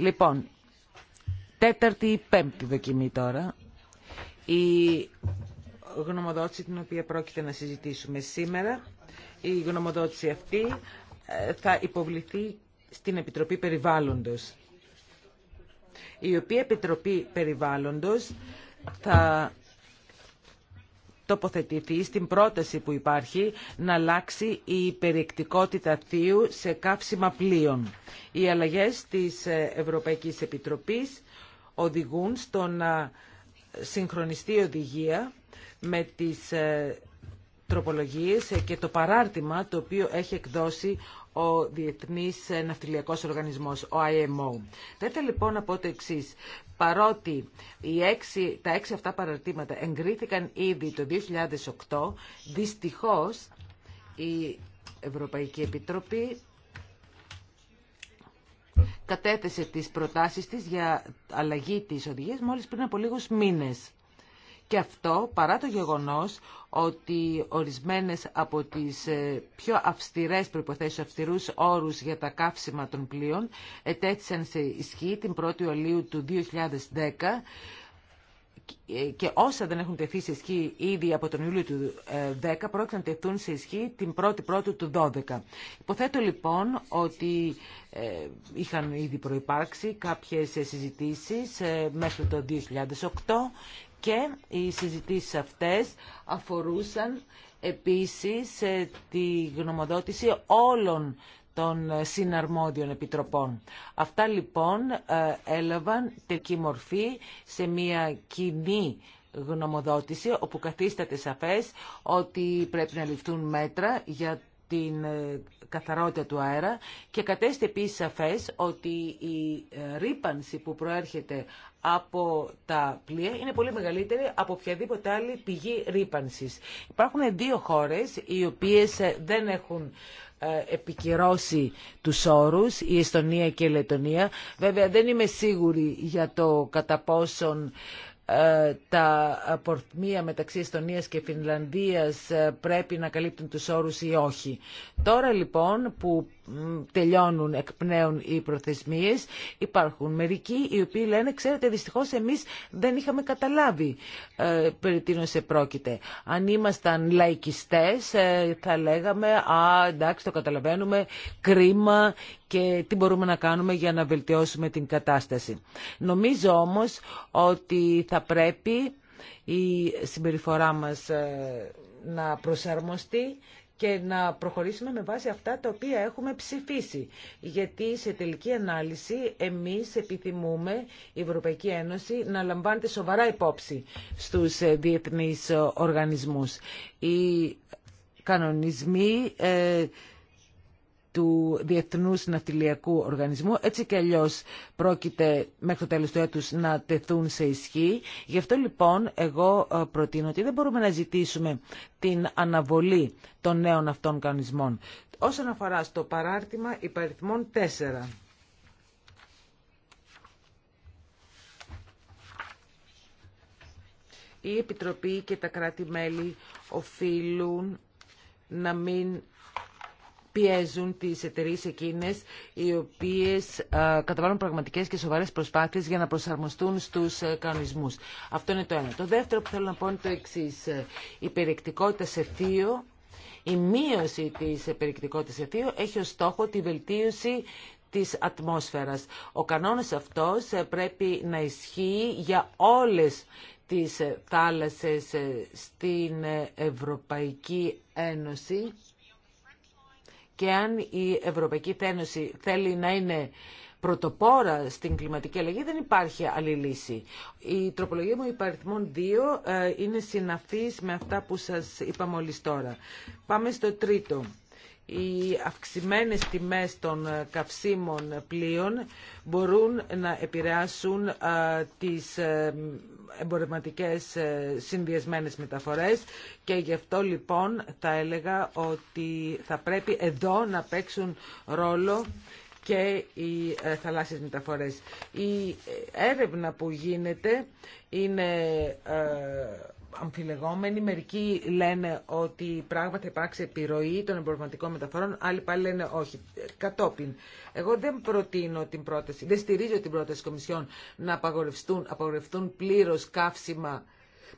Λοιπόν, τέταρτη ή πέμπτη δοκιμή τώρα. Η γνωμοδότηση την οποία πρόκειται να συζητήσουμε σήμερα, η γνωμοδότηση αυτή ε, θα υποβληθεί στην Επιτροπή Περιβάλλοντος, η οποία Επιτροπή Περιβάλλοντος θα τοποθετηθεί στην πρόταση που υπάρχει να αλλάξει η περιεκτικότητα θείου σε κάψιμα πλοίων. Οι αλλαγές της Ευρωπαϊκής Επιτροπής οδηγούν στο να συγχρονιστεί η οδηγία με τις ε, τροπολογίες και το παράρτημα το οποίο έχει εκδώσει ο Διεθνής Ναυτιλιακός Οργανισμός, ο IMO. Θα ήθελα λοιπόν να πω το εξή. Παρότι οι έξι, τα έξι αυτά παραρτήματα εγκρίθηκαν ήδη το 2008, δυστυχώς η Ευρωπαϊκή Επιτροπή κατέθεσε τις προτάσεις της για αλλαγή της οδηγίας μόλις πριν από λίγους μήνες. Και αυτό παρά το γεγονός ότι ορισμένες από τις ε, πιο αυστηρές προϋποθέσεις, αυστηρούς όρους για τα καύσιμα των πλοίων ετέθησαν σε ισχύ την 1η Ιουλίου του 2010 ε, και όσα δεν έχουν τεθεί σε ισχύ ήδη από τον Ιούλιο του 10 ε, πρόκειται να τεθούν σε ισχύ την 1η Πρώτη του 12. Υποθέτω λοιπόν ότι είχαν ήδη προϋπάρξει κάποιες συζητήσεις μέχρι το 2008 και οι συζητήσεις αυτές αφορούσαν επίσης ε, τη γνωμοδότηση όλων των συναρμόδιων επιτροπών. Αυτά λοιπόν ε, έλαβαν τελική μορφή σε μια κοινή γνωμοδότηση όπου καθίσταται σαφές ότι πρέπει να ληφθούν μέτρα για την ε, καθαρότητα του αέρα και κατέστη επίσης σαφές ότι η ε, ρήπανση που προέρχεται από τα πλοία είναι πολύ μεγαλύτερη από οποιαδήποτε άλλη πηγή ρήπανσης. Υπάρχουν δύο χώρες οι οποίες ε, δεν έχουν επικυρώσει τους όρους, η Εστονία και η Λετωνία. Βέβαια δεν είμαι σίγουρη για το κατά πόσον ε, τα απορθμία μεταξύ Εστονίας και Φινλανδίας ε, πρέπει να καλύπτουν τους όρους ή όχι. Τώρα λοιπόν που τελειώνουν, εκπνέουν οι προθεσμίες. Υπάρχουν μερικοί οι οποίοι λένε, ξέρετε, δυστυχώς εμείς δεν είχαμε καταλάβει ε, περί τίνος πρόκειται. Αν ήμασταν λαϊκιστές ε, θα λέγαμε, α, εντάξει, το καταλαβαίνουμε, κρίμα και τι μπορούμε να κάνουμε για να βελτιώσουμε την κατάσταση. Νομίζω όμως ότι θα πρέπει η συμπεριφορά μας ε, να προσαρμοστεί και να προχωρήσουμε με βάση αυτά τα οποία έχουμε ψηφίσει. Γιατί σε τελική ανάλυση εμείς επιθυμούμε η Ευρωπαϊκή Ένωση να λαμβάνεται σοβαρά υπόψη στους ε, διεθνείς ε, οργανισμούς. Οι κανονισμοί ε, του Διεθνούς Ναυτιλιακού Οργανισμού. Έτσι και αλλιώ πρόκειται μέχρι το τέλος του έτους να τεθούν σε ισχύ. Γι' αυτό λοιπόν εγώ ε, προτείνω ότι δεν μπορούμε να ζητήσουμε την αναβολή των νέων αυτών κανονισμών. Όσον αφορά στο παράρτημα υπαριθμών 4. Η Επιτροπή και τα κράτη-μέλη οφείλουν να μην πιέζουν τις εταιρείε εκείνες οι οποίε καταβάλουν πραγματικέ και σοβαρέ προσπάθειες για να προσαρμοστούν στου ε, κανονισμούς. Αυτό είναι το ένα. Το δεύτερο που θέλω να πω είναι το εξή. Η περιεκτικότητα σε θείο η μείωση τη περιεκτικότητα σε θείο έχει ω στόχο τη βελτίωση της ατμόσφαιρας. Ο κανόνας αυτός ε, πρέπει να ισχύει για όλες τις ε, θάλασσες στην Ευρωπαϊκή Ένωση και αν η Ευρωπαϊκή Ένωση θέλει να είναι πρωτοπόρα στην κλιματική αλλαγή δεν υπάρχει άλλη λύση. Η τροπολογία μου υπαριθμών 2 ε, είναι συναφής με αυτά που σας είπα μόλις τώρα. Πάμε στο τρίτο οι αυξημένες τιμές των ε, καυσίμων πλοίων μπορούν να επηρεάσουν ε, τις ε, εμπορευματικές συνδυασμένες μεταφορές και γι' αυτό λοιπόν θα έλεγα ότι θα πρέπει εδώ να παίξουν ρόλο και οι θαλάσσιες μεταφορές. Η έρευνα που γίνεται είναι αμφιλεγόμενοι. Μερικοί λένε ότι πράγματι υπάρξει επιρροή των εμπορευματικών μεταφορών, άλλοι πάλι λένε όχι. Κατόπιν, εγώ δεν προτείνω την πρόταση, δεν στηρίζω την πρόταση Κομισιόν να απαγορευτούν, απαγορευτούν πλήρως καύσιμα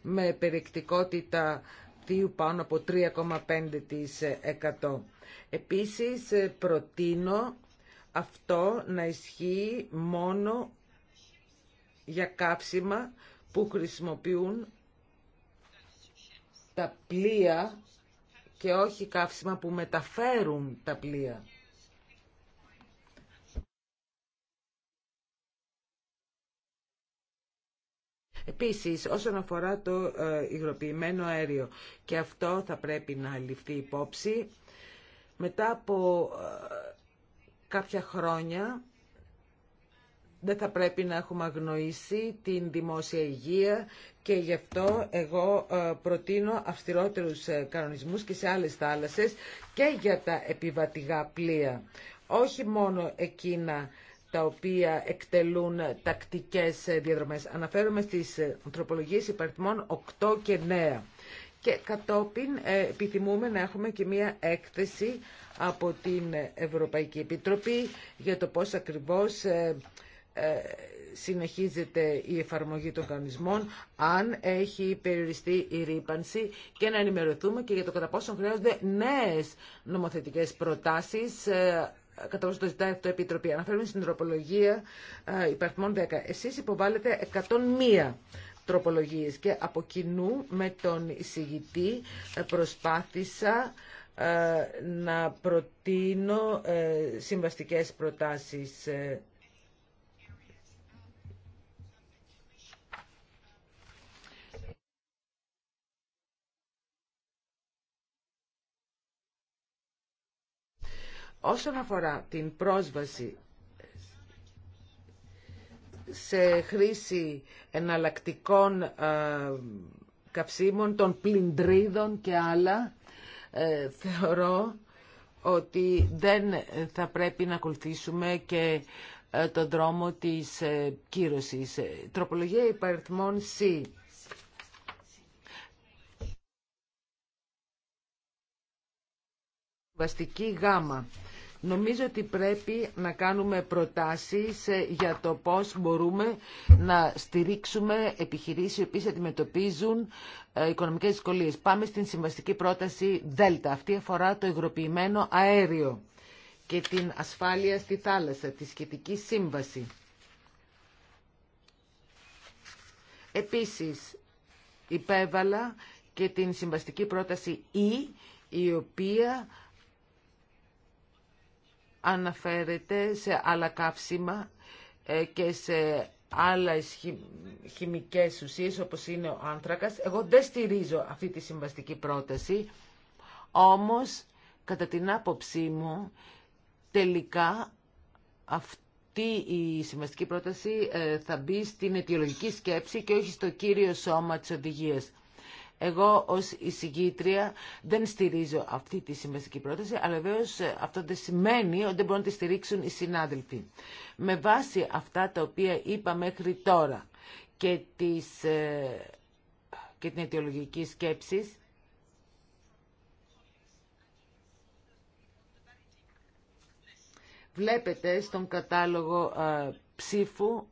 με περιεκτικότητα θείου πάνω από 3,5%. Επίσης, προτείνω αυτό να ισχύει μόνο για καύσιμα που χρησιμοποιούν τα πλοία και όχι καύσιμα που μεταφέρουν τα πλοία. Επίσης, όσον αφορά το ε, υγροποιημένο αέριο, και αυτό θα πρέπει να ληφθεί υπόψη, μετά από ε, κάποια χρόνια δεν θα πρέπει να έχουμε αγνοήσει την δημόσια υγεία και γι' αυτό εγώ ε, προτείνω αυστηρότερους ε, κανονισμούς και σε άλλες θάλασσες και για τα επιβατηγά πλοία. Όχι μόνο εκείνα τα οποία εκτελούν τακτικές ε, διαδρομές. Αναφέρομαι στις ανθρωπολογίες υπαριθμών 8 και 9. Και κατόπιν επιθυμούμε να έχουμε και μία έκθεση από την Ευρωπαϊκή Επιτροπή για το πώς ακριβώς ε, συνεχίζεται η εφαρμογή των κανονισμών, αν έχει περιοριστεί η ρήπανση και να ενημερωθούμε και για το κατά πόσο χρειάζονται νέες νομοθετικές προτάσεις ε, κατά όσο το ζητάει αυτό η Επιτροπή. Αναφέρουμε στην τροπολογία ε, υπαρθμών 10. Εσείς υποβάλλετε 101 τροπολογίες και από κοινού με τον εισηγητή προσπάθησα να προτείνω συμβαστικές προτάσεις Όσον αφορά την πρόσβαση σε χρήση εναλλακτικών ε, καυσίμων, των πλυντρίδων και άλλα, ε, θεωρώ ότι δεν θα πρέπει να ακολουθήσουμε και ε, τον δρόμο της ε, κύρωσης. Τροπολογία υπαριθμών C. Βαστική γάμα. Νομίζω ότι πρέπει να κάνουμε προτάσεις ε, για το πώς μπορούμε να στηρίξουμε επιχειρήσεις οι οποίες αντιμετωπίζουν ε, οικονομικές δυσκολίες. Πάμε στην συμβαστική πρόταση ΔΕΛΤΑ. Αυτή αφορά το υγροποιημένο αέριο και την ασφάλεια στη θάλασσα, τη σχετική σύμβαση. Επίσης, υπέβαλα και την συμβαστική πρόταση Ι, e, η οποία αναφέρεται σε άλλα καύσιμα ε, και σε άλλες χημικές ουσίες όπως είναι ο άνθρακας. Εγώ δεν στηρίζω αυτή τη συμβαστική πρόταση, όμως κατά την άποψή μου τελικά αυτή η συμβαστική πρόταση ε, θα μπει στην αιτιολογική σκέψη και όχι στο κύριο σώμα της οδηγίας. Εγώ ως εισηγήτρια δεν στηρίζω αυτή τη συμβαστική πρόταση, αλλά βεβαίω ε, αυτό δεν σημαίνει ότι δεν μπορούν να τη στηρίξουν οι συνάδελφοι. Με βάση αυτά τα οποία είπα μέχρι τώρα και, τις, ε, και την αιτιολογική σκέψη, βλέπετε στον κατάλογο ε, ψήφου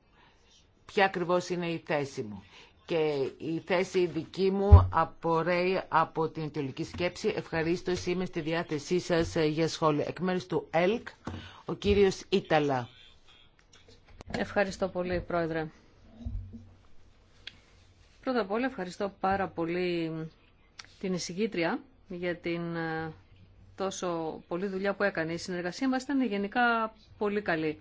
ποια ακριβώς είναι η θέση μου και η θέση δική μου απορρέει από την τελική σκέψη. Ευχαρίστω είμαι στη διάθεσή σας ε, για σχόλια. Εκ μέρους του ΕΛΚ, ο κύριος Ήταλα. Ευχαριστώ πολύ, Πρόεδρε. Πρώτα απ' όλα ευχαριστώ πάρα πολύ την εισηγήτρια για την ε, τόσο πολλή δουλειά που έκανε. Η συνεργασία μας ήταν γενικά πολύ καλή.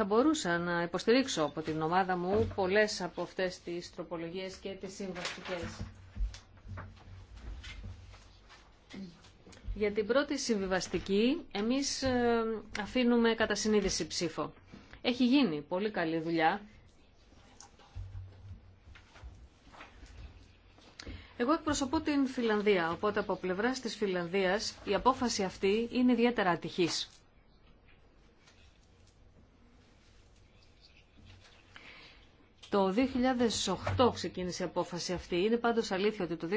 Θα μπορούσα να υποστηρίξω από την ομάδα μου πολλές από αυτές τις τροπολογίες και τις συμβαστικές. Για την πρώτη συμβιβαστική εμείς ε, αφήνουμε κατά συνείδηση ψήφο. Έχει γίνει πολύ καλή δουλειά. Εγώ εκπροσωπώ την Φιλανδία, οπότε από πλευράς της Φιλανδίας η απόφαση αυτή είναι ιδιαίτερα ατυχής. Το 2008 ξεκίνησε η απόφαση αυτή. Είναι πάντως αλήθεια ότι το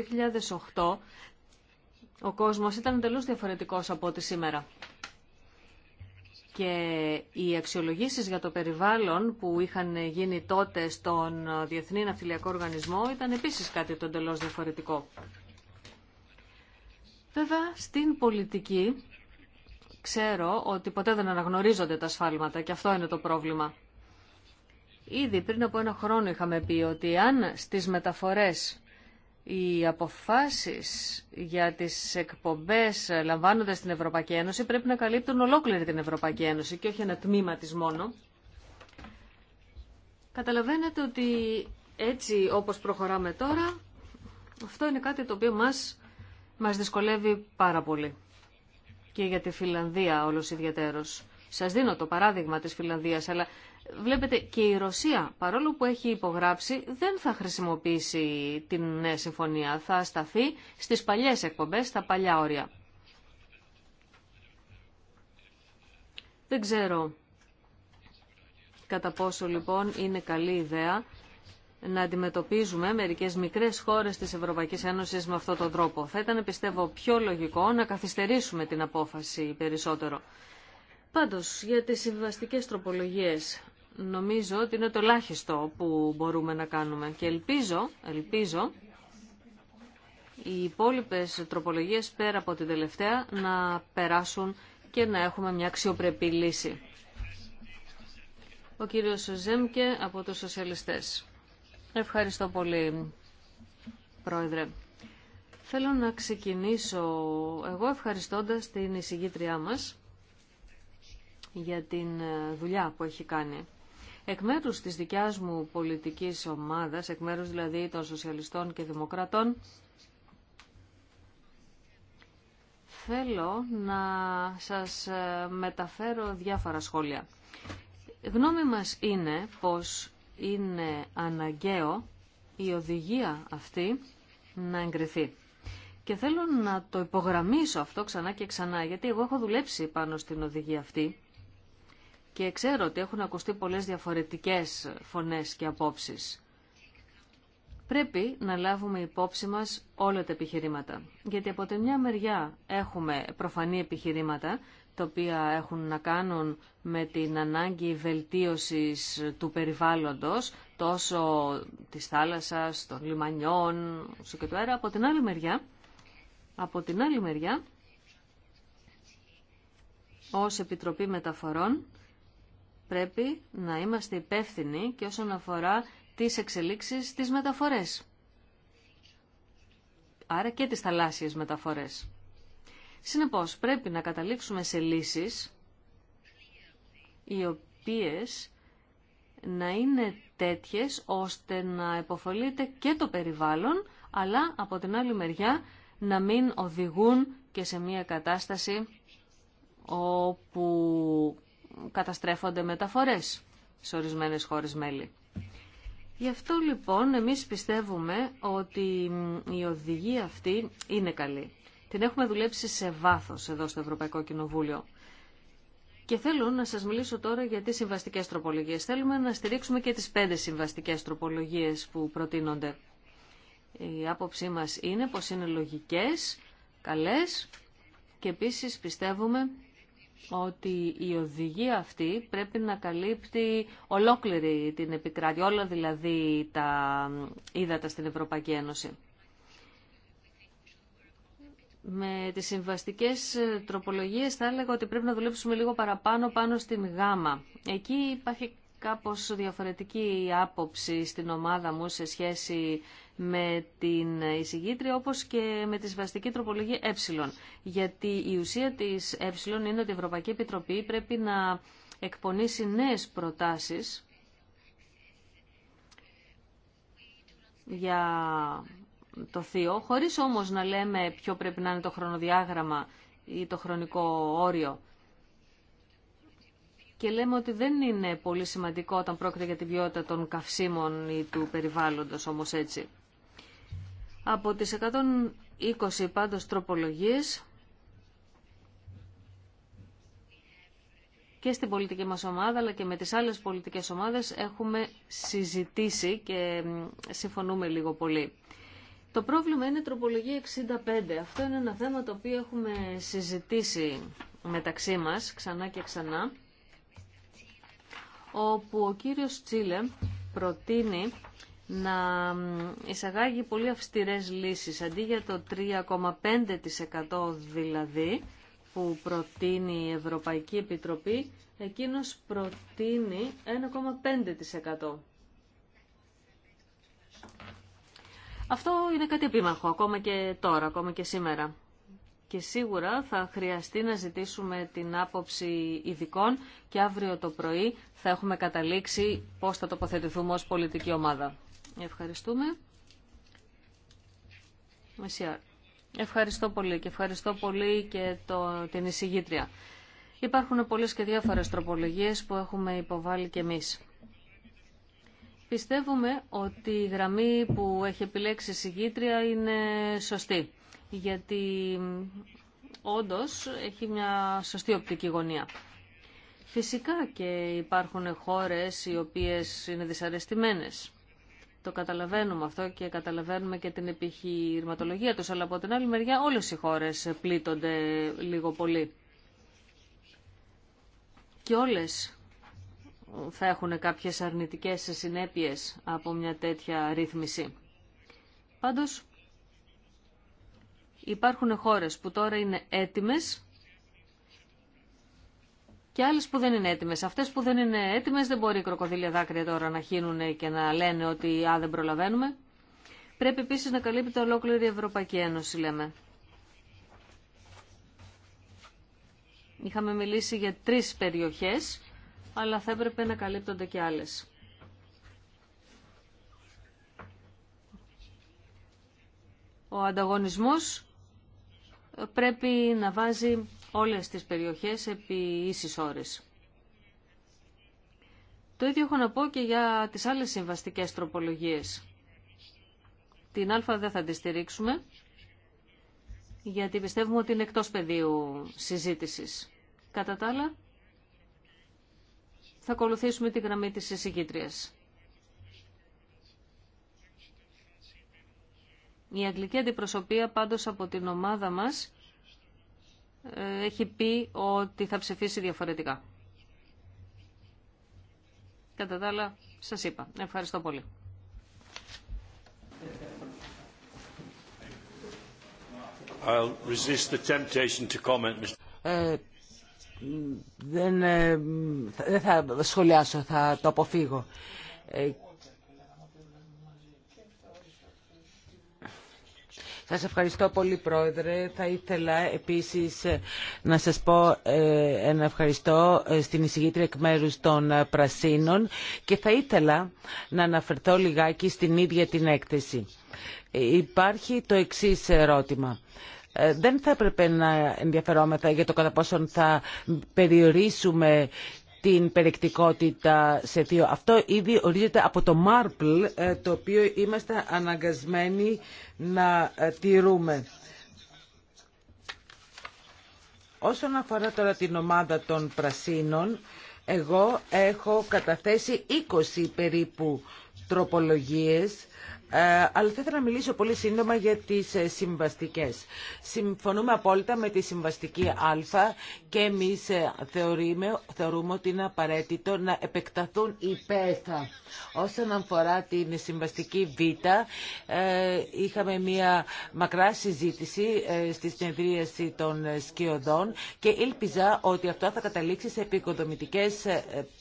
2008 ο κόσμος ήταν εντελώ διαφορετικός από ό,τι σήμερα. Και οι αξιολογήσεις για το περιβάλλον που είχαν γίνει τότε στον Διεθνή Ναυτιλιακό Οργανισμό ήταν επίσης κάτι το εντελώ διαφορετικό. Βέβαια, στην πολιτική ξέρω ότι ποτέ δεν αναγνωρίζονται τα σφάλματα και αυτό είναι το πρόβλημα. Ήδη πριν από ένα χρόνο είχαμε πει ότι αν στις μεταφορές οι αποφάσεις για τις εκπομπές λαμβάνονται στην Ευρωπαϊκή Ένωση πρέπει να καλύπτουν ολόκληρη την Ευρωπαϊκή Ένωση και όχι ένα τμήμα της μόνο. Καταλαβαίνετε ότι έτσι όπως προχωράμε τώρα, αυτό είναι κάτι το οποίο μας, μας δυσκολεύει πάρα πολύ. Και για τη Φιλανδία όλος ιδιαίτερος. Σας δίνω το παράδειγμα της Φιλανδίας, αλλά Βλέπετε και η Ρωσία, παρόλο που έχει υπογράψει, δεν θα χρησιμοποιήσει την νέα συμφωνία. Θα σταθεί στις παλιές εκπομπές, στα παλιά όρια. Δεν ξέρω κατά πόσο λοιπόν είναι καλή ιδέα να αντιμετωπίζουμε μερικές μικρές χώρες της Ευρωπαϊκής Ένωσης με αυτόν τον τρόπο. Θα ήταν, πιστεύω, πιο λογικό να καθυστερήσουμε την απόφαση περισσότερο. Πάντως, για τις συμβαστικές τροπολογίες, νομίζω ότι είναι το ελάχιστο που μπορούμε να κάνουμε. Και ελπίζω, ελπίζω οι υπόλοιπε τροπολογίες πέρα από την τελευταία να περάσουν και να έχουμε μια αξιοπρεπή λύση. Ο κύριος Ζέμκε από τους Σοσιαλιστές. Ευχαριστώ πολύ, Πρόεδρε. Θέλω να ξεκινήσω εγώ ευχαριστώντας την εισηγήτριά μας για την δουλειά που έχει κάνει. Εκ μέρους της δικιάς μου πολιτικής ομάδας, εκ μέρους δηλαδή των σοσιαλιστών και δημοκρατών, θέλω να σας ε, μεταφέρω διάφορα σχόλια. Γνώμη μας είναι πως είναι αναγκαίο η οδηγία αυτή να εγκριθεί. Και θέλω να το υπογραμμίσω αυτό ξανά και ξανά, γιατί εγώ έχω δουλέψει πάνω στην οδηγία αυτή και ξέρω ότι έχουν ακουστεί πολλές διαφορετικές φωνές και απόψεις. Πρέπει να λάβουμε υπόψη μας όλα τα επιχειρήματα. Γιατί από τη μια μεριά έχουμε προφανή επιχειρήματα, τα οποία έχουν να κάνουν με την ανάγκη βελτίωσης του περιβάλλοντος, τόσο της θάλασσας, των λιμανιών, σου και του αέρα. Από την άλλη μεριά, από την άλλη μεριά, ως Επιτροπή Μεταφορών, πρέπει να είμαστε υπεύθυνοι και όσον αφορά τις εξελίξεις τις μεταφορές. Άρα και τις θαλάσσιες μεταφορές. Συνεπώς, πρέπει να καταλήξουμε σε λύσεις οι οποίες να είναι τέτοιες ώστε να υποφωλείται και το περιβάλλον, αλλά από την άλλη μεριά να μην οδηγούν και σε μια κατάσταση όπου καταστρέφονται μεταφορές σε ορισμένες χώρες μέλη. Γι' αυτό λοιπόν εμείς πιστεύουμε ότι η οδηγία αυτή είναι καλή. Την έχουμε δουλέψει σε βάθος εδώ στο Ευρωπαϊκό Κοινοβούλιο. Και θέλω να σας μιλήσω τώρα για τις συμβαστικές τροπολογίες. Θέλουμε να στηρίξουμε και τις πέντε συμβαστικές τροπολογίες που προτείνονται. Η άποψή μας είναι πως είναι λογικές, καλές και επίσης πιστεύουμε ότι η οδηγία αυτή πρέπει να καλύπτει ολόκληρη την επικράτεια, όλα δηλαδή τα ύδατα στην Ευρωπαϊκή Ένωση. Με τις συμβαστικές τροπολογίες θα έλεγα ότι πρέπει να δουλέψουμε λίγο παραπάνω πάνω στην γάμα. Εκεί υπάρχει κάπως διαφορετική άποψη στην ομάδα μου σε σχέση με την εισηγήτρια όπως και με τη συμβαστική τροπολογία ε. Γιατί η ουσία της ε είναι ότι η Ευρωπαϊκή Επιτροπή πρέπει να εκπονήσει νέες προτάσεις για το θείο, χωρίς όμως να λέμε ποιο πρέπει να είναι το χρονοδιάγραμμα ή το χρονικό όριο και λέμε ότι δεν είναι πολύ σημαντικό όταν πρόκειται για την ποιότητα των καυσίμων ή του περιβάλλοντος όμως έτσι. Από τις 120 πάντως τροπολογίες και στην πολιτική μας ομάδα αλλά και με τις άλλες πολιτικές ομάδες έχουμε συζητήσει και συμφωνούμε λίγο πολύ. Το πρόβλημα είναι τροπολογία 65. Αυτό είναι ένα θέμα το οποίο έχουμε συζητήσει μεταξύ μας ξανά και ξανά όπου ο κύριος Τσίλε προτείνει να εισαγάγει πολύ αυστηρές λύσεις. Αντί για το 3,5% δηλαδή που προτείνει η Ευρωπαϊκή Επιτροπή, εκείνος προτείνει 1,5%. Αυτό είναι κάτι επίμαχο, ακόμα και τώρα, ακόμα και σήμερα και σίγουρα θα χρειαστεί να ζητήσουμε την άποψη ειδικών και αύριο το πρωί θα έχουμε καταλήξει πώς θα τοποθετηθούμε ως πολιτική ομάδα. Ευχαριστούμε. Ευχαριστώ πολύ και ευχαριστώ πολύ και το, την εισηγήτρια. Υπάρχουν πολλές και διάφορες τροπολογίες που έχουμε υποβάλει και εμείς. Πιστεύουμε ότι η γραμμή που έχει επιλέξει η εισηγήτρια είναι σωστή γιατί όντω έχει μια σωστή οπτική γωνία. Φυσικά και υπάρχουν χώρες οι οποίες είναι δυσαρεστημένες. Το καταλαβαίνουμε αυτό και καταλαβαίνουμε και την επιχειρηματολογία τους, αλλά από την άλλη μεριά όλες οι χώρες πλήττονται λίγο πολύ. Και όλες θα έχουν κάποιες αρνητικές συνέπειες από μια τέτοια ρύθμιση. Πάντως, Υπάρχουν χώρες που τώρα είναι έτοιμες και άλλες που δεν είναι έτοιμες. Αυτές που δεν είναι έτοιμες δεν μπορεί η κροκοδίλια δάκρυα τώρα να χύνουν και να λένε ότι α, δεν προλαβαίνουμε. Πρέπει επίσης να καλύπτει ολόκληρη η Ευρωπαϊκή Ένωση, λέμε. Είχαμε μιλήσει για τρεις περιοχές, αλλά θα έπρεπε να καλύπτονται και άλλες. Ο ανταγωνισμός πρέπει να βάζει όλες τις περιοχές επί ίσης ώρες. Το ίδιο έχω να πω και για τις άλλες συμβαστικές τροπολογίες. Την α δεν θα τη στηρίξουμε, γιατί πιστεύουμε ότι είναι εκτός πεδίου συζήτησης. Κατά τα άλλα, θα ακολουθήσουμε τη γραμμή της εισηγήτριας. Η αγγλική αντιπροσωπεία πάντως από την ομάδα μας ε, έχει πει ότι θα ψηφίσει διαφορετικά. Κατά τα άλλα, σας είπα. Ευχαριστώ πολύ. δεν θα σχολιάσω, θα το αποφύγω. Ε, Σας ευχαριστώ πολύ Πρόεδρε. Θα ήθελα επίσης να σας πω ε, ένα ευχαριστώ ε, στην εισηγήτρια εκ μέρους των ε, Πρασίνων και θα ήθελα να αναφερθώ λιγάκι στην ίδια την έκθεση. Υπάρχει το εξής ερώτημα δεν θα έπρεπε να ενδιαφερόμεθα για το κατά πόσον θα περιορίσουμε την περιεκτικότητα σε θείο. Αυτό ήδη ορίζεται από το Μάρπλ, ε, το οποίο είμαστε αναγκασμένοι να ε, τηρούμε. Όσον αφορά τώρα την ομάδα των πρασίνων, εγώ έχω καταθέσει 20 περίπου τροπολογίες ε, αλλά θα ήθελα να μιλήσω πολύ σύντομα για τις ε, συμβαστικές. Συμφωνούμε απόλυτα με τη συμβαστική Α και εμείς ε, θεωρούμε, θεωρούμε ότι είναι απαραίτητο να επεκταθούν οι ΠΕΘΑ. Όσον αφορά την συμβαστική Β, είχαμε μια μακρά συζήτηση στη συνεδρίαση των σκιωδών και ήλπιζα ότι αυτό θα καταλήξει σε επικοδομητικές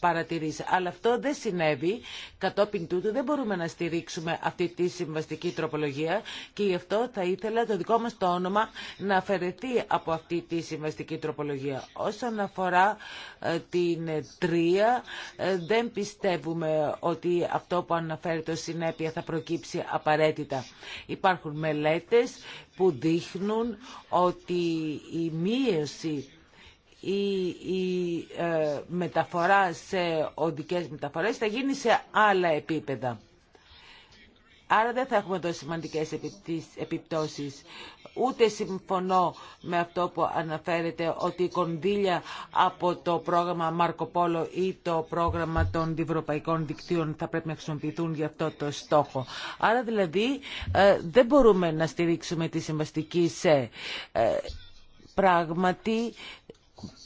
παρατηρήσεις. Αλλά αυτό δεν συνέβη. Κατόπιν τούτου δεν μπορούμε να στηρίξουμε αυτή τη συμβαστική τροπολογία και γι' αυτό θα ήθελα το δικό μας το όνομα να αφαιρεθεί από αυτή τη συμβαστική τροπολογία. Όσον αφορά ε, την τρία, ε, δεν πιστεύουμε ότι αυτό που αναφέρεται ως συνέπεια θα προκύψει απαραίτητα. Υπάρχουν μελέτες που δείχνουν ότι η μείωση η, η ε, μεταφορά σε οδικές μεταφορές θα γίνει σε άλλα επίπεδα. Άρα δεν θα έχουμε εδώ σημαντικές επιπτώσεις. Ούτε συμφωνώ με αυτό που αναφέρεται ότι η κονδύλια από το πρόγραμμα Μάρκο Πόλο ή το πρόγραμμα των διευρωπαϊκών δικτύων θα πρέπει να χρησιμοποιηθούν για αυτό το στόχο. Άρα δηλαδή ε, δεν μπορούμε να στηρίξουμε τη συμβαστική σε ε, πράγματι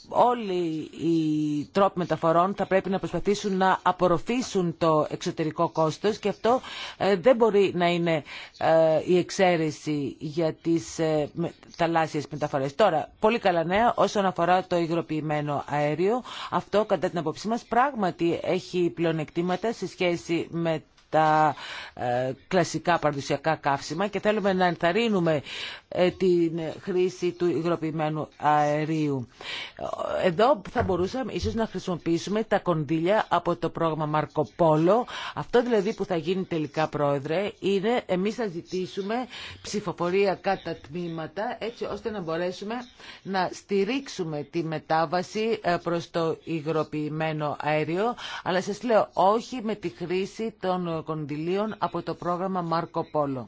όλοι οι τρόποι μεταφορών θα πρέπει να προσπαθήσουν να απορροφήσουν το εξωτερικό κόστος και αυτό ε, δεν μπορεί να είναι ε, η εξαίρεση για τις ε, θαλάσσιες μεταφορές. Τώρα, πολύ καλά νέα όσον αφορά το υγροποιημένο αέριο. Αυτό, κατά την απόψή μας, πράγματι έχει πλεονεκτήματα σε σχέση με τα κλασικά παραδοσιακά καύσιμα και θέλουμε να ενθαρρύνουμε ε, την χρήση του υγροποιημένου αερίου. Εδώ θα μπορούσαμε ίσως να χρησιμοποιήσουμε τα κονδύλια από το πρόγραμμα Μαρκο Πόλο. Αυτό δηλαδή που θα γίνει τελικά πρόεδρε είναι εμείς θα ζητήσουμε ψηφοφορία κατά τμήματα έτσι ώστε να μπορέσουμε να στηρίξουμε τη μετάβαση ε, προς το υγροποιημένο αέριο αλλά σας λέω όχι με τη χρήση των κονδυλίων από το πρόγραμμα Μαρκο Πόλο.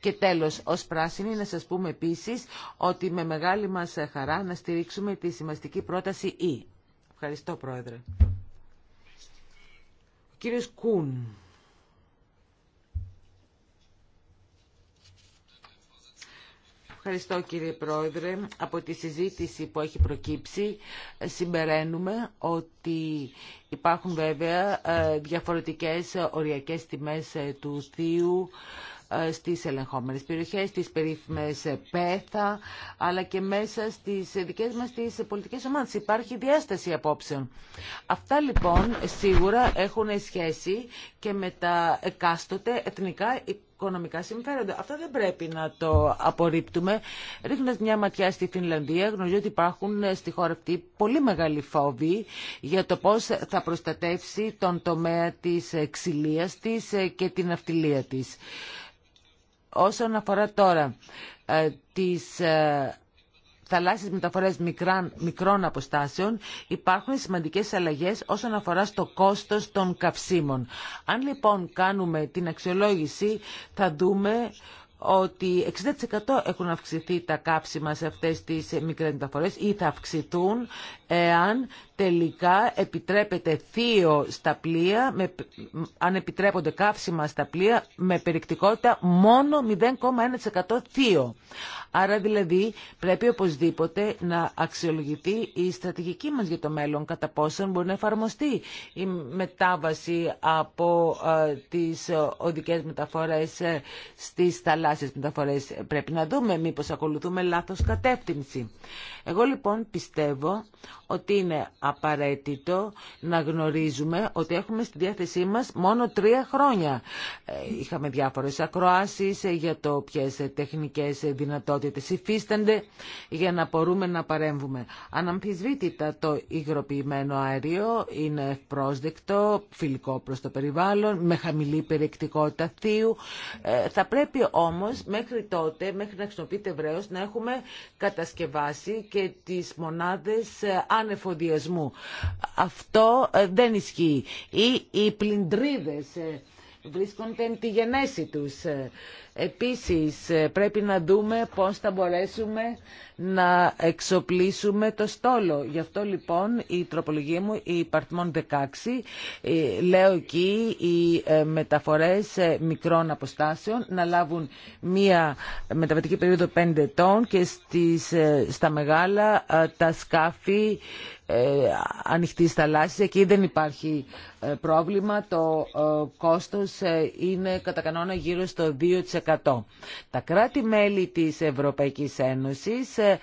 Και τέλος, ως πράσινη να σας πούμε επίσης ότι με μεγάλη μας χαρά να στηρίξουμε τη σημαστική πρόταση Ι. E. Ευχαριστώ, Πρόεδρε. Ο κύριος Κούν. Ευχαριστώ κύριε Πρόεδρε. Από τη συζήτηση που έχει προκύψει συμπεραίνουμε ότι υπάρχουν βέβαια ε, διαφορετικές οριακές τιμές ε, του θείου στις ελεγχόμενες περιοχές, στις περίφημες πέθα, αλλά και μέσα στις δικές μας τις πολιτικές ομάδες. Υπάρχει διάσταση απόψεων. Αυτά λοιπόν σίγουρα έχουν σχέση και με τα εκάστοτε εθνικά οικονομικά συμφέροντα. Αυτό δεν πρέπει να το απορρίπτουμε. Ρίχνοντα μια ματιά στη Φινλανδία, γνωρίζω ότι υπάρχουν στη χώρα αυτή πολύ μεγάλοι φόβοι για το πώ θα προστατεύσει τον τομέα τη ξυλία τη και την αυτιλία τη. Όσον αφορά τώρα ε, τις ε, θαλάσσιες μεταφορές μικράν, μικρών αποστάσεων υπάρχουν σημαντικές αλλαγές όσον αφορά στο κόστος των καυσίμων. Αν λοιπόν κάνουμε την αξιολόγηση θα δούμε ότι 60% έχουν αυξηθεί τα κάψιμα σε αυτές τις ε, μικρές μεταφορές ή θα αυξηθούν εάν τελικά επιτρέπεται θείο στα πλοία, με, αν επιτρέπονται καύσιμα στα πλοία, με περιεκτικότητα μόνο 0,1% θείο. Άρα δηλαδή πρέπει οπωσδήποτε να αξιολογηθεί η στρατηγική μας για το μέλλον, κατά πόσον μπορεί να εφαρμοστεί η μετάβαση από ε, τις οδικές μεταφορές ε, στις θαλάσσιες μεταφορές. Πρέπει να δούμε μήπως ακολουθούμε λάθος κατεύθυνση. Εγώ λοιπόν πιστεύω ότι είναι απαραίτητο να γνωρίζουμε ότι έχουμε στη διάθεσή μας μόνο τρία χρόνια. Ε, είχαμε διάφορες ακροάσεις για το ποιες τεχνικές δυνατότητες υφίστανται για να μπορούμε να παρέμβουμε. Αναμφισβήτητα το υγροποιημένο αέριο είναι πρόσδεκτο, φιλικό προς το περιβάλλον, με χαμηλή περιεκτικότητα θείου. Ε, θα πρέπει όμως μέχρι τότε, μέχρι να χρησιμοποιείται βρέως, να έχουμε κατασκευάσει και τις μονάδες ανεφοδιασμού. Αυτό ε, δεν ισχύει. Ή οι πλυντρίδες ε, βρίσκονται εν τη γενέση τους. Επίσης ε, πρέπει να δούμε πώς θα μπορέσουμε να εξοπλίσουμε το στόλο. Γι' αυτό λοιπόν η τροπολογία μου, η Παρτμόν 16, ε, λέω εκεί οι ε, μεταφορές μικρών αποστάσεων να λάβουν μία μεταβατική περίοδο 5 ετών και στις, στα μεγάλα τα σκάφη ε, ανοιχτή θαλάσσης. Εκεί δεν υπάρχει πρόβλημα. Το κόστος είναι κατά κανόνα γύρω στο 2% τα κράτη-μέλη της Ευρωπαϊκής Ένωσης ε,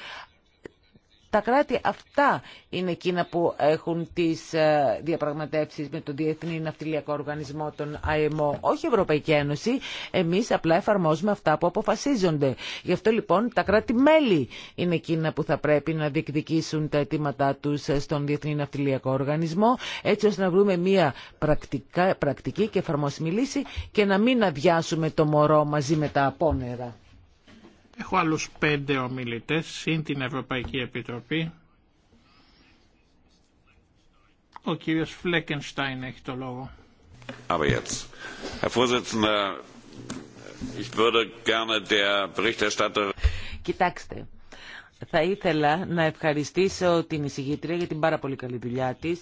τα κράτη αυτά είναι εκείνα που έχουν τις ε, διαπραγματεύσεις με τον Διεθνή Ναυτιλιακό Οργανισμό, τον IMO, όχι η Ευρωπαϊκή Ένωση. Εμείς απλά εφαρμόζουμε αυτά που αποφασίζονται. Γι' αυτό λοιπόν τα κράτη-μέλη είναι εκείνα που θα πρέπει να διεκδικήσουν τα αιτήματά τους στον Διεθνή Ναυτιλιακό Οργανισμό, έτσι ώστε να βρούμε μια πρακτική και εφαρμόσιμη λύση και να μην αδειάσουμε το μωρό μαζί με τα απόνερα. Έχω άλλους πέντε ομιλητές, συν την Ευρωπαϊκή Επιτροπή. Ο κύριος Φλέκενστάιν έχει το λόγο. jetzt. Herr Vorsitzender, ich würde gerne der Berichterstatter... Κοιτάξτε, θα ήθελα να ευχαριστήσω την εισηγήτρια για την πάρα πολύ καλή δουλειά της,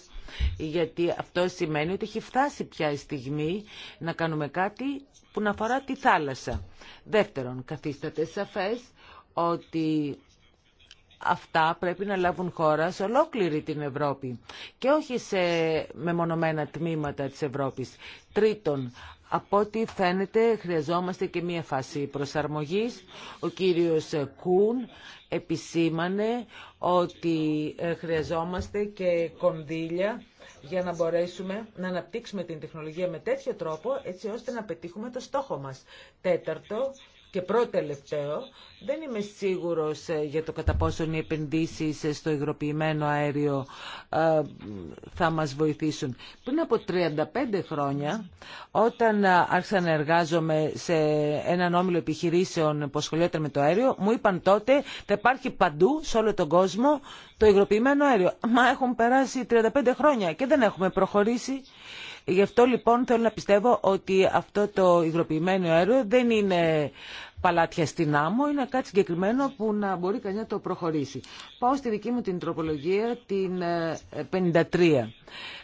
γιατί αυτό σημαίνει ότι έχει φτάσει πια η στιγμή να κάνουμε κάτι που να αφορά τη θάλασσα. Δεύτερον, καθίσταται σαφές ότι αυτά πρέπει να λάβουν χώρα σε ολόκληρη την Ευρώπη και όχι σε μεμονωμένα τμήματα της Ευρώπης. Τρίτον, από ό,τι φαίνεται χρειαζόμαστε και μία φάση προσαρμογής. Ο κύριος Κούν επισήμανε ότι ε, χρειαζόμαστε και κονδύλια για να μπορέσουμε να αναπτύξουμε την τεχνολογία με τέτοιο τρόπο έτσι ώστε να πετύχουμε το στόχο μας. Τέταρτο, και προτελευταίο, δεν είμαι σίγουρος ε, για το κατά πόσον οι επενδύσεις ε, στο υγροποιημένο αέριο ε, θα μας βοηθήσουν. Πριν από 35 χρόνια, όταν άρχισα να εργάζομαι σε έναν όμιλο επιχειρήσεων που ασχολιόταν με το αέριο, μου είπαν τότε θα υπάρχει παντού, σε όλο τον κόσμο, το υγροποιημένο αέριο. Μα έχουν περάσει 35 χρόνια και δεν έχουμε προχωρήσει. Γι' αυτό λοιπόν θέλω να πιστεύω ότι αυτό το υγροποιημένο αέριο δεν είναι παλάτια στην άμμο, είναι κάτι συγκεκριμένο που να μπορεί κανεί να το προχωρήσει. Πάω στη δική μου την τροπολογία, την 53. Ε,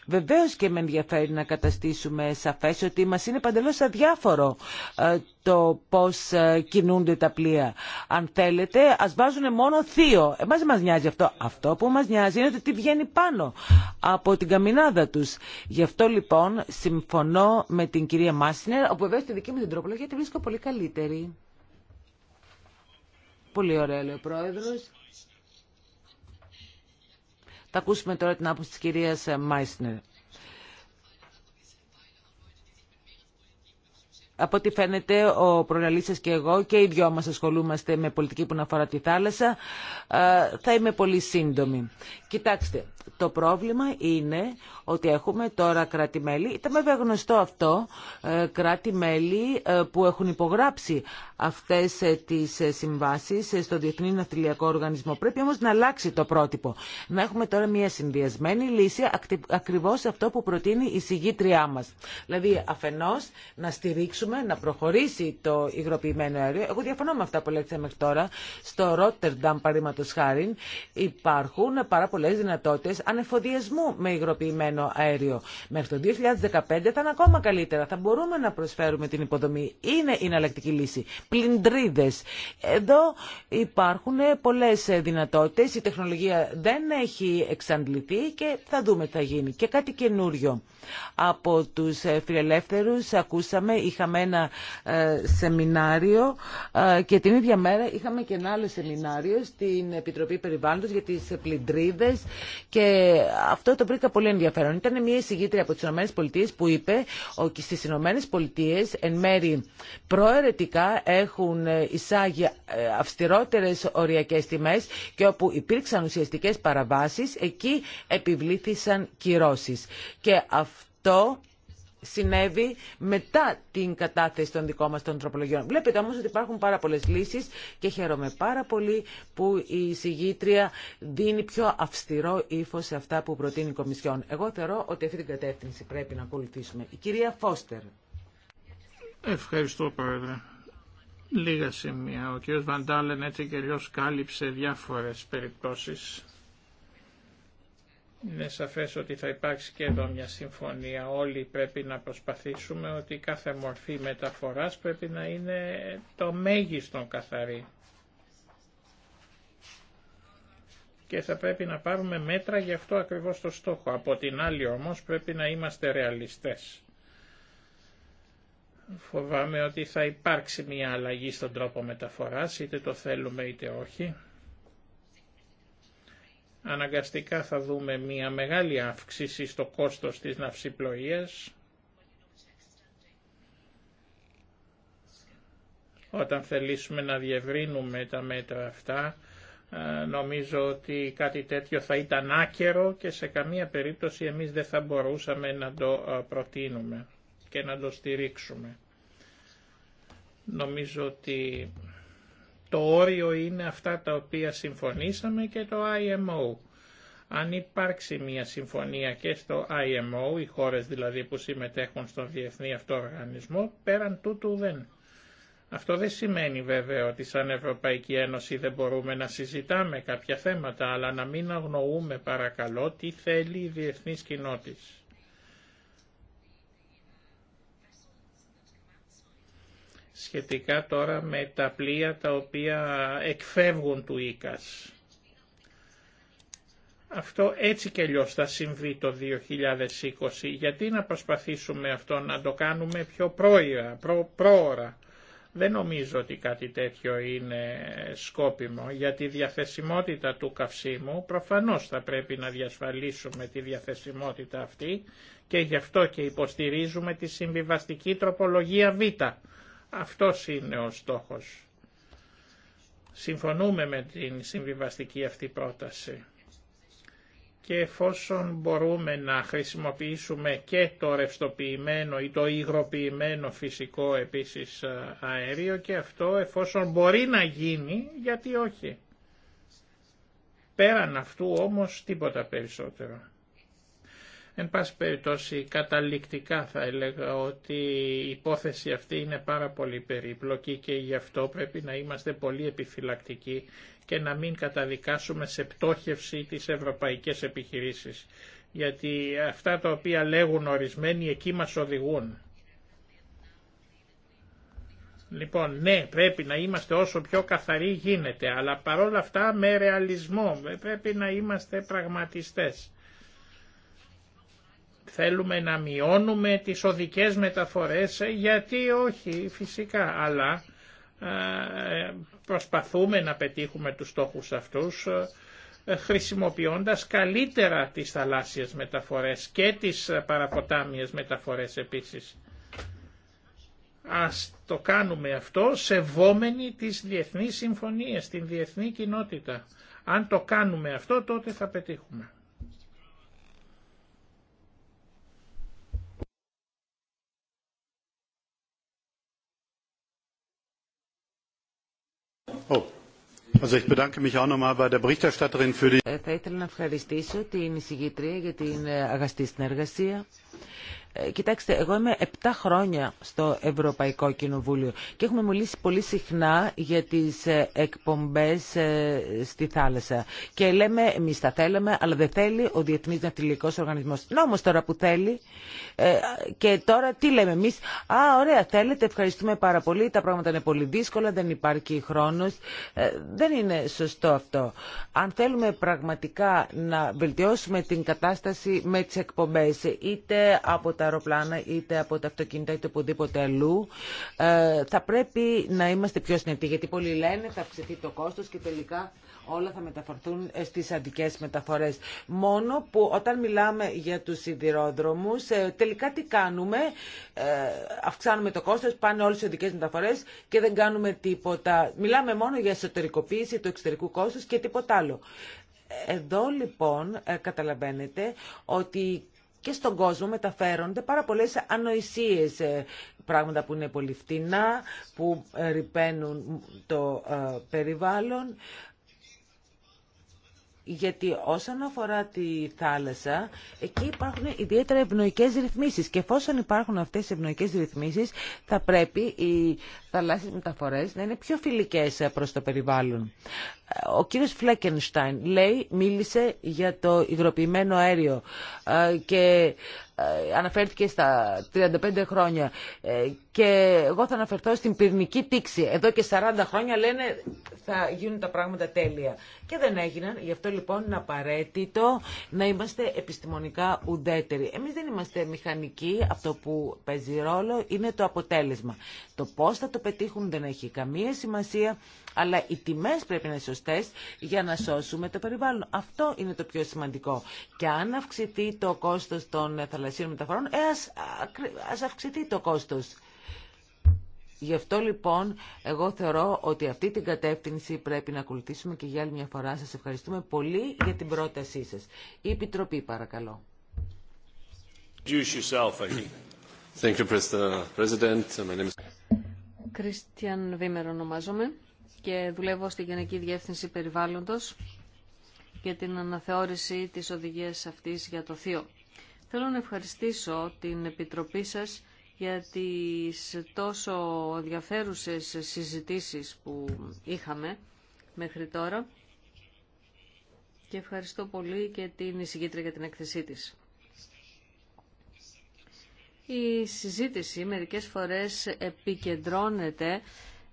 Βεβαίω και με ενδιαφέρει να καταστήσουμε σαφέ ότι μα είναι παντελώ αδιάφορο ε, το πώ ε, κινούνται τα πλοία. Αν θέλετε, α βάζουν μόνο θείο. Εμά δεν μας νοιάζει αυτό. Αυτό που μα νοιάζει είναι τι βγαίνει πάνω από την καμινάδα του. Γι' αυτό λοιπόν συμφωνώ με την κυρία Μάσινερ, όπου βέβαια στη δική μου την τροπολογία τη βρίσκω πολύ καλύτερη. Πολύ ωραία, λέει ο Πρόεδρος. Θα ακούσουμε τώρα την άποψη της κυρίας Μάισνερ. Από ό,τι φαίνεται ο προλαλής και εγώ και οι δυο μας ασχολούμαστε με πολιτική που αφορά τη θάλασσα. Ε, θα είμαι πολύ σύντομη. Κοιτάξτε, το πρόβλημα είναι ότι έχουμε τώρα κράτη-μέλη, ήταν βέβαια γνωστό αυτό, ε, κράτη-μέλη ε, που έχουν υπογράψει αυτές τις συμβάσεις στο Διεθνή Ναυτιλιακό Οργανισμό. Πρέπει όμως να αλλάξει το πρότυπο. Να έχουμε τώρα μια συνδυασμένη λύση, ακριβώς αυτό που προτείνει η συγγήτριά μας. Δηλαδή, αφενός να στηρίξουμε να προχωρήσει το υγροποιημένο αέριο. Εγώ διαφωνώ με αυτά που λέξαμε μέχρι τώρα. Στο Ρότερνταμ, παρήματο χάρη, υπάρχουν πάρα πολλέ δυνατότητε ανεφοδιασμού με υγροποιημένο αέριο. Μέχρι το 2015 θα είναι ακόμα καλύτερα. Θα μπορούμε να προσφέρουμε την υποδομή. Είναι η εναλλακτική λύση. Πλυντρίδε. Εδώ υπάρχουν πολλέ δυνατότητε. Η τεχνολογία δεν έχει εξαντληθεί και θα δούμε τι θα γίνει. Και κάτι καινούριο. Από του φιλελεύθερου ακούσαμε, είχαμε ένα ε, σεμινάριο ε, και την ίδια μέρα είχαμε και ένα άλλο σεμινάριο στην Επιτροπή Περιβάλλοντος για τις πλυντρίδες και αυτό το βρήκα πολύ ενδιαφέρον. Ήταν μια εισηγήτρια από τις ΗΠΑ που είπε ότι στις ΗΠΑ εν μέρη προαιρετικά έχουν εισάγει ε, αυστηρότερες οριακές τιμές και όπου υπήρξαν ουσιαστικές παραβάσεις εκεί επιβλήθησαν κυρώσεις. Και αυτό συνέβη μετά την κατάθεση των δικών μας των τροπολογιών. Βλέπετε όμως ότι υπάρχουν πάρα πολλές λύσεις και χαίρομαι πάρα πολύ που η συγγήτρια δίνει πιο αυστηρό ύφο σε αυτά που προτείνει η Κομισιόν. Εγώ θεωρώ ότι αυτή την κατεύθυνση πρέπει να ακολουθήσουμε. Η κυρία Φώστερ. Ευχαριστώ Πρόεδρε. Λίγα σημεία. Ο κ. Βαντάλεν έτσι και αλλιώς κάλυψε διάφορες περιπτώσεις είναι σαφές ότι θα υπάρξει και εδώ μια συμφωνία. Όλοι πρέπει να προσπαθήσουμε ότι κάθε μορφή μεταφοράς πρέπει να είναι το μέγιστον καθαρή. Και θα πρέπει να πάρουμε μέτρα γι' αυτό ακριβώς το στόχο. Από την άλλη όμως πρέπει να είμαστε ρεαλιστές. Φοβάμαι ότι θα υπάρξει μια αλλαγή στον τρόπο μεταφοράς, είτε το θέλουμε είτε όχι αναγκαστικά θα δούμε μια μεγάλη αύξηση στο κόστος της ναυσιπλοείας όταν θελήσουμε να διευρύνουμε τα μέτρα αυτά νομίζω ότι κάτι τέτοιο θα ήταν άκερο και σε καμία περίπτωση εμείς δεν θα μπορούσαμε να το προτείνουμε και να το στηρίξουμε. Νομίζω ότι το όριο είναι αυτά τα οποία συμφωνήσαμε και το IMO. Αν υπάρξει μια συμφωνία και στο IMO, οι χώρες δηλαδή που συμμετέχουν στον διεθνή αυτό οργανισμό, πέραν τούτου δεν. Αυτό δεν σημαίνει βέβαια ότι σαν Ευρωπαϊκή Ένωση δεν μπορούμε να συζητάμε κάποια θέματα, αλλά να μην αγνοούμε παρακαλώ τι θέλει η διεθνής κοινότης. σχετικά τώρα με τα πλοία τα οποία εκφεύγουν του Ίκας. Αυτό έτσι και αλλιώς θα συμβεί το 2020. Γιατί να προσπαθήσουμε αυτό να το κάνουμε πιο πρόωρα, Δεν νομίζω ότι κάτι τέτοιο είναι σκόπιμο. Για τη διαθεσιμότητα του καυσίμου προφανώς θα πρέπει να διασφαλίσουμε τη διαθεσιμότητα αυτή και γι' αυτό και υποστηρίζουμε τη συμβιβαστική τροπολογία Β αυτός είναι ο στόχος. Συμφωνούμε με την συμβιβαστική αυτή πρόταση. Και εφόσον μπορούμε να χρησιμοποιήσουμε και το ρευστοποιημένο ή το υγροποιημένο φυσικό επίσης αέριο και αυτό εφόσον μπορεί να γίνει, γιατί όχι. Πέραν αυτού όμως τίποτα περισσότερο. Εν πάση περιπτώσει καταληκτικά θα έλεγα ότι η υπόθεση αυτή είναι πάρα πολύ περίπλοκη και γι' αυτό πρέπει να είμαστε πολύ επιφυλακτικοί και να μην καταδικάσουμε σε πτώχευση τις ευρωπαϊκές επιχειρήσεις. Γιατί αυτά τα οποία λέγουν ορισμένοι εκεί μας οδηγούν. Λοιπόν, ναι, πρέπει να είμαστε όσο πιο καθαροί γίνεται, αλλά παρόλα αυτά με ρεαλισμό πρέπει να είμαστε πραγματιστές. Θέλουμε να μειώνουμε τις οδικές μεταφορές, ε, γιατί όχι φυσικά, αλλά ε, προσπαθούμε να πετύχουμε τους στόχους αυτούς ε, χρησιμοποιώντας καλύτερα τις θαλάσσιες μεταφορές και τις παραποτάμιες μεταφορές επίσης. Ας το κάνουμε αυτό σεβόμενοι τις διεθνείς συμφωνίες, την διεθνή κοινότητα. Αν το κάνουμε αυτό τότε θα πετύχουμε. Θα ήθελα να ευχαριστήσω την εισηγήτρια για την ε, αγαστή συνεργασία ε, κοιτάξτε, εγώ είμαι 7 χρόνια στο Ευρωπαϊκό Κοινοβούλιο και έχουμε μιλήσει πολύ συχνά για τις ε, εκπομπές ε, στη θάλασσα. Και λέμε, εμεί τα θέλαμε, αλλά δεν θέλει ο Διεθνής Ναυτιλιακός Οργανισμός. Να τώρα που θέλει και τώρα τι λέμε εμείς. Α, ωραία, θέλετε, ευχαριστούμε πάρα πολύ, τα πράγματα είναι πολύ δύσκολα, δεν υπάρχει χρόνος. Δεν είναι σωστό αυτό. Αν θέλουμε πραγματικά να βελτιώσουμε την κατάσταση με τις εκπομπές, είτε από τα αεροπλάνα είτε από τα αυτοκίνητα είτε οπουδήποτε αλλού. Ε, θα πρέπει να είμαστε πιο συνετοί γιατί πολλοί λένε θα αυξηθεί το κόστος και τελικά όλα θα μεταφορθούν ε, στις αντικές μεταφορές. Μόνο που όταν μιλάμε για τους σιδηρόδρομους, ε, τελικά τι κάνουμε, ε, αυξάνουμε το κόστος, πάνε όλες οι οδικές μεταφορές και δεν κάνουμε τίποτα. Μιλάμε μόνο για εσωτερικοποίηση του εξωτερικού κόστος και τίποτα άλλο. Εδώ λοιπόν καταλαβαίνετε ότι και στον κόσμο μεταφέρονται πάρα πολλές ανοησίες, ε, πράγματα που είναι πολύ φτηνά, που ε, ρηπαίνουν το ε, περιβάλλον γιατί όσον αφορά τη θάλασσα, εκεί υπάρχουν ιδιαίτερα ευνοϊκές ρυθμίσεις και εφόσον υπάρχουν αυτές οι ευνοϊκές ρυθμίσεις, θα πρέπει οι θαλάσσιες μεταφορές να είναι πιο φιλικές προς το περιβάλλον. Ο κύριος Φλέκενστάιν λέει, μίλησε για το υγροποιημένο αέριο ε, και ε, αναφέρθηκε στα 35 χρόνια ε, και εγώ θα αναφερθώ στην πυρηνική τήξη. Εδώ και 40 χρόνια λένε θα γίνουν τα πράγματα τέλεια. Και δεν έγιναν. Γι' αυτό λοιπόν είναι απαραίτητο να είμαστε επιστημονικά ουδέτεροι. Εμείς δεν είμαστε μηχανικοί. Αυτό που παίζει ρόλο είναι το αποτέλεσμα. Το πώς θα το πετύχουν δεν έχει καμία σημασία. Αλλά οι τιμές πρέπει να είναι σωστές για να σώσουμε το περιβάλλον. Αυτό είναι το πιο σημαντικό. Και αν αυξηθεί το κόστος των θαλασσίων μεταφορών, ε, αυξηθεί το κόστος. Γι' αυτό λοιπόν εγώ θεωρώ ότι αυτή την κατεύθυνση πρέπει να ακολουθήσουμε και για άλλη μια φορά σας ευχαριστούμε πολύ για την πρότασή σας. Η Επιτροπή παρακαλώ. Κριστιαν Βήμερ uh, uh, ονομάζομαι και δουλεύω στην Γενική Διεύθυνση Περιβάλλοντος για την αναθεώρηση της οδηγίας αυτής για το θείο. Θέλω να ευχαριστήσω την Επιτροπή σας για τις τόσο ενδιαφέρουσες συζητήσεις που είχαμε μέχρι τώρα και ευχαριστώ πολύ και την εισηγήτρια για την έκθεσή της. Η συζήτηση μερικές φορές επικεντρώνεται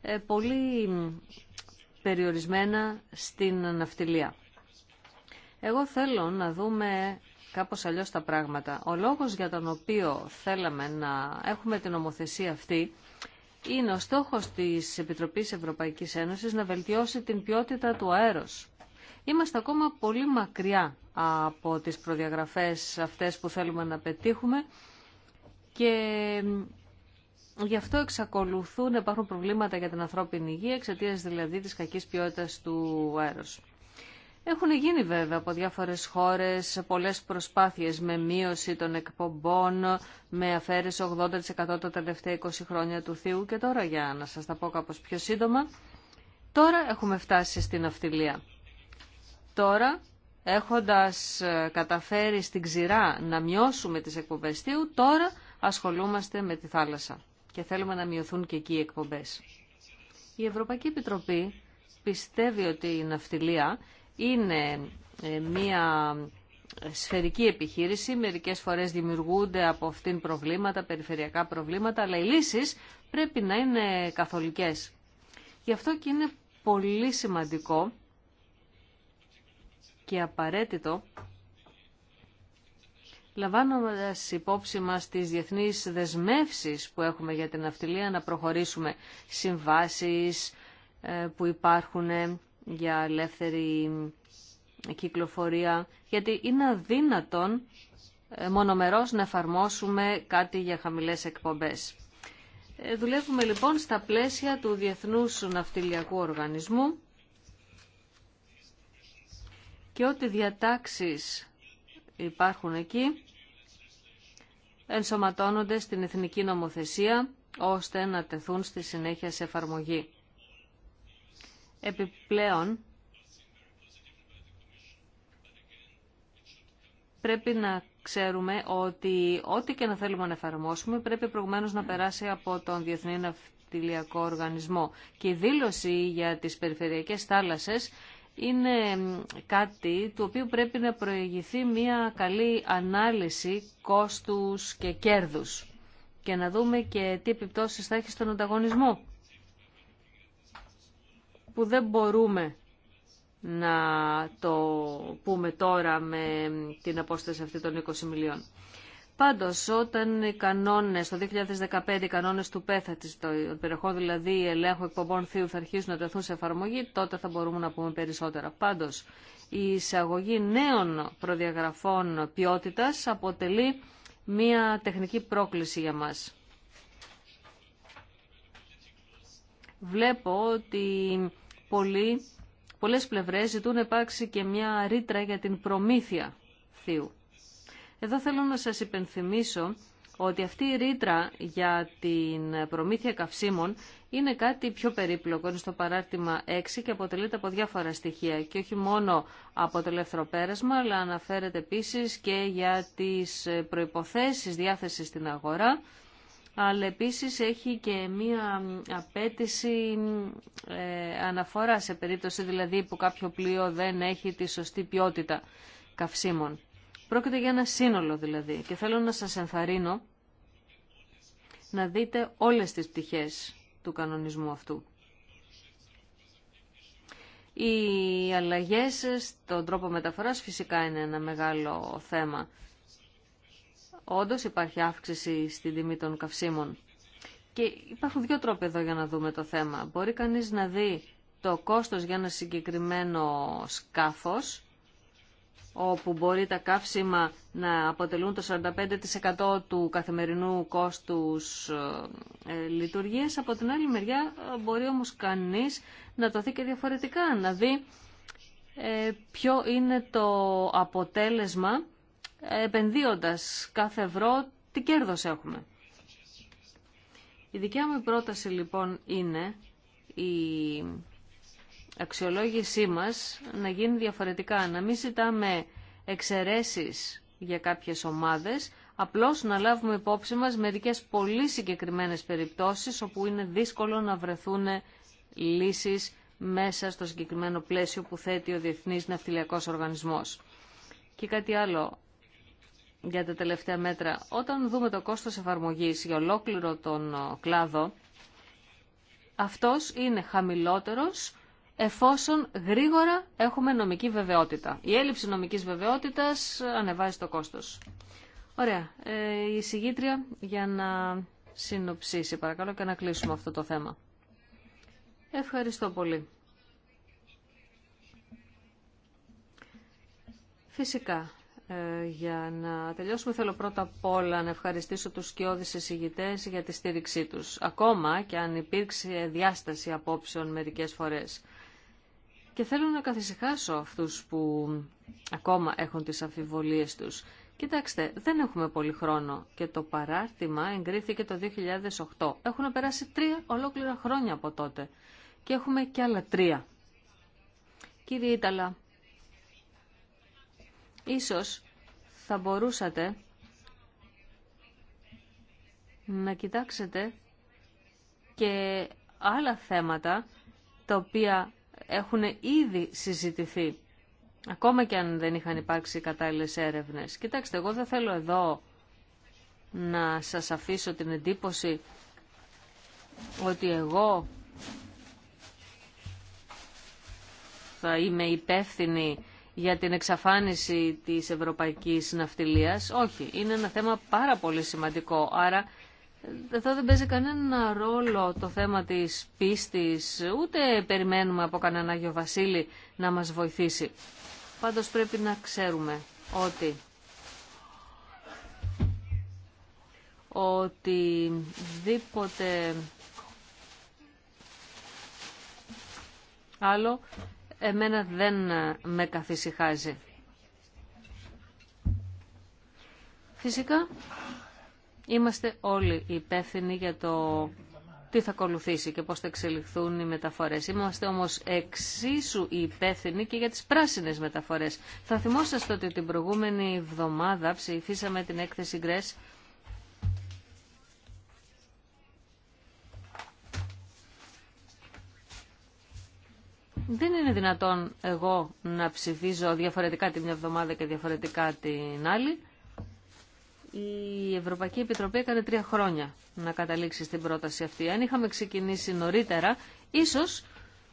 ε, πολύ περιορισμένα στην ναυτιλία. Εγώ θέλω να δούμε κάπως αλλιώς τα πράγματα. Ο λόγος για τον οποίο θέλαμε να έχουμε την ομοθεσία αυτή είναι ο στόχος της Επιτροπής Ευρωπαϊκής Ένωσης να βελτιώσει την ποιότητα του αέρος. Είμαστε ακόμα πολύ μακριά από τις προδιαγραφές αυτές που θέλουμε να πετύχουμε και γι' αυτό εξακολουθούν να υπάρχουν προβλήματα για την ανθρώπινη υγεία εξαιτία δηλαδή της κακής ποιότητας του αέρος. Έχουν γίνει βέβαια από διάφορες χώρες πολλές προσπάθειες με μείωση των εκπομπών, με αφαίρεση 80% τα τελευταία 20 χρόνια του θείου και τώρα για να σας τα πω κάπως πιο σύντομα, τώρα έχουμε φτάσει στην αυτιλία. Τώρα έχοντας ε, καταφέρει στην ξηρά να μειώσουμε τις εκπομπές θείου, τώρα ασχολούμαστε με τη θάλασσα και θέλουμε να μειωθούν και εκεί οι εκπομπές. Η Ευρωπαϊκή Επιτροπή πιστεύει ότι η ναυτιλία είναι ε, μία σφαιρική επιχείρηση. Μερικές φορές δημιουργούνται από αυτήν προβλήματα, περιφερειακά προβλήματα, αλλά οι λύσεις πρέπει να είναι καθολικές. Γι' αυτό και είναι πολύ σημαντικό και απαραίτητο λαμβάνοντας υπόψη μας τις διεθνείς δεσμεύσεις που έχουμε για την αυτιλία να προχωρήσουμε συμβάσεις ε, που υπάρχουν για ελεύθερη κυκλοφορία, γιατί είναι αδύνατον ε, μονομερός να εφαρμόσουμε κάτι για χαμηλές εκπομπές. Ε, δουλεύουμε λοιπόν στα πλαίσια του Διεθνούς Ναυτιλιακού Οργανισμού και ό,τι διατάξεις υπάρχουν εκεί ενσωματώνονται στην εθνική νομοθεσία ώστε να τεθούν στη συνέχεια σε εφαρμογή. Επιπλέον, πρέπει να ξέρουμε ότι ό,τι και να θέλουμε να εφαρμόσουμε πρέπει προηγουμένως να περάσει από τον Διεθνή Ναυτιλιακό Οργανισμό. Και η δήλωση για τις περιφερειακές θάλασσες είναι κάτι του οποίο πρέπει να προηγηθεί μια καλή ανάλυση κόστους και κέρδους και να δούμε και τι επιπτώσεις θα έχει στον ανταγωνισμό που δεν μπορούμε να το πούμε τώρα με την απόσταση αυτή των 20 μιλίων. Πάντως, όταν οι κανόνες, το 2015 οι κανόνες του ΠΕΘΑ, το περιεχόν δηλαδή ελέγχου εκπομπών θείου θα αρχίσουν να τεθούν σε εφαρμογή, τότε θα μπορούμε να πούμε περισσότερα. Πάντως, η εισαγωγή νέων προδιαγραφών ποιότητας αποτελεί μία τεχνική πρόκληση για μας. Βλέπω ότι πολλοί, πολλές πλευρές ζητούν επάξη και μια ρήτρα για την προμήθεια θείου. Εδώ θέλω να σας υπενθυμίσω ότι αυτή η ρήτρα για την προμήθεια καυσίμων είναι κάτι πιο περίπλοκο, είναι στο παράρτημα 6 και αποτελείται από διάφορα στοιχεία και όχι μόνο από το ελεύθερο πέρασμα, αλλά αναφέρεται επίσης και για τις προϋποθέσεις διάθεσης στην αγορά αλλά επίσης έχει και μία απέτηση ε, αναφορά σε περίπτωση δηλαδή που κάποιο πλοίο δεν έχει τη σωστή ποιότητα καυσίμων. Πρόκειται για ένα σύνολο δηλαδή και θέλω να σας ενθαρρύνω να δείτε όλες τις πτυχές του κανονισμού αυτού. Οι αλλαγές στον τρόπο μεταφοράς φυσικά είναι ένα μεγάλο θέμα όντως υπάρχει αύξηση στην τιμή των καυσίμων. Και υπάρχουν δύο τρόποι εδώ για να δούμε το θέμα. Μπορεί κανείς να δει το κόστος για ένα συγκεκριμένο σκάφος, όπου μπορεί τα καύσιμα να αποτελούν το 45% του καθημερινού κόστους ε, λειτουργίας. Από την άλλη μεριά ε, μπορεί όμως κανείς να το δει και διαφορετικά, να δει ε, ποιο είναι το αποτέλεσμα επενδύοντας κάθε ευρώ τι κέρδος έχουμε. Η δικιά μου πρόταση λοιπόν είναι η αξιολόγησή μας να γίνει διαφορετικά, να μην ζητάμε εξαιρέσεις για κάποιες ομάδες, απλώς να λάβουμε υπόψη μας μερικές πολύ συγκεκριμένες περιπτώσεις όπου είναι δύσκολο να βρεθούν λύσεις μέσα στο συγκεκριμένο πλαίσιο που θέτει ο Διεθνής Ναυτιλιακός Οργανισμός. Και κάτι άλλο, για τα τελευταία μέτρα. Όταν δούμε το κόστος εφαρμογής για ολόκληρο τον ε, κλάδο, αυτός είναι χαμηλότερος εφόσον γρήγορα έχουμε νομική βεβαιότητα. Η έλλειψη νομικής βεβαιότητας ανεβάζει το κόστος. Ωραία. Ε, η συγγήτρια για να συνοψίσει παρακαλώ και να κλείσουμε αυτό το θέμα. Ευχαριστώ πολύ. Φυσικά, ε, για να τελειώσουμε θέλω πρώτα απ' όλα να ευχαριστήσω τους σκιώδεις εισηγητές για τη στήριξή τους, ακόμα και αν υπήρξε διάσταση απόψεων μερικές φορές. Και θέλω να καθησυχάσω αυτούς που ακόμα έχουν τις αμφιβολίες τους. Κοιτάξτε, δεν έχουμε πολύ χρόνο και το παράρτημα εγκρίθηκε το 2008. Έχουν περάσει τρία ολόκληρα χρόνια από τότε και έχουμε και άλλα τρία. Κύριε Ήταλα, Ίσως θα μπορούσατε να κοιτάξετε και άλλα θέματα τα οποία έχουν ήδη συζητηθεί ακόμα και αν δεν είχαν υπάρξει κατάλληλες έρευνες. Κοιτάξτε, εγώ δεν θέλω εδώ να σας αφήσω την εντύπωση ότι εγώ θα είμαι υπεύθυνη για την εξαφάνιση της ευρωπαϊκής ναυτιλίας. Όχι, είναι ένα θέμα πάρα πολύ σημαντικό. Άρα εδώ δεν παίζει κανένα ρόλο το θέμα της πίστης, ούτε περιμένουμε από κανέναν Άγιο Βασίλη να μας βοηθήσει. Πάντως πρέπει να ξέρουμε ότι ότι δίποτε άλλο εμένα δεν ε, με καθησυχάζει. Φυσικά, είμαστε όλοι υπεύθυνοι για το τι θα ακολουθήσει και πώς θα εξελιχθούν οι μεταφορές. Είμαστε όμως εξίσου υπεύθυνοι και για τις πράσινες μεταφορές. Θα θυμόσαστε ότι την προηγούμενη εβδομάδα ψηφίσαμε την έκθεση Γκρέσ Δεν είναι δυνατόν εγώ να ψηφίζω διαφορετικά τη μια εβδομάδα και διαφορετικά την άλλη. Η Ευρωπαϊκή Επιτροπή έκανε τρία χρόνια να καταλήξει στην πρόταση αυτή. Αν είχαμε ξεκινήσει νωρίτερα, ίσως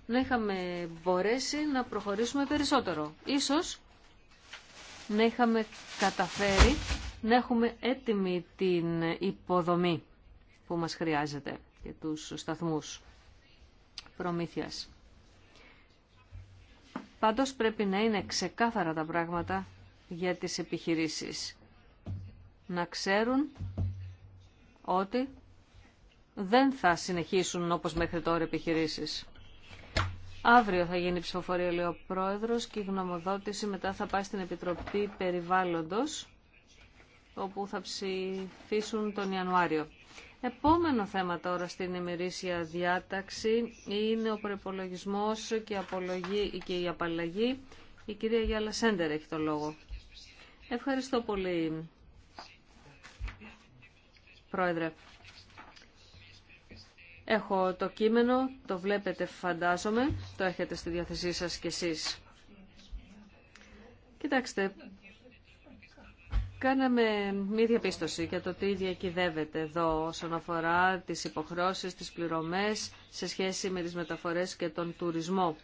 να είχαμε μπορέσει να προχωρήσουμε περισσότερο. Ίσως να είχαμε καταφέρει να έχουμε έτοιμη την υποδομή που μας χρειάζεται και τους σταθμούς προμήθειας. Πάντως πρέπει να είναι ξεκάθαρα τα πράγματα για τις επιχειρήσεις. Να ξέρουν ότι δεν θα συνεχίσουν όπως μέχρι τώρα επιχειρήσεις. Αύριο θα γίνει η ψηφοφορία, λέει ο Πρόεδρος, και η γνωμοδότηση μετά θα πάει στην Επιτροπή Περιβάλλοντος, όπου θα ψηφίσουν τον Ιανουάριο. Επόμενο θέμα τώρα στην ημερήσια διάταξη είναι ο προπολογισμό και, απολογή, και η απαλλαγή. Η κυρία Γιάλα Σέντερ έχει το λόγο. Ευχαριστώ πολύ, Πρόεδρε. Έχω το κείμενο, το βλέπετε φαντάζομαι, το έχετε στη διάθεσή σας κι εσείς. Κοιτάξτε, Κάναμε μία διαπίστωση για το τι διακυδεύεται εδώ όσον αφορά τις υποχρώσεις, τις πληρωμές σε σχέση με τις μεταφορές και τον τουρισμό.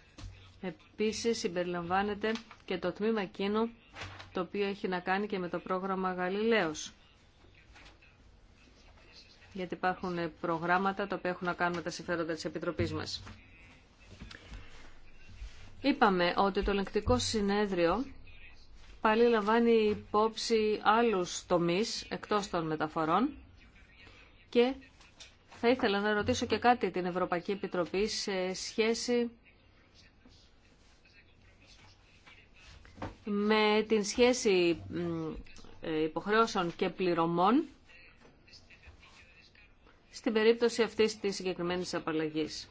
Επίσης συμπεριλαμβάνεται και το τμήμα εκείνο το οποίο έχει να κάνει και με το πρόγραμμα Γαλιλαίος. Γιατί υπάρχουν προγράμματα τα οποία έχουν να κάνουν με τα συμφέροντα της Επιτροπής μας. Είπαμε ότι το ελεγκτικό συνέδριο πάλι λαμβάνει υπόψη άλλους τομείς εκτός των μεταφορών και θα ήθελα να ρωτήσω και κάτι την Ευρωπαϊκή Επιτροπή σε σχέση με την σχέση ε, υποχρεώσεων και πληρωμών στην περίπτωση αυτής της συγκεκριμένης απαλλαγής.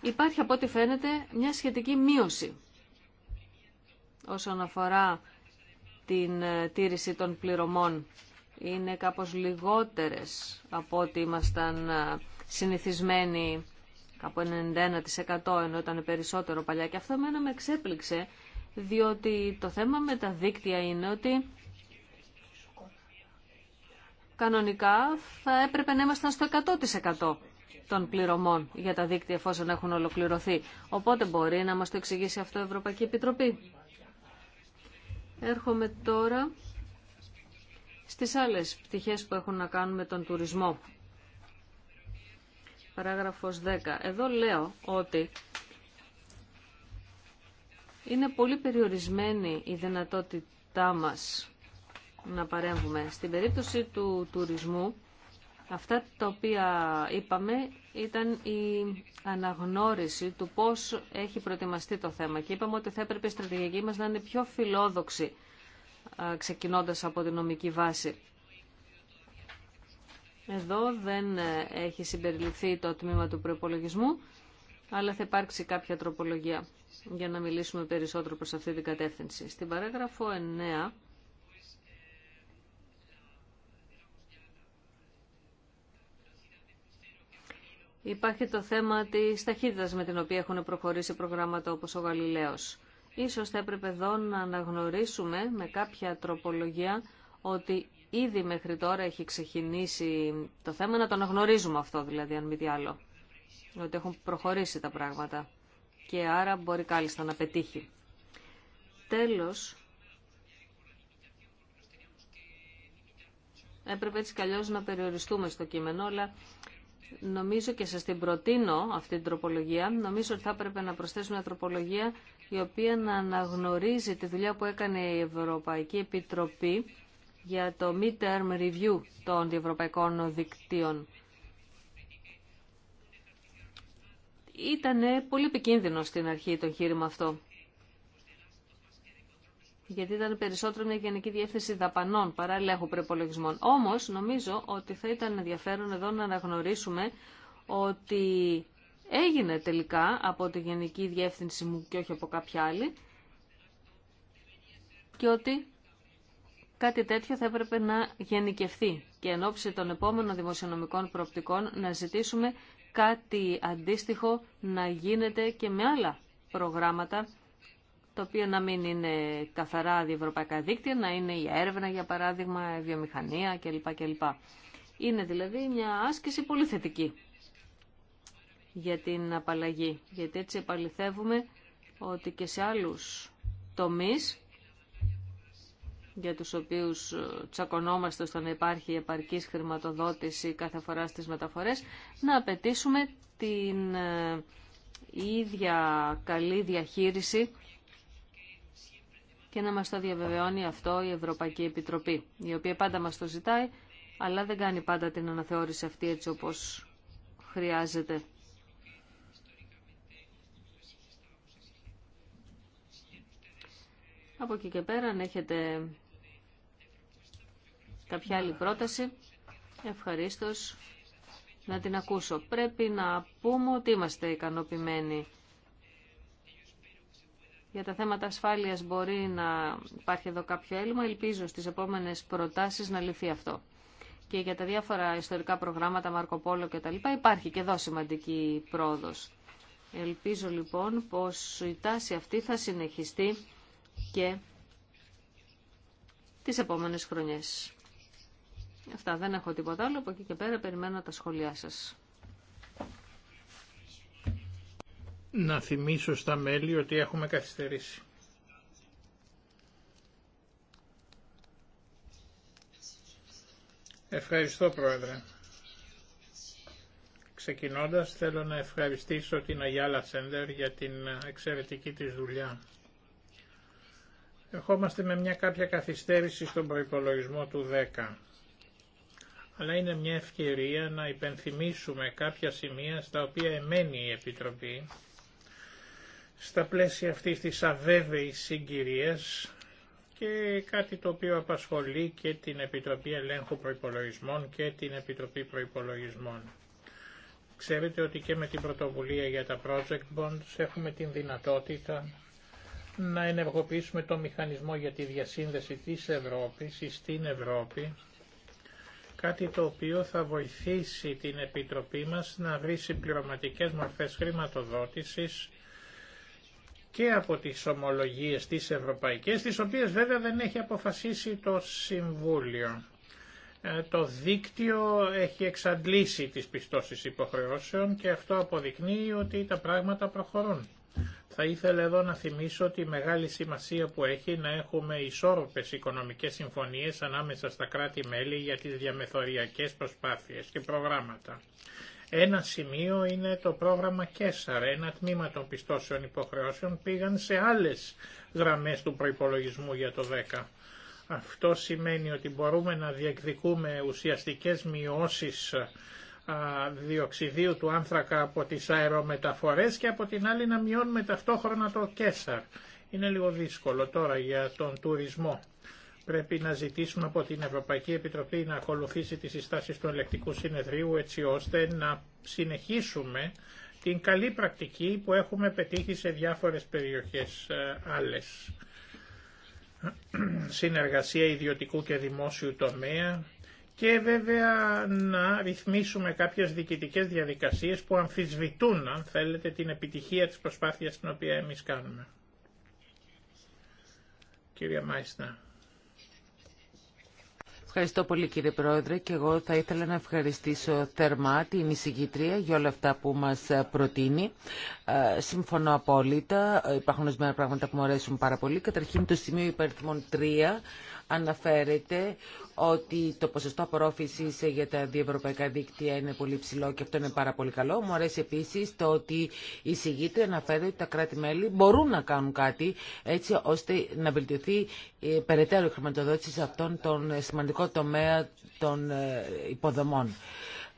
Υπάρχει από ό,τι φαίνεται μια σχετική μείωση όσον αφορά την ε, τήρηση των πληρωμών. Είναι κάπως λιγότερες από ό,τι ήμασταν ε, συνηθισμένοι από 91% ενώ ήταν περισσότερο παλιά. Και αυτό μένα με εξέπληξε, διότι το θέμα με τα δίκτυα είναι ότι κανονικά θα έπρεπε να ήμασταν στο 100% των πληρωμών για τα δίκτυα εφόσον έχουν ολοκληρωθεί. Οπότε μπορεί να μας το εξηγήσει αυτό η Ευρωπαϊκή Επιτροπή. Έρχομαι τώρα στις άλλες πτυχές που έχουν να κάνουν με τον τουρισμό. Παράγραφος 10. Εδώ λέω ότι είναι πολύ περιορισμένη η δυνατότητά μας να παρέμβουμε. Στην περίπτωση του τουρισμού Αυτά τα οποία είπαμε ήταν η αναγνώριση του πώς έχει προετοιμαστεί το θέμα και είπαμε ότι θα έπρεπε η στρατηγική μας να είναι πιο φιλόδοξη ξεκινώντας από την νομική βάση. Εδώ δεν ε, έχει συμπεριληφθεί το τμήμα του προπολογισμού, αλλά θα υπάρξει κάποια τροπολογία για να μιλήσουμε περισσότερο προς αυτή την κατεύθυνση. Στην παράγραφο 9 Υπάρχει το θέμα της ταχύτητα με την οποία έχουν προχωρήσει προγράμματα όπως ο Γαλιλαίος. Ίσως θα έπρεπε εδώ να αναγνωρίσουμε με κάποια τροπολογία ότι ήδη μέχρι τώρα έχει ξεκινήσει το θέμα, να το αναγνωρίζουμε αυτό δηλαδή, αν μη τι άλλο. Ότι έχουν προχωρήσει τα πράγματα και άρα μπορεί κάλλιστα να πετύχει. Τέλος, έπρεπε έτσι καλλιώς να περιοριστούμε στο κείμενο, αλλά νομίζω και σας την προτείνω αυτή την τροπολογία, νομίζω ότι θα έπρεπε να προσθέσουμε μια τροπολογία η οποία να αναγνωρίζει τη δουλειά που έκανε η Ευρωπαϊκή Επιτροπή για το mid-term review των διευρωπαϊκών δικτύων. Ήταν πολύ επικίνδυνο στην αρχή το χείρημα αυτό γιατί ήταν περισσότερο μια γενική διεύθυνση δαπανών παρά ελέγχου προπολογισμών. Όμως νομίζω ότι θα ήταν ενδιαφέρον εδώ να αναγνωρίσουμε ότι έγινε τελικά από τη γενική διεύθυνση μου και όχι από κάποια άλλη και ότι κάτι τέτοιο θα έπρεπε να γενικευθεί και εν ώψη των επόμενων δημοσιονομικών προοπτικών να ζητήσουμε κάτι αντίστοιχο να γίνεται και με άλλα προγράμματα το οποίο να μην είναι καθαρά διευρωπαϊκά δίκτυα, να είναι η έρευνα, για παράδειγμα, η βιομηχανία κλπ. Είναι δηλαδή μια άσκηση πολύ θετική για την απαλλαγή, γιατί έτσι επαληθεύουμε ότι και σε άλλους τομείς για τους οποίους τσακωνόμαστε στο να υπάρχει επαρκής χρηματοδότηση κάθε φορά στις μεταφορές, να απαιτήσουμε την ε, ίδια καλή διαχείριση και να μας το διαβεβαιώνει αυτό η Ευρωπαϊκή Επιτροπή, η οποία πάντα μας το ζητάει, αλλά δεν κάνει πάντα την αναθεώρηση αυτή έτσι όπως χρειάζεται. Από εκεί και πέρα, αν έχετε κάποια άλλη πρόταση, ευχαρίστως να την ακούσω. Πρέπει να πούμε ότι είμαστε ικανοποιημένοι για τα θέματα ασφάλειας μπορεί να υπάρχει εδώ κάποιο έλλειμμα. Ελπίζω στις επόμενες προτάσεις να λυθεί αυτό. Και για τα διάφορα ιστορικά προγράμματα, Μάρκο Πόλο κτλ. υπάρχει και εδώ σημαντική πρόοδο. Ελπίζω λοιπόν πως η τάση αυτή θα συνεχιστεί και τις επόμενες χρονιές. Αυτά δεν έχω τίποτα άλλο, από εκεί και πέρα περιμένω τα σχόλιά σας. να θυμίσω στα μέλη ότι έχουμε καθυστερήσει. Ευχαριστώ Πρόεδρε. Ξεκινώντας θέλω να ευχαριστήσω την Αγιάλα Σέντερ για την εξαιρετική της δουλειά. Ερχόμαστε με μια κάποια καθυστέρηση στον προϋπολογισμό του 10 αλλά είναι μια ευκαιρία να υπενθυμίσουμε κάποια σημεία στα οποία εμένει η Επιτροπή στα πλαίσια αυτής της αβέβαιης συγκυρίας και κάτι το οποίο απασχολεί και την Επιτροπή Ελέγχου Προϋπολογισμών και την Επιτροπή Προϋπολογισμών. Ξέρετε ότι και με την πρωτοβουλία για τα project bonds έχουμε την δυνατότητα να ενεργοποιήσουμε το μηχανισμό για τη διασύνδεση της Ευρώπης ή στην Ευρώπη, κάτι το οποίο θα βοηθήσει την Επιτροπή μας να βρει συμπληρωματικές μορφές χρηματοδότησης και από τις ομολογίες της ευρωπαϊκές, τις οποίες βέβαια δεν έχει αποφασίσει το Συμβούλιο. Ε, το δίκτυο έχει εξαντλήσει τις πιστώσεις υποχρεώσεων και αυτό αποδεικνύει ότι τα πράγματα προχωρούν. Θα ήθελα εδώ να θυμίσω ότι η μεγάλη σημασία που έχει να έχουμε ισόρροπες οικονομικές συμφωνίες ανάμεσα στα κράτη-μέλη για τις διαμεθοριακές προσπάθειες και προγράμματα. Ένα σημείο είναι το πρόγραμμα Κέσσαρ. Ένα τμήμα των πιστώσεων υποχρεώσεων πήγαν σε άλλες γραμμές του προϋπολογισμού για το 10. Αυτό σημαίνει ότι μπορούμε να διεκδικούμε ουσιαστικές μειώσεις διοξιδίου του άνθρακα από τις αερομεταφορές και από την άλλη να μειώνουμε ταυτόχρονα το Κέσσαρ. Είναι λίγο δύσκολο τώρα για τον τουρισμό πρέπει να ζητήσουμε από την Ευρωπαϊκή Επιτροπή να ακολουθήσει τις συστάσεις του ελεκτικού συνεδρίου έτσι ώστε να συνεχίσουμε την καλή πρακτική που έχουμε πετύχει σε διάφορες περιοχές ε, άλλες. Συνεργασία ιδιωτικού και δημόσιου τομέα και βέβαια να ρυθμίσουμε κάποιες διοικητικές διαδικασίες που αμφισβητούν, αν θέλετε, την επιτυχία της προσπάθειας την οποία εμείς κάνουμε. Κύριε Μάιστα. Ευχαριστώ πολύ κύριε Πρόεδρε και εγώ θα ήθελα να ευχαριστήσω θερμά την εισηγήτρια για όλα αυτά που μας προτείνει. Ε, συμφωνώ απόλυτα. Ε, υπάρχουν ορισμένα πράγματα που μου αρέσουν πάρα πολύ. Καταρχήν το σημείο υπερθυμών 3 αναφέρεται ότι το ποσοστό απορρόφησης για τα διευρωπαϊκά δίκτυα είναι πολύ ψηλό και αυτό είναι πάρα πολύ καλό. Μου αρέσει επίσης το ότι η συγγήτρια αναφέρει ότι τα κράτη-μέλη μπορούν να κάνουν κάτι έτσι ώστε να βελτιωθεί ε, περαιτέρω η χρηματοδότηση σε αυτόν τον σημαντικό τομέα των ε, υποδομών.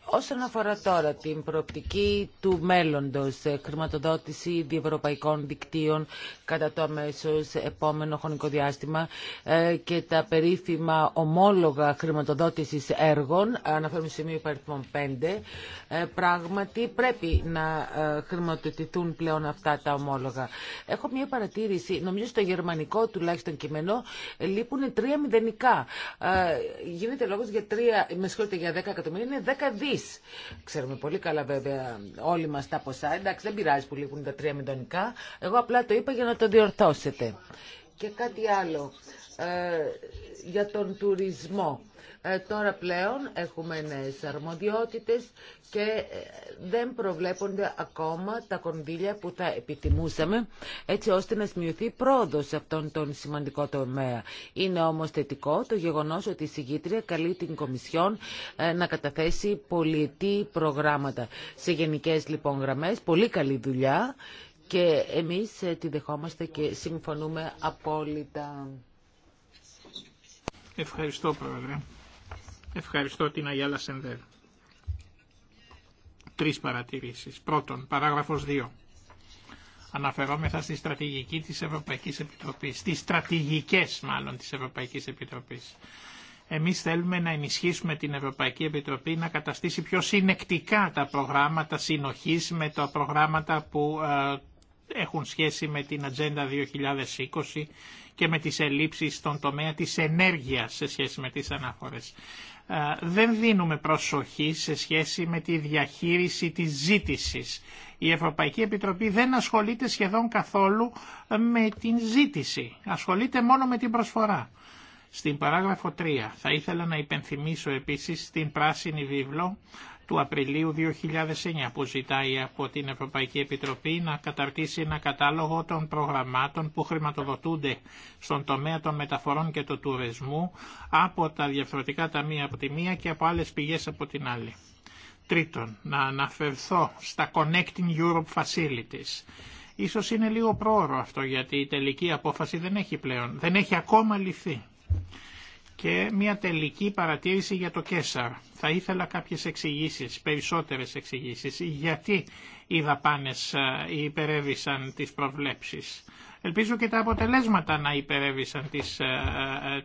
Όσον αφορά τώρα την προοπτική του μέλλοντος, ε, χρηματοδότηση διευρωπαϊκών δικτύων κατά το αμέσως επόμενο χρονικό διάστημα ε, και τα περίφημα ομόλογα χρηματοδότησης έργων, αναφέρουμε στο σημείο υπαριθμών 5, ε, πράγματι πρέπει να χρηματοδοτηθούν πλέον αυτά τα ομόλογα. Έχω μια παρατήρηση, νομίζω στο γερμανικό τουλάχιστον κειμενό λείπουν τρία μηδενικά. Γίνεται λόγος για, τρία, με για 10 εκατομμύρια, είναι 10 δι Ξέρουμε πολύ καλά βέβαια όλοι μας τα ποσά. Εντάξει, δεν πειράζει που λείπουν τα τρία μηντονικά. Εγώ απλά το είπα για να το διορθώσετε. Και κάτι άλλο ε, για τον τουρισμό. Ε, τώρα πλέον έχουμε νέες αρμοδιότητες και ε, δεν προβλέπονται ακόμα τα κονδύλια που θα επιθυμούσαμε έτσι ώστε να σημειωθεί πρόοδος σε αυτόν τον σημαντικό τομέα. Είναι όμως θετικό το γεγονός ότι η συγκήτρια καλεί την Κομισιόν ε, να καταθέσει πολιτή προγράμματα. Σε γενικές λοιπόν γραμμές, πολύ καλή δουλειά και εμείς τη δεχόμαστε και συμφωνούμε απόλυτα. Ευχαριστώ, Πρόεδρε. Ευχαριστώ την Αγιάλα Σενδέρ. Τρεις παρατηρήσεις. Πρώτον, παράγραφος 2. Αναφερόμεθα στη στρατηγική της Ευρωπαϊκής Επιτροπής, στις στρατηγικές μάλλον της Ευρωπαϊκής Επιτροπής. Εμείς θέλουμε να ενισχύσουμε την Ευρωπαϊκή Επιτροπή να καταστήσει πιο συνεκτικά τα προγράμματα συνοχής με τα προγράμματα που ε, έχουν σχέση με την Ατζέντα 2020 και με τις ελλείψεις στον τομέα της ενέργειας σε σχέση με τις ανάφορες. Ε, δεν δίνουμε προσοχή σε σχέση με τη διαχείριση της ζήτησης. Η Ευρωπαϊκή Επιτροπή δεν ασχολείται σχεδόν καθόλου ε, με την ζήτηση. Ασχολείται μόνο με την προσφορά. Στην παράγραφο 3 θα ήθελα να υπενθυμίσω επίσης την πράσινη βίβλο του Απριλίου 2009 που ζητάει από την Ευρωπαϊκή Επιτροπή να καταρτήσει ένα κατάλογο των προγραμμάτων που χρηματοδοτούνται στον τομέα των μεταφορών και του τουρισμού από τα διαφορετικά ταμεία από τη μία και από άλλες πηγές από την άλλη. Τρίτον, να αναφερθώ στα Connecting Europe Facilities. Ίσως είναι λίγο πρόωρο αυτό γιατί η τελική απόφαση δεν έχει πλέον, δεν έχει ακόμα ληφθεί. Και μια τελική παρατήρηση για το Κέσαρ. Θα ήθελα κάποιες εξηγήσει, περισσότερες εξηγήσει, γιατί οι δαπάνες ε, υπερέβησαν τις προβλέψεις. Ελπίζω και τα αποτελέσματα να υπερέβησαν τις, ε,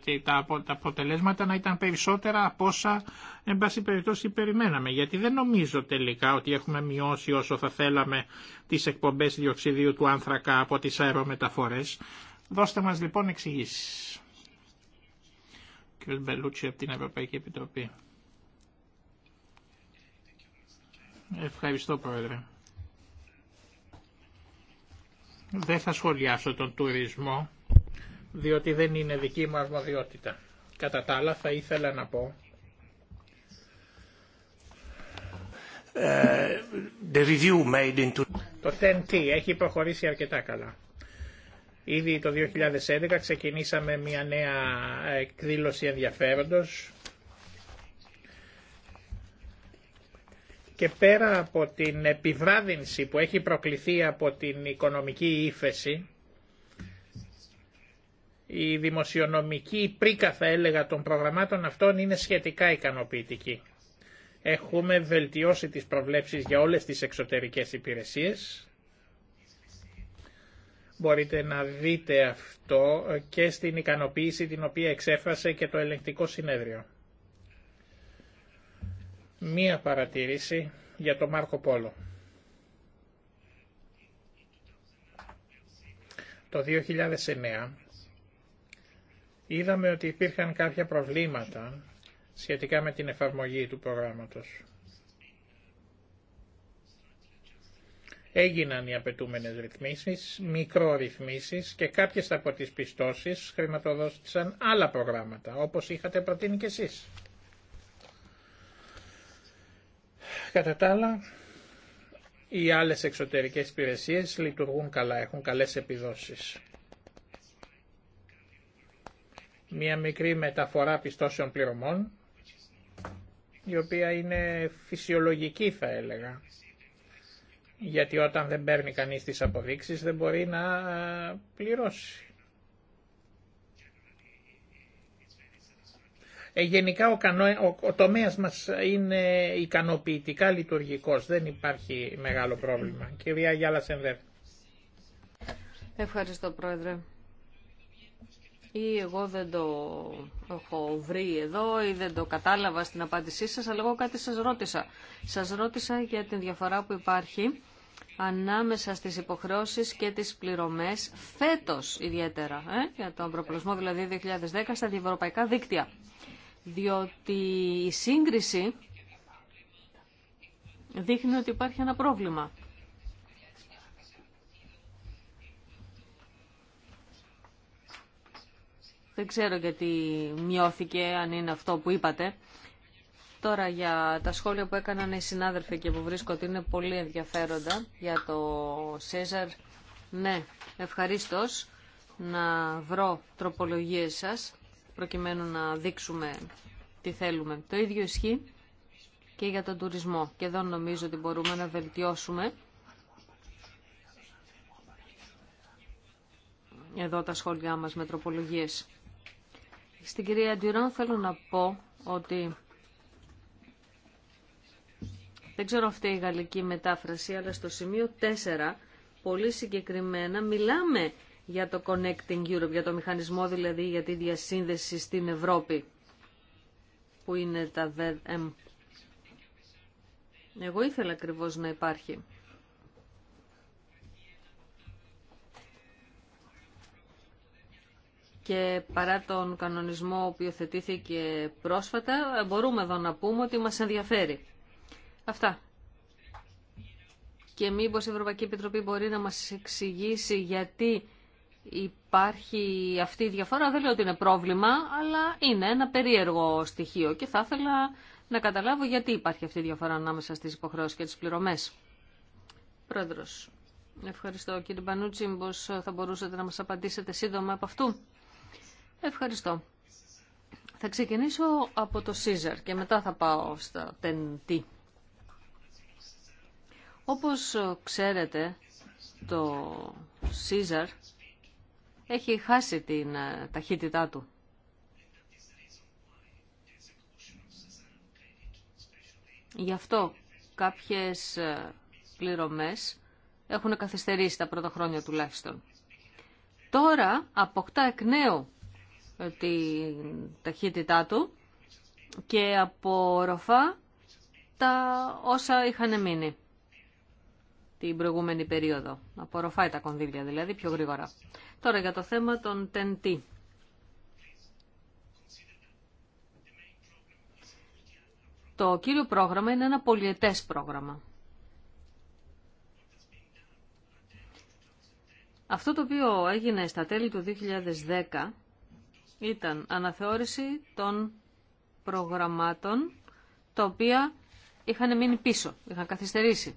ε, τα, αποτελέσματα να ήταν περισσότερα από όσα εν πάση περιπτώσει περιμέναμε. Γιατί δεν νομίζω τελικά ότι έχουμε μειώσει όσο θα θέλαμε τις εκπομπές διοξιδίου του άνθρακα από τις αερομεταφορές. Δώστε μας λοιπόν εξηγήσεις κύριος Μπελούτσι από την Ευρωπαϊκή Επιτροπή. Ευχαριστώ Πρόεδρε. Δεν θα σχολιάσω τον τουρισμό, διότι δεν είναι δική μου αρμοδιότητα. Κατά τα άλλα θα ήθελα να πω ε, The review made into... Το TNT έχει προχωρήσει αρκετά καλά. Ήδη το 2011 ξεκινήσαμε μια νέα εκδήλωση ενδιαφέροντος και πέρα από την επιβράδυνση που έχει προκληθεί από την οικονομική ύφεση, η δημοσιονομική πρίκα θα έλεγα των προγραμμάτων αυτών είναι σχετικά ικανοποιητική. Έχουμε βελτιώσει τις προβλέψεις για όλες τις εξωτερικές υπηρεσίες Μπορείτε να δείτε αυτό και στην ικανοποίηση την οποία εξέφρασε και το ελεγκτικό συνέδριο. Μία παρατήρηση για τον Μάρκο Πόλο. Το 2009 είδαμε ότι υπήρχαν κάποια προβλήματα σχετικά με την εφαρμογή του προγράμματος. έγιναν οι απαιτούμενες ρυθμίσεις, μικρορυθμίσεις και κάποιες από τις πιστώσεις χρηματοδότησαν άλλα προγράμματα, όπως είχατε προτείνει και εσείς. Κατά τα άλλα, οι άλλες εξωτερικές υπηρεσίες λειτουργούν καλά, έχουν καλές επιδόσεις. Μία μικρή μεταφορά πιστώσεων πληρωμών, η οποία είναι φυσιολογική θα έλεγα γιατί όταν δεν παίρνει κανείς τις αποδείξεις δεν μπορεί να ε, πληρώσει. Ε, γενικά ο, κανο, ο, τομέας μας είναι ικανοποιητικά λειτουργικός, δεν υπάρχει μεγάλο πρόβλημα. Κυρία Γιάλα Σενδέρ. Ευχαριστώ Πρόεδρε. Ή εγώ δεν το έχω βρει εδώ ή δεν το κατάλαβα στην απάντησή σας, αλλά εγώ κάτι σας ρώτησα. Σας ρώτησα για την διαφορά που υπάρχει ανάμεσα στις υποχρεώσεις και τις πληρωμές φέτος ιδιαίτερα, ε, για τον προπλωσμό δηλαδή 2010 στα διευρωπαϊκά δίκτυα. Διότι η σύγκριση δείχνει ότι υπάρχει ένα πρόβλημα. Δεν ξέρω γιατί μειώθηκε, αν είναι αυτό που είπατε. Τώρα για τα σχόλια που έκαναν οι συνάδελφοι και που βρίσκω ότι είναι πολύ ενδιαφέροντα για το Σέζαρ. Ναι, ευχαρίστως να βρω τροπολογίες σας προκειμένου να δείξουμε τι θέλουμε. Το ίδιο ισχύει και για τον τουρισμό. Και εδώ νομίζω ότι μπορούμε να βελτιώσουμε εδώ τα σχόλιά μας με τροπολογίες. Στην κυρία Ντυρόν θέλω να πω ότι δεν ξέρω αυτή η γαλλική μετάφραση, αλλά στο σημείο 4 πολύ συγκεκριμένα μιλάμε για το Connecting Europe, για το μηχανισμό δηλαδή για τη διασύνδεση στην Ευρώπη, που είναι τα VEDM. Εγώ ήθελα ακριβώ να υπάρχει. Και παρά τον κανονισμό που υιοθετήθηκε πρόσφατα, μπορούμε εδώ να πούμε ότι μας ενδιαφέρει. Αυτά. Και μήπως η Ευρωπαϊκή Επιτροπή μπορεί να μας εξηγήσει γιατί υπάρχει αυτή η διαφορά. Δεν λέω ότι είναι πρόβλημα, αλλά είναι ένα περίεργο στοιχείο και θα ήθελα να καταλάβω γιατί υπάρχει αυτή η διαφορά ανάμεσα στις υποχρεώσεις και τις πληρωμές. Πρόεδρος, ευχαριστώ κύριε Μπανούτσι, μήπως θα μπορούσατε να μας απαντήσετε σύντομα από αυτού. Ευχαριστώ. Θα ξεκινήσω από το Caesar και μετά θα πάω στα TNT. Όπως ξέρετε, το Σίζαρ έχει χάσει την ε, ταχύτητά του. Γι' αυτό κάποιες ε, πληρωμές έχουν καθυστερήσει τα πρώτα χρόνια τουλάχιστον. Τώρα αποκτά εκ νέου ε, την ταχύτητά του και απορροφά τα όσα είχαν μείνει την προηγούμενη περίοδο. Απορροφάει τα κονδύλια δηλαδή πιο γρήγορα. Τώρα για το θέμα των τεντή Το κύριο πρόγραμμα είναι ένα πολιετές πρόγραμμα. Αυτό το οποίο έγινε στα τέλη του 2010 ήταν αναθεώρηση των προγραμμάτων τα οποία είχαν μείνει πίσω, είχαν καθυστερήσει.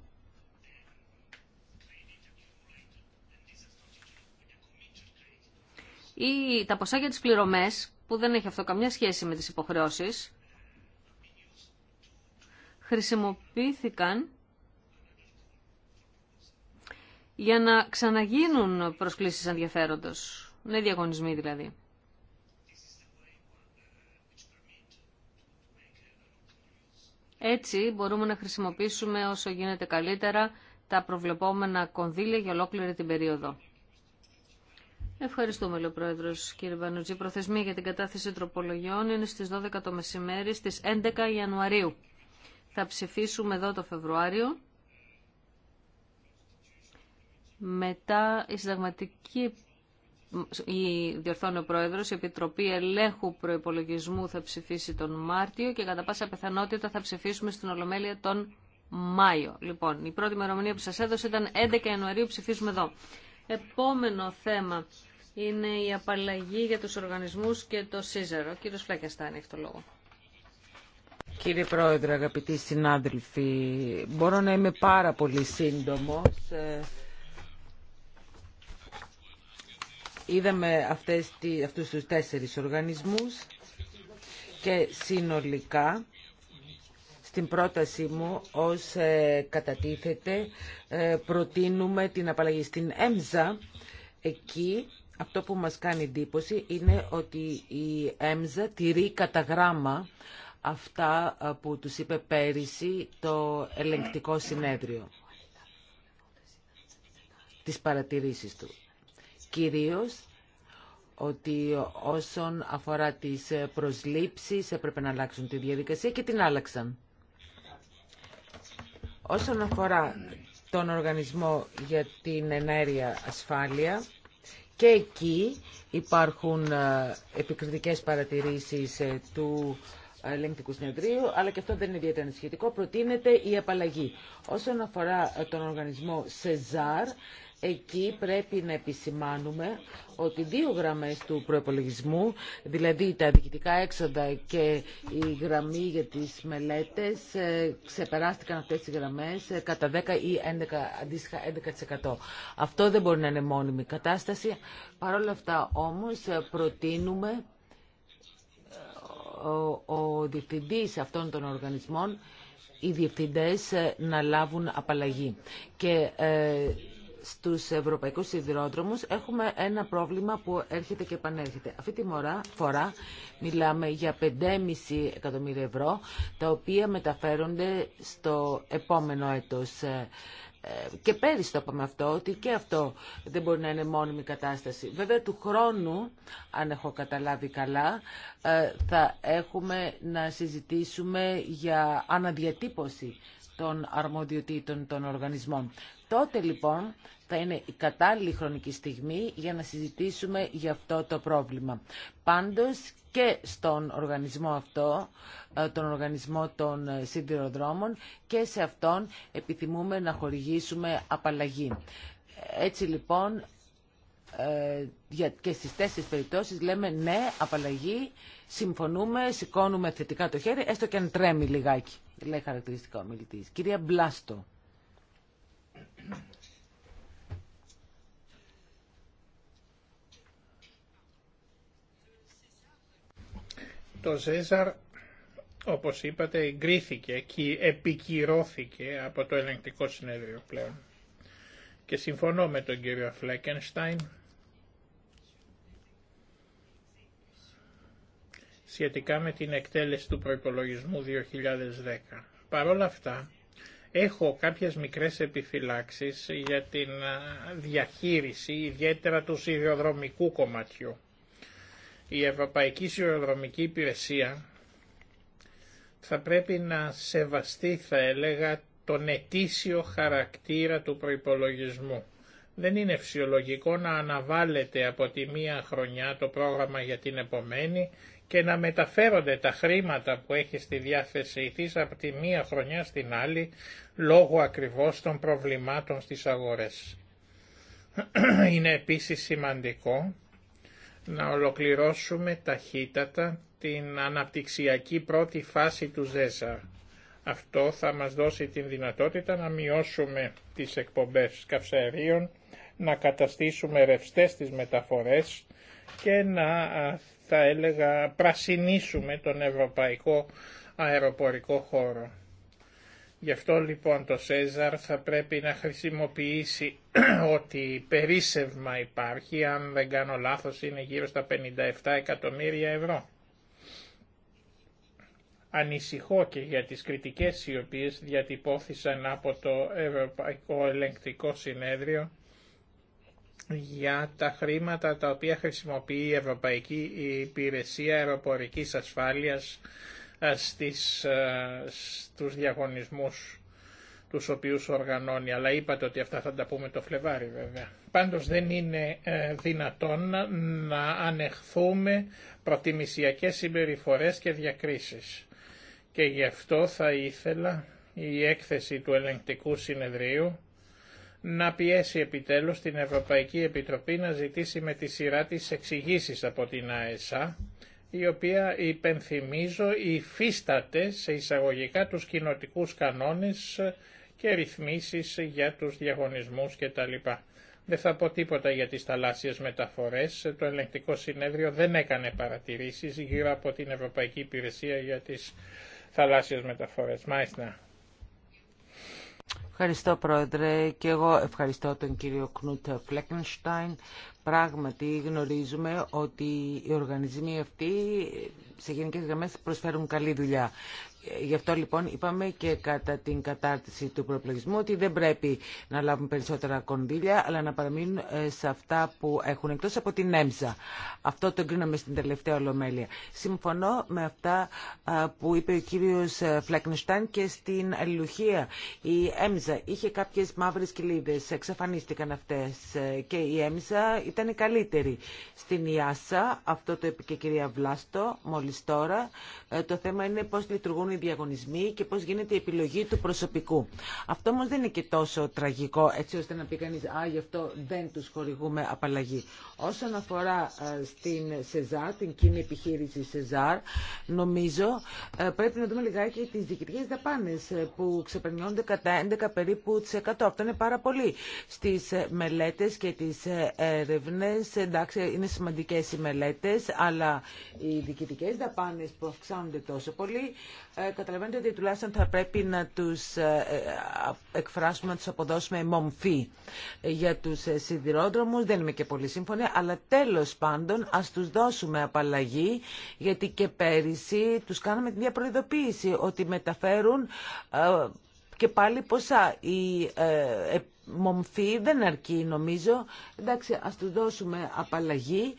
ή τα ποσά για τις πληρωμές, που δεν έχει αυτό καμιά σχέση με τις υποχρεώσεις, χρησιμοποιήθηκαν για να ξαναγίνουν προσκλήσεις ενδιαφέροντος, ναι διαγωνισμοί δηλαδή. Έτσι μπορούμε να χρησιμοποιήσουμε όσο γίνεται καλύτερα τα προβλεπόμενα κονδύλια για ολόκληρη την περίοδο. Ευχαριστούμε, λέει ο Πρόεδρο, κύριε Βανουτζή. Προθεσμία για την κατάθεση τροπολογιών είναι στι 12 το μεσημέρι στι 11 Ιανουαρίου. Θα ψηφίσουμε εδώ το Φεβρουάριο. Μετά η συνταγματική, η διορθώνει ο Πρόεδρος, η Επιτροπή Ελέγχου Προϋπολογισμού θα ψηφίσει τον Μάρτιο και κατά πάσα πιθανότητα θα ψηφίσουμε στην Ολομέλεια τον Μάιο. Λοιπόν, η πρώτη ημερομηνία που σας έδωσε ήταν 11 Ιανουαρίου, ψηφίσουμε εδώ. Επόμενο θέμα είναι η απαλλαγή για τους οργανισμούς και το ΣΥΖΑΡΟ. Κύριε κύριος έχει το λόγο. Κύριε Πρόεδρε, αγαπητοί συνάδελφοι, μπορώ να είμαι πάρα πολύ σύντομος. Ε, είδαμε αυτές, αυτούς τους τέσσερις οργανισμούς και συνολικά στην πρόταση μου ως ε, κατατίθεται ε, προτείνουμε την απαλλαγή στην ΕΜΖΑ εκεί αυτό που μας κάνει εντύπωση είναι ότι η ΕΜΖΑ τηρεί κατά γράμμα αυτά που τους είπε πέρυσι το ελεγκτικό συνέδριο τις παρατηρήσεις του. Κυρίως ότι όσον αφορά τις προσλήψεις έπρεπε να αλλάξουν τη διαδικασία και την άλλαξαν. Όσον αφορά τον Οργανισμό για την Ενέργεια Ασφάλεια, και εκεί υπάρχουν ε, επικριτικές παρατηρήσεις ε, του ελεγκτικού συνεδρίου, αλλά και αυτό δεν είναι ιδιαίτερα σχετικό, προτείνεται η απαλλαγή. Όσον αφορά ε, τον οργανισμό ΣΕΖΑΡ, εκεί πρέπει να επισημάνουμε ότι δύο γραμμές του προεπολογισμού, δηλαδή τα διοικητικά έξοδα και η γραμμή για τις μελέτες, ε, ξεπεράστηκαν αυτές τις γραμμές ε, κατά 10 ή 11, αντίστοιχα 11%. Αυτό δεν μπορεί να είναι μόνιμη κατάσταση. Παρ' όλα αυτά όμως ε, προτείνουμε ο, ο διευθυντής αυτών των οργανισμών οι διευθυντές να λάβουν απαλλαγή. Και στους ευρωπαϊκούς σιδηρόδρομους έχουμε ένα πρόβλημα που έρχεται και επανέρχεται. Αυτή τη φορά μιλάμε για 5,5 εκατομμύρια ευρώ, τα οποία μεταφέρονται στο επόμενο έτος. Ε, ε, και πέρυσι το είπαμε αυτό, ότι και αυτό δεν μπορεί να είναι μόνιμη κατάσταση. Βέβαια, του χρόνου, αν έχω καταλάβει καλά, ε, θα έχουμε να συζητήσουμε για αναδιατύπωση των αρμοδιοτήτων των οργανισμών. Τότε λοιπόν θα είναι η κατάλληλη χρονική στιγμή για να συζητήσουμε για αυτό το πρόβλημα. Πάντως και στον οργανισμό αυτό, ε, τον οργανισμό των ε, σιδηροδρόμων και σε αυτόν επιθυμούμε να χορηγήσουμε απαλλαγή. Έτσι λοιπόν ε, και στις τέσσερις περιπτώσεις λέμε ναι, απαλλαγή, συμφωνούμε, σηκώνουμε θετικά το χέρι, έστω και αν τρέμει λιγάκι λέει χαρακτηριστικά ο μιλητή. Κυρία Μπλάστο. Το ΖΕΖΑΡ, όπως είπατε, εγκρίθηκε και επικυρώθηκε από το ελεγκτικό συνέδριο πλέον. Και συμφωνώ με τον κύριο Φλέκενστάιν σχετικά με την εκτέλεση του προϋπολογισμού 2010. Παρ' όλα αυτά, έχω κάποιες μικρές επιφυλάξεις για την διαχείριση ιδιαίτερα του σιδηροδρομικού κομματιού. Η Ευρωπαϊκή Σιδηροδρομική Υπηρεσία θα πρέπει να σεβαστεί, θα έλεγα, τον ετήσιο χαρακτήρα του προϋπολογισμού. Δεν είναι φυσιολογικό να αναβάλλεται από τη μία χρονιά το πρόγραμμα για την επομένη και να μεταφέρονται τα χρήματα που έχει στη διάθεσή της από τη μία χρονιά στην άλλη λόγω ακριβώς των προβλημάτων στις αγορές. Είναι επίσης σημαντικό να ολοκληρώσουμε ταχύτατα την αναπτυξιακή πρώτη φάση του ΖΕΖΑ. Αυτό θα μας δώσει την δυνατότητα να μειώσουμε τις εκπομπές καυσαερίων, να καταστήσουμε ρευστές τις μεταφορές και να θα έλεγα πρασινίσουμε τον ευρωπαϊκό αεροπορικό χώρο. Γι' αυτό λοιπόν το Σέζαρ θα πρέπει να χρησιμοποιήσει ότι περίσευμα υπάρχει, αν δεν κάνω λάθος είναι γύρω στα 57 εκατομμύρια ευρώ. Ανησυχώ και για τις κριτικές οι οποίες διατυπώθησαν από το Ευρωπαϊκό Ελεγκτικό Συνέδριο για τα χρήματα τα οποία χρησιμοποιεί η Ευρωπαϊκή Υπηρεσία Αεροπορικής Ασφάλειας ε, στις, ε, στους διαγωνισμούς τους οποίους οργανώνει. Αλλά είπατε ότι αυτά θα τα πούμε το Φλεβάρι βέβαια. Πάντως δεν είναι ε, δυνατόν να ανεχθούμε προτιμησιακές συμπεριφορές και διακρίσεις. Και γι' αυτό θα ήθελα η έκθεση του ελεγκτικού συνεδρίου να πιέσει επιτέλους την Ευρωπαϊκή Επιτροπή να ζητήσει με τη σειρά της εξηγήσει από την ΑΕΣΑ, η οποία υπενθυμίζω υφίσταται σε εισαγωγικά τους κοινοτικούς κανόνες και ρυθμίσεις για τους διαγωνισμούς κτλ. Δεν θα πω τίποτα για τις θαλάσσιες μεταφορές. Το ελεγκτικό συνέδριο δεν έκανε παρατηρήσεις γύρω από την Ευρωπαϊκή Υπηρεσία για τις θαλάσσιες μεταφορές. Μάλιστα. Ευχαριστώ Πρόεδρε και εγώ ευχαριστώ τον κύριο Κνούτ Φλέκενστάιν. Πράγματι γνωρίζουμε ότι οι οργανισμοί αυτοί σε γενικές γραμμές προσφέρουν καλή δουλειά. Γι' αυτό λοιπόν είπαμε και κατά την κατάρτιση του προπλογισμού ότι δεν πρέπει να λάβουν περισσότερα κονδύλια αλλά να παραμείνουν ε, σε αυτά που έχουν εκτός από την έμψα. Αυτό το εγκρίναμε στην τελευταία ολομέλεια. Συμφωνώ με αυτά που είπε ο κύριος ε, Φλακνιστάν και στην αλληλουχία. Η έμψα είχε κάποιες μαύρες κοιλίδες, εξαφανίστηκαν αυτές ε, και η έμψα ήταν η καλύτερη. Στην Ιάσα, αυτό το είπε και η κυρία Βλάστο μόλις τώρα, το θέμα είναι πώς λειτουργούν οι διαγωνισμοί και πώς γίνεται η επιλογή του προσωπικού. Αυτό όμω δεν είναι και τόσο τραγικό, έτσι ώστε να πει κανείς, α, γι' αυτό δεν τους χορηγούμε απαλλαγή. Όσον αφορά ε, στην ΣΕΖΑΡ, την κοινή επιχείρηση ΣΕΖΑΡ, νομίζω ε, πρέπει να δούμε λιγάκι τις διοικητικές δαπάνες ε, που ξεπερνιόνται κατά 11 περίπου 100. Αυτό είναι πάρα πολύ. Στις μελέτε και τις έρευνε. εντάξει, είναι σημαντικέ οι μελέτε, αλλά οι διοικητικέ δαπάνε που αυξάνονται τόσο πολύ ε, καταλαβαίνετε ότι τουλάχιστον θα πρέπει να τους ε, ε, εκφράσουμε, να τους αποδώσουμε μομφή για τους σιδηρόδρομους. Δεν είμαι και πολύ σύμφωνη, αλλά τέλος πάντων ας τους δώσουμε απαλλαγή, γιατί και πέρυσι τους κάναμε την διαπροειδοποίηση ότι μεταφέρουν και πάλι ποσά. Η μομφή δεν αρκεί νομίζω. Εντάξει, ας τους δώσουμε απαλλαγή,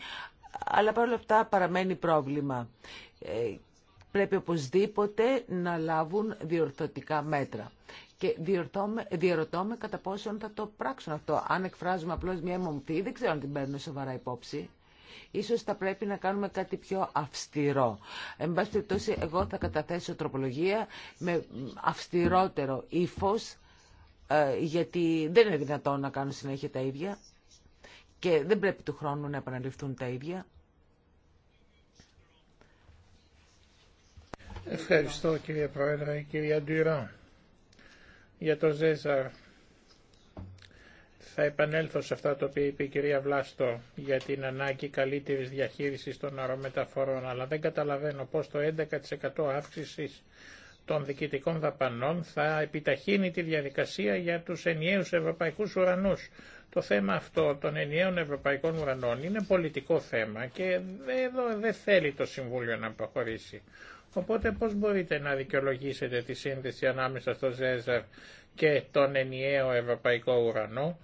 αλλά παρόλα αυτά παραμένει πρόβλημα πρέπει οπωσδήποτε να λάβουν διορθωτικά μέτρα. Και διαρωτώ με κατά πόσον θα το πράξουν αυτό. Αν εκφράζουμε απλώς μια αιμομφή, δεν ξέρω αν την παίρνουν σοβαρά υπόψη. Ίσως θα πρέπει να κάνουμε κάτι πιο αυστηρό. Εν πάση περιπτώσει, εγώ θα καταθέσω τροπολογία με αυστηρότερο ύφο, ε, γιατί δεν είναι δυνατόν να κάνουν συνέχεια τα ίδια και δεν πρέπει του χρόνου να επαναληφθούν τα ίδια. Ευχαριστώ κύριε Πρόεδρε, κυρία Ντουρά. Για το Ζέζαρ θα επανέλθω σε αυτά τα οποία είπε η κυρία Βλάστο για την ανάγκη καλύτερης διαχείρισης των αερομεταφορών, αλλά δεν καταλαβαίνω πώς το 11% αύξησης των διοικητικών δαπανών θα επιταχύνει τη διαδικασία για τους ενιαίους ευρωπαϊκούς ουρανούς. Το θέμα αυτό των ενιαίων ευρωπαϊκών ουρανών είναι πολιτικό θέμα και εδώ δεν θέλει το Συμβούλιο να προχωρήσει. Οπότε πώς μπορείτε να δικαιολογήσετε τη σύνδεση ανάμεσα στο ΖΕΖΑΡ και τον ενιαίο ευρωπαϊκό ουρανό.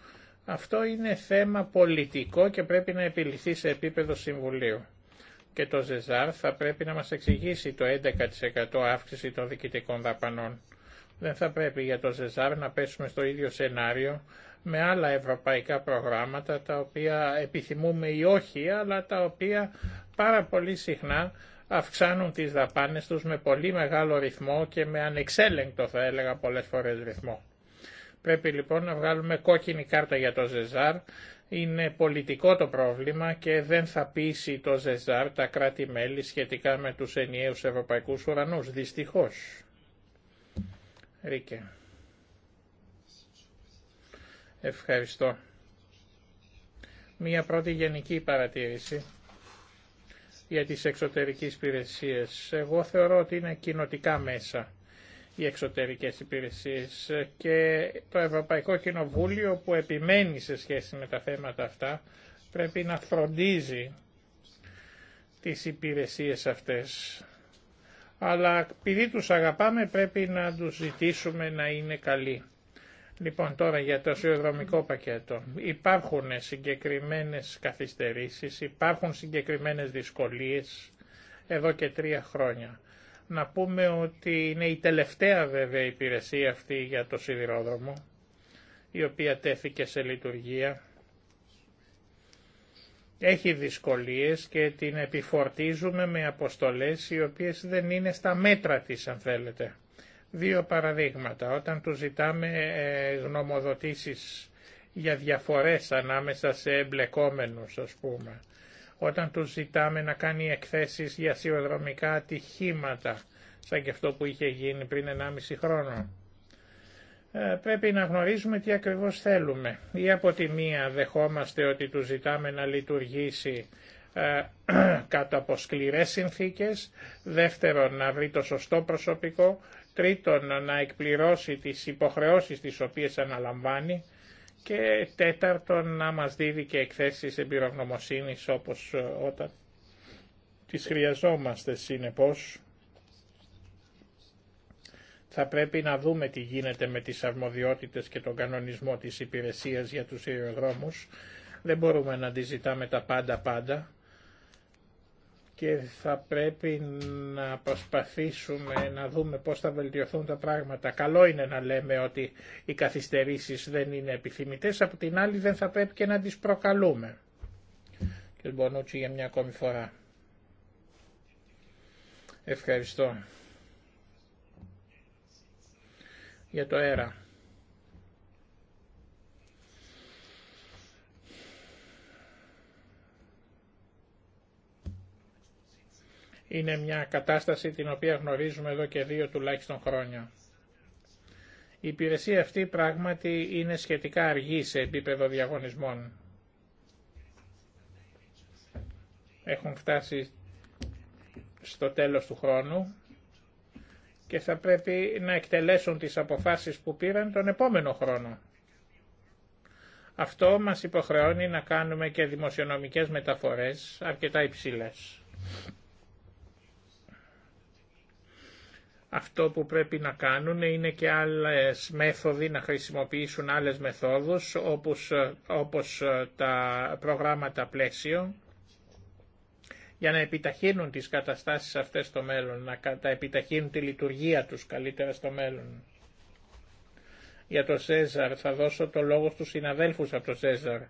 Αυτό είναι θέμα πολιτικό και πρέπει να επιληθεί σε επίπεδο συμβουλίου. Και το ΖΕΖΑΡ θα πρέπει να μας εξηγήσει το 11% αύξηση των διοικητικών δαπανών. Δεν θα πρέπει για το ΖΕΖΑΡ να πέσουμε στο ίδιο σενάριο με άλλα ευρωπαϊκά προγράμματα τα οποία επιθυμούμε ή όχι, αλλά τα οποία πάρα πολύ συχνά αυξάνουν τις δαπάνες τους με πολύ μεγάλο ρυθμό και με ανεξέλεγκτο θα έλεγα πολλές φορές ρυθμό. Πρέπει λοιπόν να βγάλουμε κόκκινη κάρτα για το ΖΕΖΑΡ. Είναι πολιτικό το πρόβλημα και δεν θα πείσει το ΖΕΖΑΡ τα κράτη-μέλη σχετικά με τους ενιαίους ευρωπαϊκούς ουρανούς, δυστυχώς. Ρίκε. Ευχαριστώ. Μία πρώτη γενική παρατήρηση για τις εξωτερικές υπηρεσίες. Εγώ θεωρώ ότι είναι κοινοτικά μέσα οι εξωτερικές υπηρεσίες και το Ευρωπαϊκό Κοινοβούλιο που επιμένει σε σχέση με τα θέματα αυτά πρέπει να φροντίζει τις υπηρεσίες αυτές. Αλλά επειδή τους αγαπάμε πρέπει να τους ζητήσουμε να είναι καλοί. Λοιπόν, τώρα για το σιδηροδρομικό πακέτο. Υπάρχουν συγκεκριμένες καθυστερήσεις, υπάρχουν συγκεκριμένες δυσκολίες εδώ και τρία χρόνια. Να πούμε ότι είναι η τελευταία βέβαια υπηρεσία αυτή για το σιδηρόδρομο, η οποία τέθηκε σε λειτουργία. Έχει δυσκολίες και την επιφορτίζουμε με αποστολές οι οποίες δεν είναι στα μέτρα της αν θέλετε. Δύο παραδείγματα. Όταν του ζητάμε ε, γνωμοδοτήσεις για διαφορές ανάμεσα σε εμπλεκόμενους, ας πούμε. Όταν του ζητάμε να κάνει εκθέσεις για σιωδρομικά ατυχήματα, σαν και αυτό που είχε γίνει πριν 1,5 χρόνο. Ε, πρέπει να γνωρίζουμε τι ακριβώς θέλουμε. Ή από τη μία δεχόμαστε ότι του ζητάμε να λειτουργήσει ε, κατά από συνθήκες, δεύτερον να βρει το σωστό προσωπικό τρίτον να εκπληρώσει τις υποχρεώσεις τις οποίες αναλαμβάνει και τέταρτον να μας δίδει και εκθέσεις εμπειρογνωμοσύνης όπως ε, όταν τις χρειαζόμαστε συνεπώς. Θα πρέπει να δούμε τι γίνεται με τις αρμοδιότητες και τον κανονισμό της υπηρεσίας για τους αεροδρόμους. Δεν μπορούμε να αντιζητάμε τα πάντα πάντα και θα πρέπει να προσπαθήσουμε να δούμε πώς θα βελτιωθούν τα πράγματα. Καλό είναι να λέμε ότι οι καθυστερήσεις δεν είναι επιθυμητές, από την άλλη δεν θα πρέπει και να τις προκαλούμε. Και Μπονούτσι για μια ακόμη φορά. Ευχαριστώ. Για το αέρα. είναι μια κατάσταση την οποία γνωρίζουμε εδώ και δύο τουλάχιστον χρόνια. Η υπηρεσία αυτή πράγματι είναι σχετικά αργή σε επίπεδο διαγωνισμών. Έχουν φτάσει στο τέλος του χρόνου και θα πρέπει να εκτελέσουν τις αποφάσεις που πήραν τον επόμενο χρόνο. Αυτό μας υποχρεώνει να κάνουμε και δημοσιονομικές μεταφορές αρκετά υψηλές. Αυτό που πρέπει να κάνουν είναι και άλλες μέθοδοι, να χρησιμοποιήσουν άλλες μεθόδους όπως, όπως ε, τα προγράμματα πλαίσιο για να επιταχύνουν τις καταστάσεις αυτές στο μέλλον, να τα επιταχύνουν τη λειτουργία τους καλύτερα στο μέλλον. Για το Σέζαρ θα δώσω το λόγο στους συναδέλφους από το Σέζαρ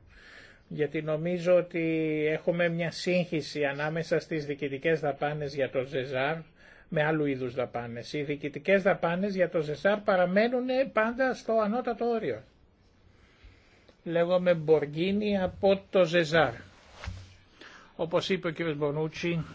γιατί νομίζω ότι έχουμε μια σύγχυση ανάμεσα στις διοικητικές δαπάνες για το Σέζαρ με άλλου είδους δαπάνες. Οι διοικητικέ δαπάνες για το ΖΕΣΑΡ παραμένουν πάντα στο ανώτατο όριο. Λέγομαι Μποργκίνη από το ΖΕΣΑΡ. Όπως είπε ο κ. Μπονούτσι,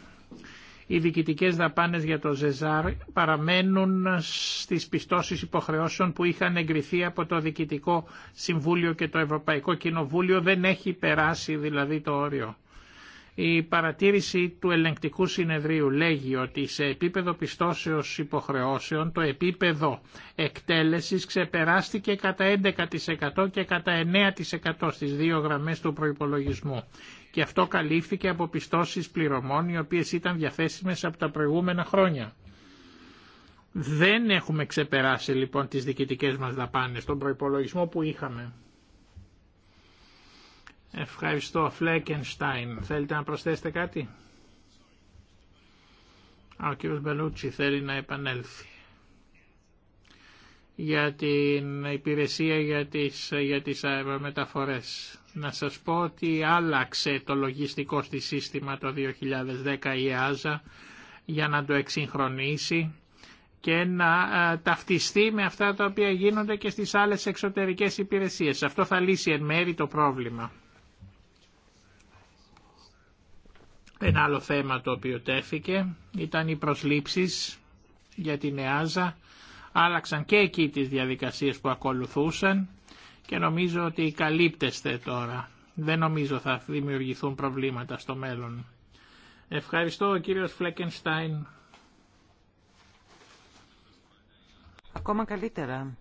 οι διοικητικέ δαπάνες για το ΖΕΖΑΡ παραμένουν στις πιστώσεις υποχρεώσεων που είχαν εγκριθεί από το Διοικητικό Συμβούλιο και το Ευρωπαϊκό Κοινοβούλιο. Δεν έχει περάσει δηλαδή το όριο. Η παρατήρηση του ελεγκτικού συνεδρίου λέγει ότι σε επίπεδο πιστώσεως υποχρεώσεων το επίπεδο εκτέλεσης ξεπεράστηκε κατά 11% και κατά 9% στις δύο γραμμές του προϋπολογισμού και αυτό καλύφθηκε από πιστώσεις πληρωμών οι οποίες ήταν διαθέσιμες από τα προηγούμενα χρόνια. Δεν έχουμε ξεπεράσει λοιπόν τις διοικητικές μας δαπάνες, τον προϋπολογισμό που είχαμε. Ευχαριστώ. Φλέκενστάιν, θέλετε να προσθέσετε κάτι. ο κύριος Μπελούτσι θέλει να επανέλθει για την υπηρεσία για τις, για τις αερομεταφορές. Να σας πω ότι άλλαξε το λογιστικό στη σύστημα το 2010 η ΕΑΖΑ για να το εξυγχρονίσει και να ταυτιστεί με αυτά τα οποία γίνονται και στις άλλες εξωτερικές υπηρεσίες. Αυτό θα λύσει εν μέρη το πρόβλημα. Ένα άλλο θέμα το οποίο τέθηκε ήταν οι προσλήψεις για την ΕΑΖΑ. Άλλαξαν και εκεί τις διαδικασίες που ακολουθούσαν και νομίζω ότι καλύπτεστε τώρα. Δεν νομίζω θα δημιουργηθούν προβλήματα στο μέλλον. Ευχαριστώ ο κύριος Φλέκενστάιν. Ακόμα καλύτερα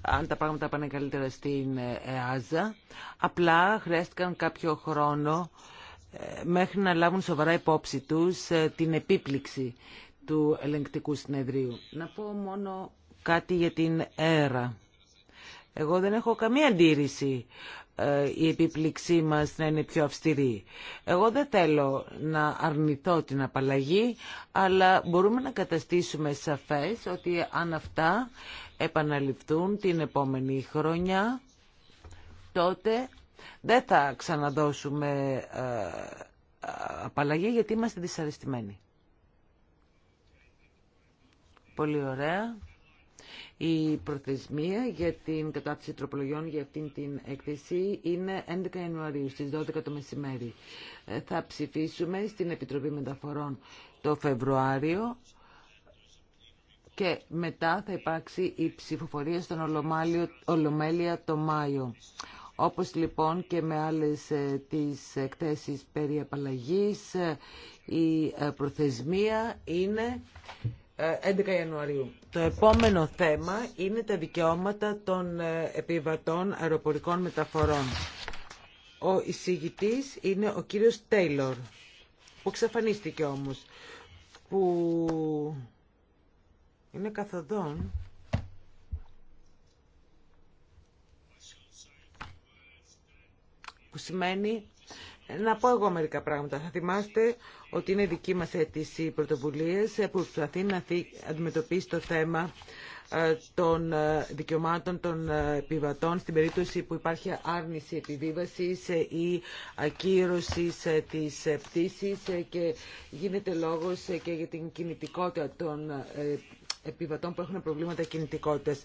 αν τα πράγματα πάνε καλύτερα στην ΕΑΖΑ. Απλά χρειάστηκαν κάποιο χρόνο μέχρι να λάβουν σοβαρά υπόψη τους ε, την επίπληξη του ελεγκτικού συνεδρίου. Να πω μόνο κάτι για την αίρα. Εγώ δεν έχω καμία αντίρρηση ε, η επίπληξή μας να είναι πιο αυστηρή. Εγώ δεν θέλω να αρνηθώ την απαλλαγή, αλλά μπορούμε να καταστήσουμε σαφές ότι αν αυτά επαναληφθούν την επόμενη χρονιά, τότε δεν θα ξαναδώσουμε ε, απαλλαγή γιατί είμαστε δυσαρεστημένοι. Πολύ ωραία. Η προθεσμία για την κατάθεση τροπολογιών για αυτήν την έκθεση είναι 11 Ιανουαρίου στις 12 το μεσημέρι. Ε, θα ψηφίσουμε στην Επιτροπή Μεταφορών το Φεβρουάριο και μετά θα υπάρξει η ψηφοφορία στον Ολομέλεια το Μάιο. Όπως λοιπόν και με άλλες ε, τις εκθέσεις περί απαλλαγής, ε, η ε, προθεσμία είναι 11 Ιανουαρίου. Το επόμενο θέμα είναι τα δικαιώματα των επιβατών αεροπορικών μεταφορών. Ο εισηγητής είναι ο κύριος Τέιλορ, που εξαφανίστηκε όμως, που είναι καθοδόν. που σημαίνει να πω εγώ μερικά πράγματα. Θα θυμάστε ότι είναι δική μας αίτηση πρωτοβουλίες ε, που προσπαθεί να αντιμετωπίσει το θέμα ε, των ε, δικαιωμάτων των επιβατών στην περίπτωση που υπάρχει άρνηση επιβίβασης ή ακύρωσης της πτήσης και γίνεται λόγος και για την κινητικότητα των επιβατών που έχουν προβλήματα κινητικότητας.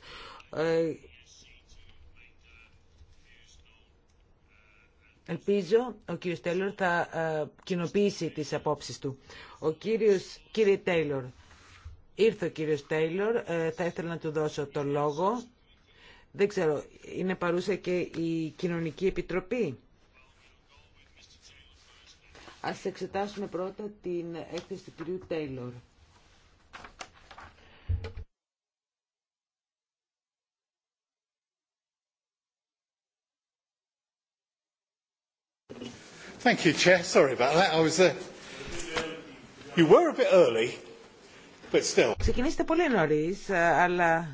Ελπίζω ο κύριος Τέιλορ θα ε, κοινοποιήσει τις απόψεις του. Ο κύριος, κύριε Τέιλορ, ήρθε ο κύριος Τέιλορ, ε, θα ήθελα να του δώσω το λόγο. Δεν ξέρω, είναι παρούσα και η Κοινωνική Επιτροπή. Ας εξετάσουμε πρώτα την έκθεση του κυρίου Τέιλορ. Thank you, Chair. Sorry about that. I was. You were a bit early, but still. Ξεκινήσετε πολύ νωρίς, αλλά.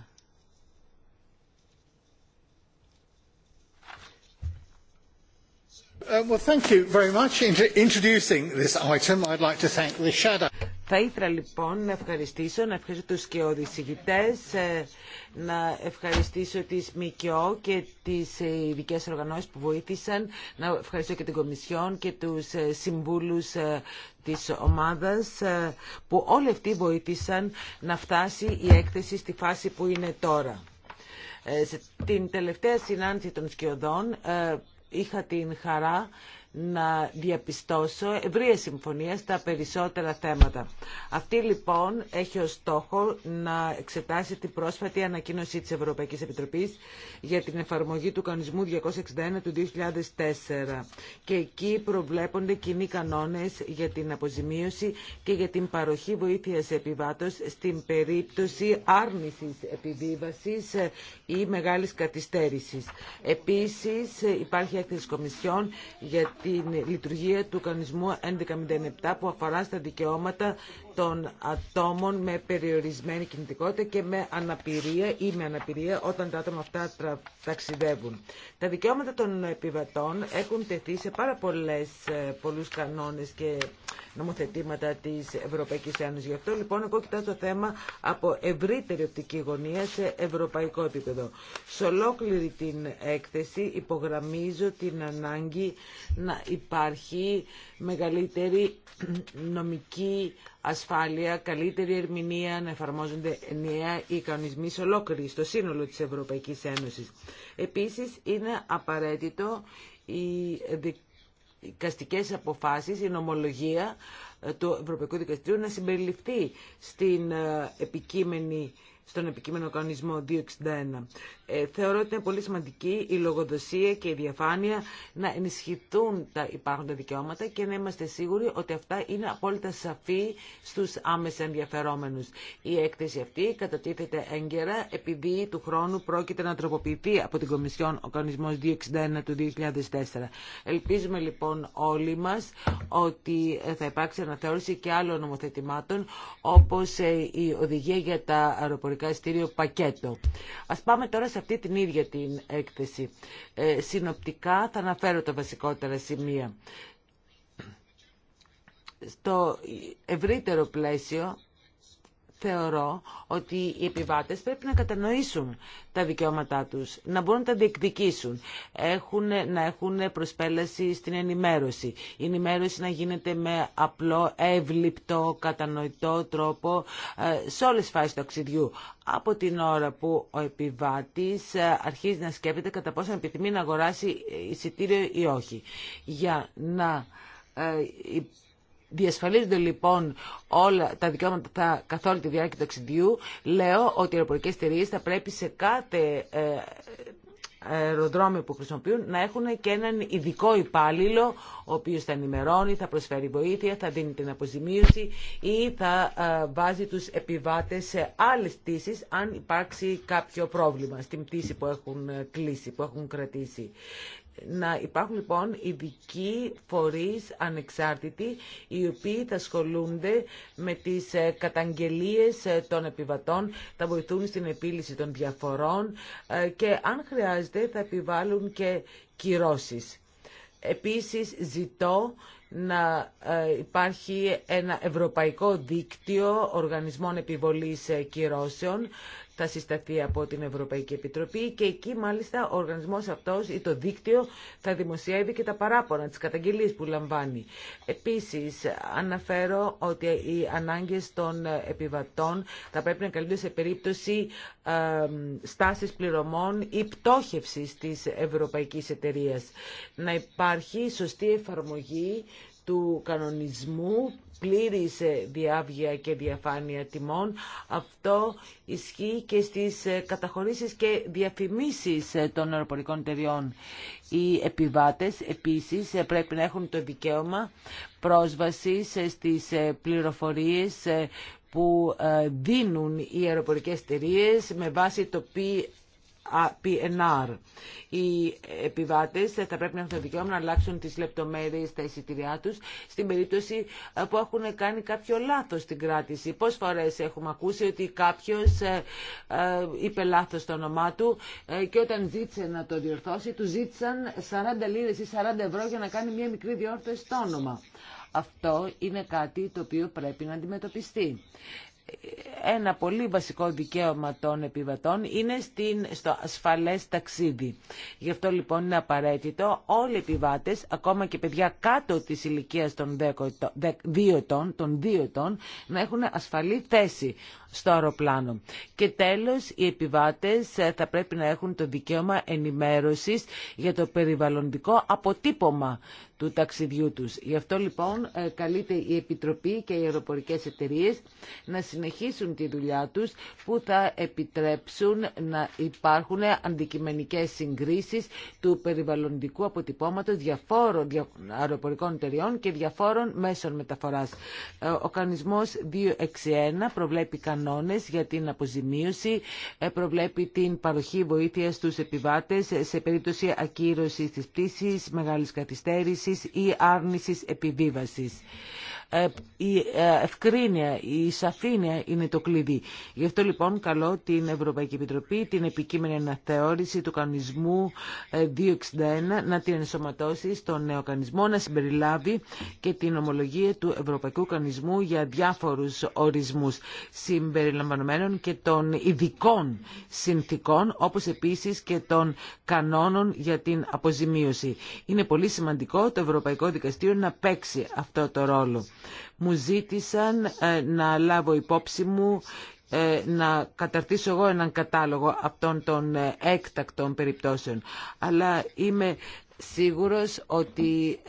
Well, thank you very much. In introducing this item, I'd like to thank the shadow. Θα ήθελα λοιπόν να ευχαριστήσω, να ευχαριστήσω τους και ε, να ευχαριστήσω τις ΜΚΟ και τις ε, ειδικέ οργανώσεις που βοήθησαν, να ευχαριστήσω και την Κομισιόν και τους ε, συμβούλους της ομάδας που όλοι αυτοί βοήθησαν να φτάσει η έκθεση στη φάση που είναι τώρα. Στην τελευταία συνάντηση των σκιωδών είχα την χαρά να διαπιστώσω ευρεία συμφωνία στα περισσότερα θέματα. Αυτή λοιπόν έχει ως στόχο να εξετάσει την πρόσφατη ανακοίνωση της Ευρωπαϊκής Επιτροπής για την εφαρμογή του κανονισμού 261 του 2004 και εκεί προβλέπονται κοινοί κανόνες για την αποζημίωση και για την παροχή βοήθειας επιβάτος στην περίπτωση άρνησης επιβίβασης ή μεγάλης καθυστέρησης. Επίσης υπάρχει έκθεση Κομισιών για την λειτουργία του κανονισμού 1107 που αφορά στα δικαιώματα των ατόμων με περιορισμένη κινητικότητα και με αναπηρία ή με αναπηρία όταν τα άτομα αυτά ταξιδεύουν. Τα δικαιώματα των επιβατών έχουν τεθεί σε πάρα πολλές, ε, πολλούς κανόνες και νομοθετήματα της Ευρωπαϊκής Ένωσης. Γι' αυτό λοιπόν εγώ κοιτάζω το θέμα από ευρύτερη οπτική γωνία σε ευρωπαϊκό επίπεδο. Σε ολόκληρη την έκθεση υπογραμμίζω την ανάγκη να υπάρχει μεγαλύτερη νομική ασφάλεια, καλύτερη ερμηνεία, να εφαρμόζονται νέα οι κανονισμοί σε ολόκληρη, στο σύνολο της Ευρωπαϊκής Ένωσης. Επίσης, είναι απαραίτητο οι δικαστικές αποφάσεις, η νομολογία ε, του Ευρωπαϊκού Δικαστηρίου να συμπεριληφθεί στην ε, επικείμενη στον επικείμενο κανονισμό 261. Ε, θεωρώ ότι είναι πολύ σημαντική η λογοδοσία και η διαφάνεια να ενισχυθούν τα υπάρχοντα δικαιώματα και να είμαστε σίγουροι ότι αυτά είναι απόλυτα σαφή στους άμεσα ενδιαφερόμενους. Η έκθεση αυτή κατατίθεται έγκαιρα επειδή του χρόνου πρόκειται να τροποποιηθεί από την Κομισιόν ο 261 του 2004. Ελπίζουμε λοιπόν όλοι μας ότι ε, θα υπάρξει αναθεώρηση και άλλων νομοθετημάτων όπως ε, η οδηγία για τα αεροπορικά και ειστήριο πακέτο. Ας πάμε τώρα σε αυτή την ίδια την έκθεση. Ε, συνοπτικά θα αναφέρω τα βασικότερα σημεία. Στο ευρύτερο πλαίσιο θεωρώ ότι οι επιβάτες πρέπει να κατανοήσουν τα δικαιώματά τους, να μπορούν να τα διεκδικήσουν, έχουν, να έχουν προσπέλαση στην ενημέρωση. Η ενημέρωση να γίνεται με απλό, εύληπτο, κατανοητό τρόπο ε, σε όλες τις φάσεις του ταξιδιού. Από την ώρα που ο επιβάτης ε, αρχίζει να σκέφτεται κατά πόσο επιθυμεί να αγοράσει ε, εισιτήριο ή όχι. Για να Διασφαλίζονται λοιπόν όλα τα δικαιώματα καθ' όλη τη διάρκεια του ταξιδιού. Λέω ότι οι αεροπορικέ εταιρείε θα πρέπει σε κάθε ε, αεροδρόμιο που χρησιμοποιούν να έχουν και έναν ειδικό υπάλληλο ο οποίο θα ενημερώνει, θα προσφέρει βοήθεια, θα δίνει την αποζημίωση ή θα ε, βάζει του επιβάτες σε άλλες πτήσει, αν υπάρξει κάποιο πρόβλημα στην πτήση που έχουν ε, κλείσει, που έχουν κρατήσει να υπάρχουν λοιπόν ειδικοί φορείς ανεξάρτητοι οι οποίοι θα ασχολούνται με τις ε, καταγγελίες ε, των επιβατών, θα βοηθούν στην επίλυση των διαφορών ε, και αν χρειάζεται θα επιβάλλουν και κυρώσεις. Επίσης ζητώ να υπάρχει ένα ευρωπαϊκό δίκτυο οργανισμών επιβολής κυρώσεων θα συσταθεί από την Ευρωπαϊκή Επιτροπή και εκεί μάλιστα ο οργανισμός αυτός ή το δίκτυο θα δημοσιεύει και τα παράπονα, τις καταγγελίες που λαμβάνει. Επίσης αναφέρω ότι οι ανάγκες των επιβατών θα πρέπει να καλύπτουν σε περίπτωση ε, πληρωμών ή πτώχευσης της Ευρωπαϊκής Εταιρείας. Να υπάρχει σωστή εφαρμογή του κανονισμού πλήρης ε, διάβγεια και διαφάνεια τιμών. Αυτό ισχύει και στις ε, καταχωρήσεις και διαφημίσεις ε, των αεροπορικών εταιριών. Οι επιβάτες επίσης πρέπει να έχουν το δικαίωμα πρόσβασης στις πληροφορίες που δίνουν οι αεροπορικές εταιρείε με βάση το APNR. Οι επιβάτες θα πρέπει να έχουν το δικαίωμα να αλλάξουν τις λεπτομέρειες στα εισιτηριά τους στην περίπτωση ε, που έχουν κάνει κάποιο λάθος στην κράτηση. Πόσες φορέ έχουμε ακούσει ότι κάποιος ε, ε, είπε λάθο το όνομά του και όταν ζήτησε να το διορθώσει του ζήτησαν 40 λίρε ή 40 ευρώ για να κάνει μια μικρή διόρθωση στο όνομα. Αυτό είναι κάτι το οποίο πρέπει να αντιμετωπιστεί ένα πολύ βασικό δικαίωμα των επιβατών είναι στην, στο ασφαλές ταξίδι. Γι' αυτό λοιπόν είναι απαραίτητο όλοι οι επιβάτες, ακόμα και παιδιά κάτω της ηλικίας των 2 ετών, των ετών να έχουν ασφαλή θέση στο αεροπλάνο. Και τέλος, οι επιβάτες ε, θα πρέπει να έχουν το δικαίωμα ενημέρωσης για το περιβαλλοντικό αποτύπωμα του ταξιδιού τους. Γι' αυτό λοιπόν ε, καλείται η Επιτροπή και οι αεροπορικές εταιρείες να συνεχίσουν τη δουλειά τους που θα επιτρέψουν να υπάρχουν αντικειμενικές συγκρίσεις του περιβαλλοντικού αποτυπώματος διαφόρων αεροπορικών εταιριών και διαφόρων μέσων μεταφοράς. Ε, ο κανονισμός 261 προβλέπει κανόνες για την αποζημίωση, ε, προβλέπει την παροχή βοήθεια στους επιβάτες σε περίπτωση ακύρωσης της πτήσης, μεγάλης καθυστέρησης ή άρνησης επιβίβασης. Ε, η ε, ευκρίνεια, η σαφήνεια είναι το κλειδί. Γι' αυτό λοιπόν καλώ την Ευρωπαϊκή Επιτροπή, την επικείμενη αναθεώρηση του κανονισμού 261 ε, να την ενσωματώσει στον νέο κανονισμό, να συμπεριλάβει και την ομολογία του Ευρωπαϊκού Κανονισμού για διάφορους ορισμούς συμπεριλαμβανομένων και των ειδικών συνθήκων, όπως επίσης και των κανόνων για την αποζημίωση. Είναι πολύ σημαντικό το Ευρωπαϊκό Δικαστήριο να παίξει αυτό το ρόλο μου ζήτησαν ε, να λάβω υπόψη μου ε, να καταρτήσω εγώ έναν κατάλογο αυτών των ε, έκτακτων περιπτώσεων. Αλλά είμαι σίγουρος ότι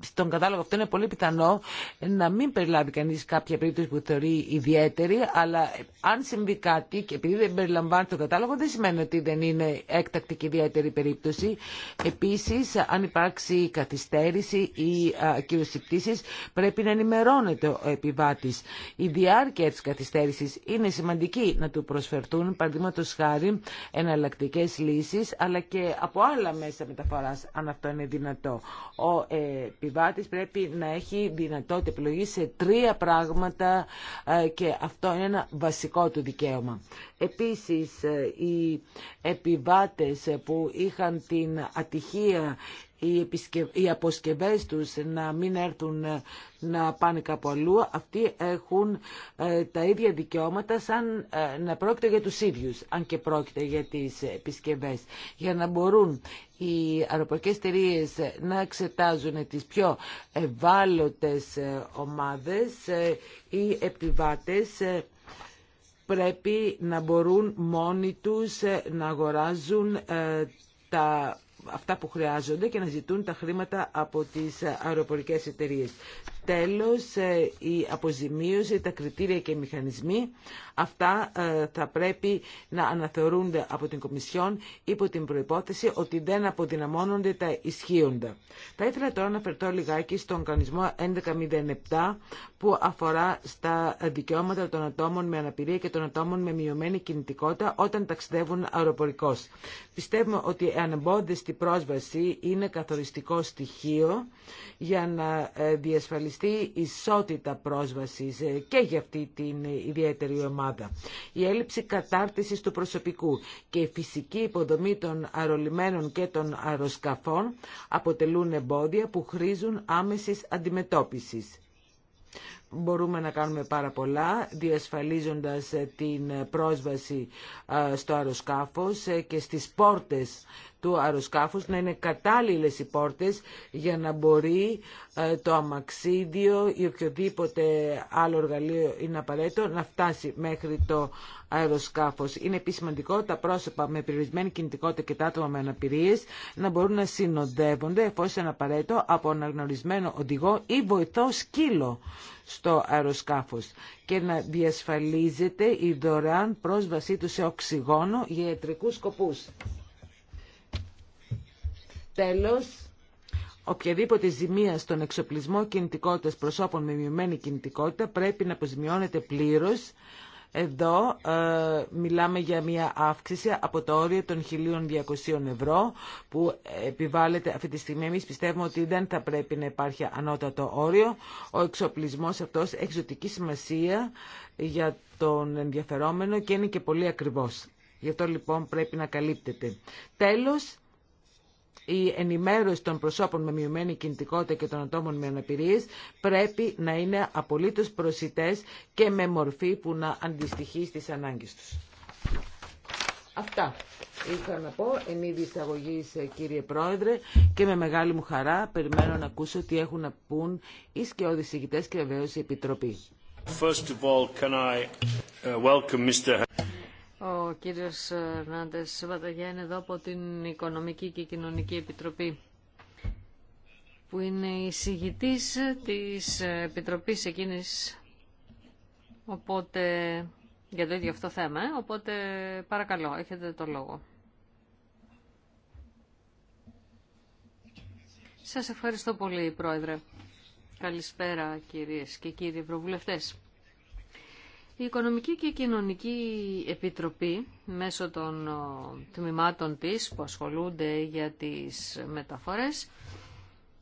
στον κατάλογο αυτό είναι πολύ πιθανό να μην περιλάβει κανείς κάποια περίπτωση που θεωρεί ιδιαίτερη, αλλά αν συμβεί κάτι και επειδή δεν περιλαμβάνει τον κατάλογο δεν σημαίνει ότι δεν είναι έκτακτη και ιδιαίτερη περίπτωση. Επίσης, αν υπάρξει καθυστέρηση ή ακύρωση πτήσης, πρέπει να ενημερώνεται ο επιβάτης. Η ακυρωση πρεπει να ενημερωνεται ο επιβατης η διαρκεια της καθυστέρησης είναι σημαντική να του προσφερθούν, παραδείγματο χάρη, εναλλακτικέ λύσεις, αλλά και από άλλα μέσα μεταφοράς, αν αυτό είναι δυνατό. Ο, ε, επιβάτης πρέπει να έχει δυνατότητα επιλογή σε τρία πράγματα ε, και αυτό είναι ένα βασικό του δικαίωμα. Επίσης, ε, οι επιβάτες που είχαν την ατυχία οι αποσκευές τους να μην έρθουν ε, να πάνε κάπου αλλού, αυτοί έχουν ε, τα ίδια δικαιώματα σαν ε, να πρόκειται για τους ίδιους, αν και πρόκειται για τις επισκευές. Για να μπορούν οι αεροπορικές εταιρείε να εξετάζουν τις πιο ευάλωτες ομάδες ή επιβάτες πρέπει να μπορούν μόνοι τους να αγοράζουν τα αυτά που χρειάζονται και να ζητούν τα χρήματα από τις αεροπορικές εταιρείες. Τέλος, ε, η αποζημίωση, τα κριτήρια και οι μηχανισμοί. Αυτά ε, θα πρέπει να αναθεωρούνται από την Κομισιόν υπό την προϋπόθεση ότι δεν αποδυναμώνονται τα ισχύοντα. Θα ήθελα τώρα να φερτώ λιγάκι στον κανονισμό 1107 που αφορά στα δικαιώματα των ατόμων με αναπηρία και των ατόμων με μειωμένη κινητικότητα όταν ταξιδεύουν αεροπορικώς. Πιστεύουμε ότι η ανεμπόδιστη πρόσβαση είναι καθοριστικό στοιχείο για να ε, διασφαλιστεί ισότητα πρόσβασης ε, και για αυτή την ιδιαίτερη ομάδα. Η έλλειψη κατάρτισης του προσωπικού και η φυσική υποδομή των αερολιμένων και των αεροσκαφών αποτελούν εμπόδια που χρήζουν άμεση αντιμετώπιση μπορούμε να κάνουμε πάρα πολλά διασφαλίζοντας ε, την πρόσβαση ε, στο αεροσκάφος ε, και στις πόρτες του αεροσκάφους να είναι κατάλληλες οι πόρτες για να μπορεί το αμαξίδιο ή οποιοδήποτε άλλο εργαλείο είναι απαραίτητο να φτάσει μέχρι το αεροσκάφος. Είναι επίσης σημαντικό τα πρόσωπα με περιορισμένη κινητικότητα και τα άτομα με αναπηρίες να μπορούν να συνοδεύονται εφόσον απαραίτητο από αναγνωρισμένο οδηγό ή βοηθό σκύλο στο αεροσκάφος και να διασφαλίζεται η δωρεάν πρόσβασή του σε οξυγόνο για ιατρικούς σκοπούς. Τέλος, οποιαδήποτε ζημία στον εξοπλισμό κινητικότητας προσώπων με μειωμένη κινητικότητα πρέπει να αποζημιώνεται πλήρως εδώ ε, μιλάμε για μια αύξηση από το όριο των 1.200 ευρώ που επιβάλλεται αυτή τη στιγμή. Εμείς πιστεύουμε ότι δεν θα πρέπει να υπάρχει ανώτατο όριο. Ο εξοπλισμός αυτός έχει ζωτική σημασία για τον ενδιαφερόμενο και είναι και πολύ ακριβώς. Γι' αυτό λοιπόν πρέπει να καλύπτεται. Τέλος, η ενημέρωση των προσώπων με μειωμένη κινητικότητα και των ατόμων με αναπηρίες πρέπει να είναι απολύτως προσιτές και με μορφή που να αντιστοιχεί στις ανάγκες τους. Αυτά είχα να πω εν είδη εισαγωγή ε, κύριε Πρόεδρε και με μεγάλη μου χαρά περιμένω να ακούσω τι έχουν να πούν οι σκιώδεις ηγητές και βεβαίω η Επιτροπή. Uh, ο κύριος Νάντες Βαταγιά είναι εδώ από την Οικονομική και Κοινωνική Επιτροπή που είναι η συγητής της Επιτροπής εκείνης οπότε για το ίδιο αυτό θέμα, ε, οπότε παρακαλώ, έχετε το λόγο. Σας ευχαριστώ πολύ, Πρόεδρε. Καλησπέρα, κυρίες και κύριοι Ευρωβουλευτές. Η Οικονομική και Κοινωνική Επιτροπή μέσω των τμήματων της που ασχολούνται για τις μεταφορές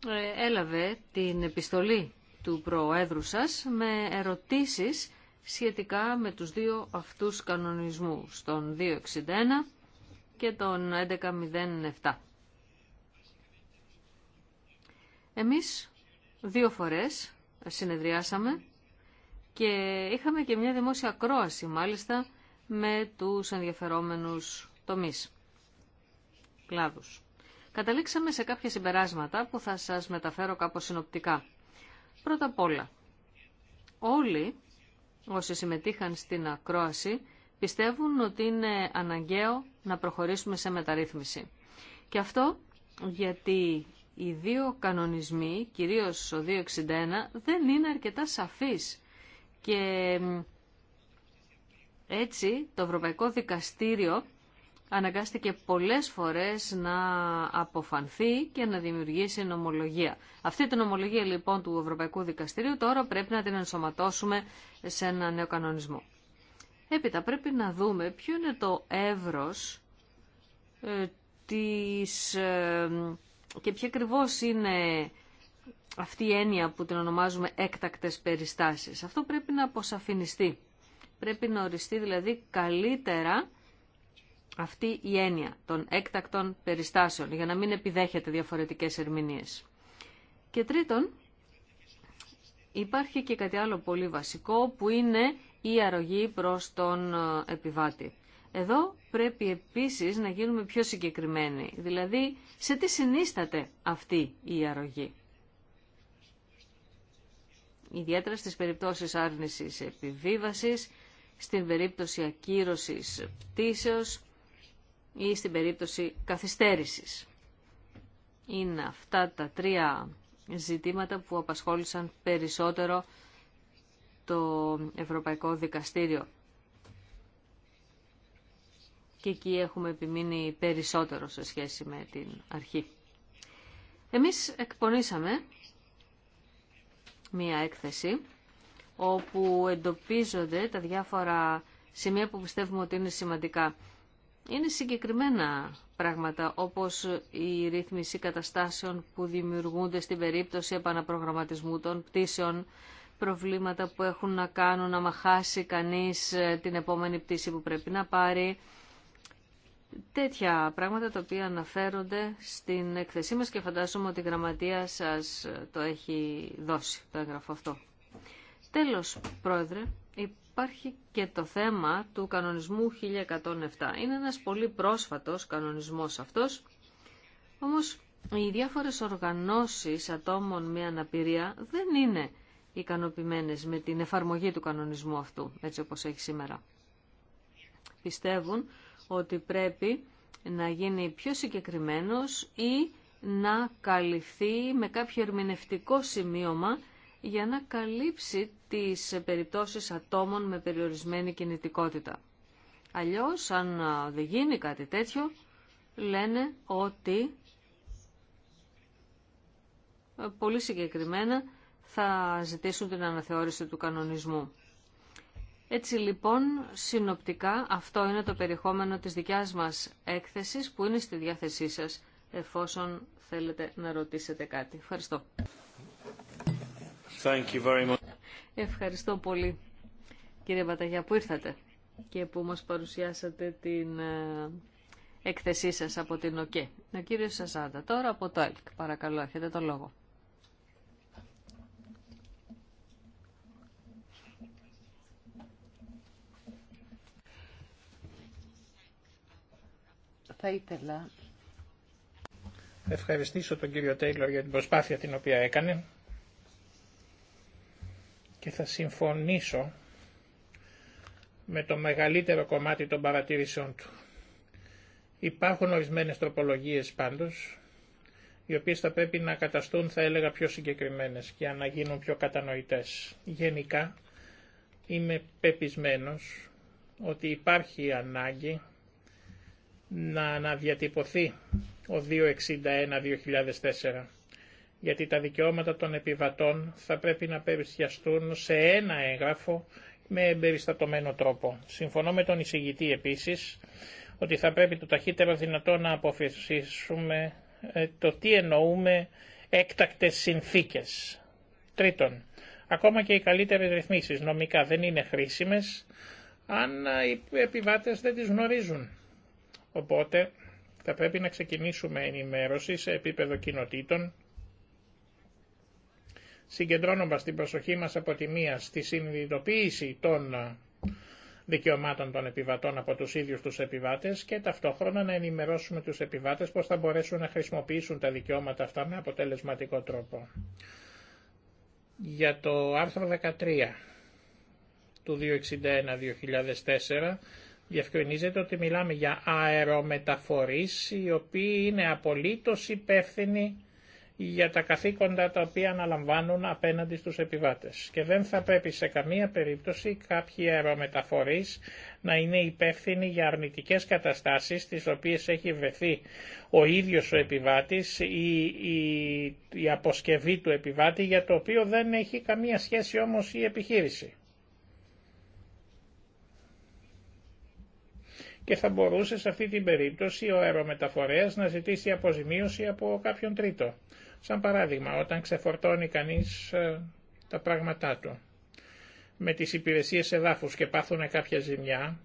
ε, έλαβε την επιστολή του Προέδρου σας με ερωτήσεις σχετικά με τους δύο αυτούς κανονισμούς, τον 261 και τον 1107. Εμείς δύο φορές συνεδριάσαμε και είχαμε και μια δημόσια ακρόαση, μάλιστα με τους ενδιαφερόμενους τομείς, κλάδους. Καταλήξαμε σε κάποια συμπεράσματα που θα σας μεταφέρω κάπως συνοπτικά. Πρώτα απ' όλα, όλοι όσοι συμμετείχαν στην ακρόαση πιστεύουν ότι είναι αναγκαίο να προχωρήσουμε σε μεταρρύθμιση. Και αυτό γιατί οι δύο κανονισμοί, κυρίως ο 261, δεν είναι αρκετά σαφείς και έτσι το Ευρωπαϊκό Δικαστήριο αναγκάστηκε πολλές φορές να αποφανθεί και να δημιουργήσει νομολογία. Αυτή την νομολογία λοιπόν του Ευρωπαϊκού Δικαστηρίου τώρα πρέπει να την ενσωματώσουμε σε ένα νέο κανονισμό. Έπειτα πρέπει να δούμε ποιο είναι το εύρος ε, της, ε, και ποια ακριβώ είναι αυτή η έννοια που την ονομάζουμε έκτακτες περιστάσεις. Αυτό πρέπει να αποσαφινιστεί. Πρέπει να οριστεί δηλαδή καλύτερα αυτή η έννοια των έκτακτων περιστάσεων, για να μην επιδέχεται διαφορετικές ερμηνείες. Και τρίτον, υπάρχει και κάτι άλλο πολύ βασικό, που είναι η αρρωγή προς τον ε, επιβάτη. Εδώ πρέπει επίσης να γίνουμε πιο συγκεκριμένοι, δηλαδή σε τι συνίσταται αυτή η αρρωγή ιδιαίτερα στις περιπτώσεις άρνησης επιβίβασης, στην περίπτωση ακύρωσης πτήσεως ή στην περίπτωση καθυστέρησης. Είναι αυτά τα τρία ζητήματα που απασχόλησαν περισσότερο το Ευρωπαϊκό Δικαστήριο. Και εκεί έχουμε επιμείνει περισσότερο σε σχέση με την αρχή. Εμείς εκπονήσαμε μία έκθεση όπου εντοπίζονται τα διάφορα σημεία που πιστεύουμε ότι είναι σημαντικά. Είναι συγκεκριμένα πράγματα όπως η ρύθμιση καταστάσεων που δημιουργούνται στην περίπτωση επαναπρογραμματισμού των πτήσεων, προβλήματα που έχουν να κάνουν να μαχάσει κανείς ε, την επόμενη πτήση που πρέπει να πάρει, τέτοια πράγματα τα οποία αναφέρονται στην εκθεσή μας και φαντάζομαι ότι η γραμματεία σας το έχει δώσει το έγγραφο αυτό. Τέλος, Πρόεδρε, υπάρχει και το θέμα του κανονισμού 1107. Είναι ένας πολύ πρόσφατος κανονισμός αυτός, όμως οι διάφορες οργανώσεις ατόμων με αναπηρία δεν είναι ικανοποιημένες με την εφαρμογή του κανονισμού αυτού, έτσι όπως έχει σήμερα. Πιστεύουν ότι πρέπει να γίνει πιο συγκεκριμένος ή να καλυφθεί με κάποιο ερμηνευτικό σημείωμα για να καλύψει τις περιπτώσεις ατόμων με περιορισμένη κινητικότητα. Αλλιώς, αν δεν γίνει κάτι τέτοιο, λένε ότι πολύ συγκεκριμένα θα ζητήσουν την αναθεώρηση του κανονισμού. Έτσι λοιπόν, συνοπτικά, αυτό είναι το περιεχόμενο της δικιάς μας έκθεσης που είναι στη διάθεσή σας εφόσον θέλετε να ρωτήσετε κάτι. Ευχαριστώ. Thank you very much. Ευχαριστώ πολύ κύριε Μπαταγιά που ήρθατε και που μας παρουσιάσατε την ε, έκθεσή σας από την ΟΚΕ. Ο κύριος Σαζάντα, τώρα από το ΕΛΚ. Παρακαλώ, έχετε το λόγο. θα ήθελα... Ευχαριστήσω τον κύριο Τέιλορ για την προσπάθεια την οποία έκανε και θα συμφωνήσω με το μεγαλύτερο κομμάτι των παρατήρησεών του. Υπάρχουν ορισμένες τροπολογίες πάντως, οι οποίες θα πρέπει να καταστούν, θα έλεγα, πιο συγκεκριμένες και να γίνουν πιο κατανοητές. Γενικά, είμαι πεπισμένος ότι υπάρχει ανάγκη να αναδιατυπωθεί ο 261-2004 γιατί τα δικαιώματα των επιβατών θα πρέπει να περιστιαστούν σε ένα έγγραφο με εμπεριστατωμένο τρόπο. Συμφωνώ με τον εισηγητή επίσης ότι θα πρέπει το ταχύτερο δυνατό να αποφασίσουμε ε, το τι εννοούμε έκτακτες συνθήκες. Τρίτον, ακόμα και οι καλύτερες ρυθμίσεις νομικά δεν είναι χρήσιμες αν οι επιβάτες δεν τις γνωρίζουν. Οπότε θα πρέπει να ξεκινήσουμε ενημέρωση σε επίπεδο κοινοτήτων, συγκεντρώνοντας την προσοχή μας από τη μία στη συνειδητοποίηση των δικαιωμάτων των επιβατών από τους ίδιους τους επιβάτες και ταυτόχρονα να ενημερώσουμε τους επιβάτες πώς θα μπορέσουν να χρησιμοποιήσουν τα δικαιώματα αυτά με αποτελεσματικό τρόπο. Για το άρθρο 13 του 261-2004 Διευκρινίζεται ότι μιλάμε για αερομεταφορείς οι οποίοι είναι απολύτως υπεύθυνοι για τα καθήκοντα τα οποία αναλαμβάνουν απέναντι στους επιβάτες. Και δεν θα πρέπει σε καμία περίπτωση κάποιοι αερομεταφορείς να είναι υπεύθυνοι για αρνητικές καταστάσεις τις οποίες έχει βρεθεί ο ίδιος ο επιβάτης ή η αποσκευή του επιβάτη για το οποίο δεν έχει καμία σχέση όμως η επιχείρηση. και θα μπορούσε σε αυτή την περίπτωση ο αερομεταφορέας να ζητήσει αποζημίωση από κάποιον τρίτο. Σαν παράδειγμα, όταν ξεφορτώνει κανείς ε, τα πράγματά του με τις υπηρεσίες εδάφους και πάθουν κάποια ζημιά,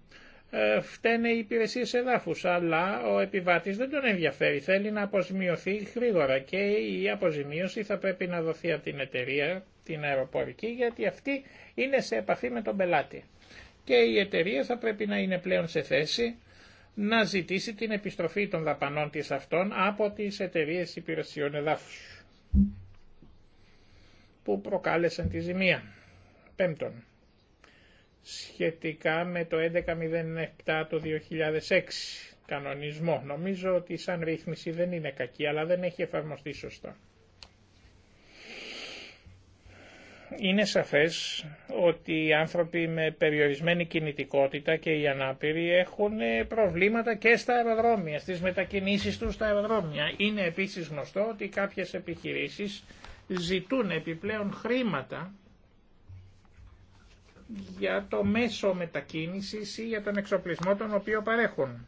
ε, φταίνε οι υπηρεσίες εδάφους, αλλά ο επιβάτης δεν τον ενδιαφέρει, θέλει να αποζημιωθεί γρήγορα και η αποζημίωση θα πρέπει να δοθεί από την εταιρεία, την αεροπορική, γιατί αυτή είναι σε επαφή με τον πελάτη και η εταιρεία θα πρέπει να είναι πλέον σε θέση να ζητήσει την επιστροφή των δαπανών της αυτών από τις εταιρείε υπηρεσιών εδάφους που προκάλεσαν τη ζημία. Πέμπτον, σχετικά με το 1107 το 2006 κανονισμό. Νομίζω ότι σαν ρύθμιση δεν είναι κακή, αλλά δεν έχει εφαρμοστεί σωστά. Είναι σαφές ότι οι άνθρωποι με περιορισμένη κινητικότητα και οι ανάπηροι έχουν ε, προβλήματα και στα αεροδρόμια, στις μετακινήσεις τους στα αεροδρόμια. Είναι επίσης γνωστό ότι κάποιες επιχειρήσεις ζητούν επιπλέον χρήματα για το μέσο μετακίνησης ή για τον εξοπλισμό τον οποίο παρέχουν.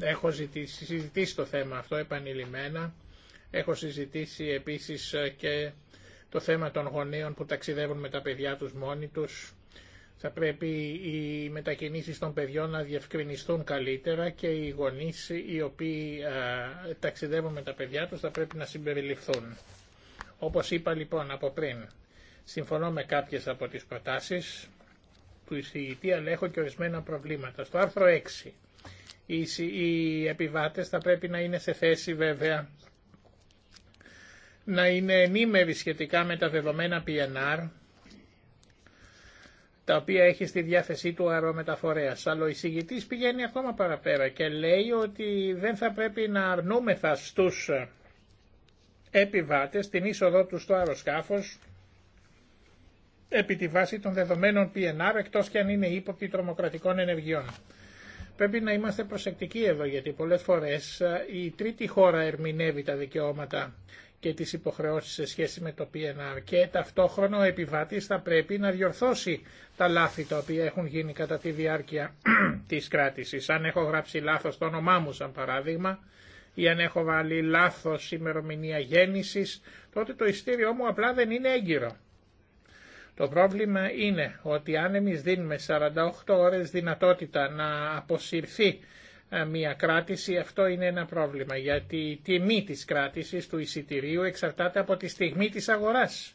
Έχω συζητήσει το θέμα αυτό επανειλημμένα Έχω συζητήσει επίσης ε, και το θέμα των γονέων που ταξιδεύουν με τα παιδιά τους μόνοι τους. Θα πρέπει οι μετακινήσεις των παιδιών να διευκρινιστούν καλύτερα και οι γονείς οι οποίοι ε, ταξιδεύουν με τα παιδιά τους θα πρέπει να συμπεριληφθούν. Όπως είπα λοιπόν από πριν, συμφωνώ με κάποιες από τις προτάσεις του εισηγητή, αλλά έχω και ορισμένα προβλήματα. Στο άρθρο 6, οι επιβάτες θα πρέπει να είναι σε θέση βέβαια να είναι ενήμερη σχετικά με τα δεδομένα PNR, τα οποία έχει στη διάθεσή του αερομεταφορέας. Αλλά ο εισηγητής πηγαίνει ακόμα παραπέρα και λέει ότι δεν θα πρέπει να αρνούμεθα στους επιβάτες την είσοδό του στο αεροσκάφος επί τη βάση των δεδομένων PNR εκτός και αν είναι ύποπτη τρομοκρατικών ενεργειών. Πρέπει να είμαστε προσεκτικοί εδώ γιατί πολλές φορές ε, η τρίτη χώρα ερμηνεύει τα δικαιώματα και τις υποχρεώσεις σε σχέση με το PNR και ταυτόχρονα ο επιβάτης θα πρέπει να διορθώσει τα λάθη τα οποία έχουν γίνει κατά τη διάρκεια της κράτησης. Αν έχω γράψει λάθος το όνομά μου σαν παράδειγμα ή αν έχω βάλει λάθος ημερομηνία γέννησης, τότε το ειστήριό μου απλά δεν είναι έγκυρο. Το πρόβλημα είναι ότι αν εμείς δίνουμε 48 ώρες δυνατότητα να αποσυρθεί μια κράτηση, αυτό είναι ένα πρόβλημα, γιατί η τιμή της κράτησης του εισιτηρίου εξαρτάται από τη στιγμή της αγοράς.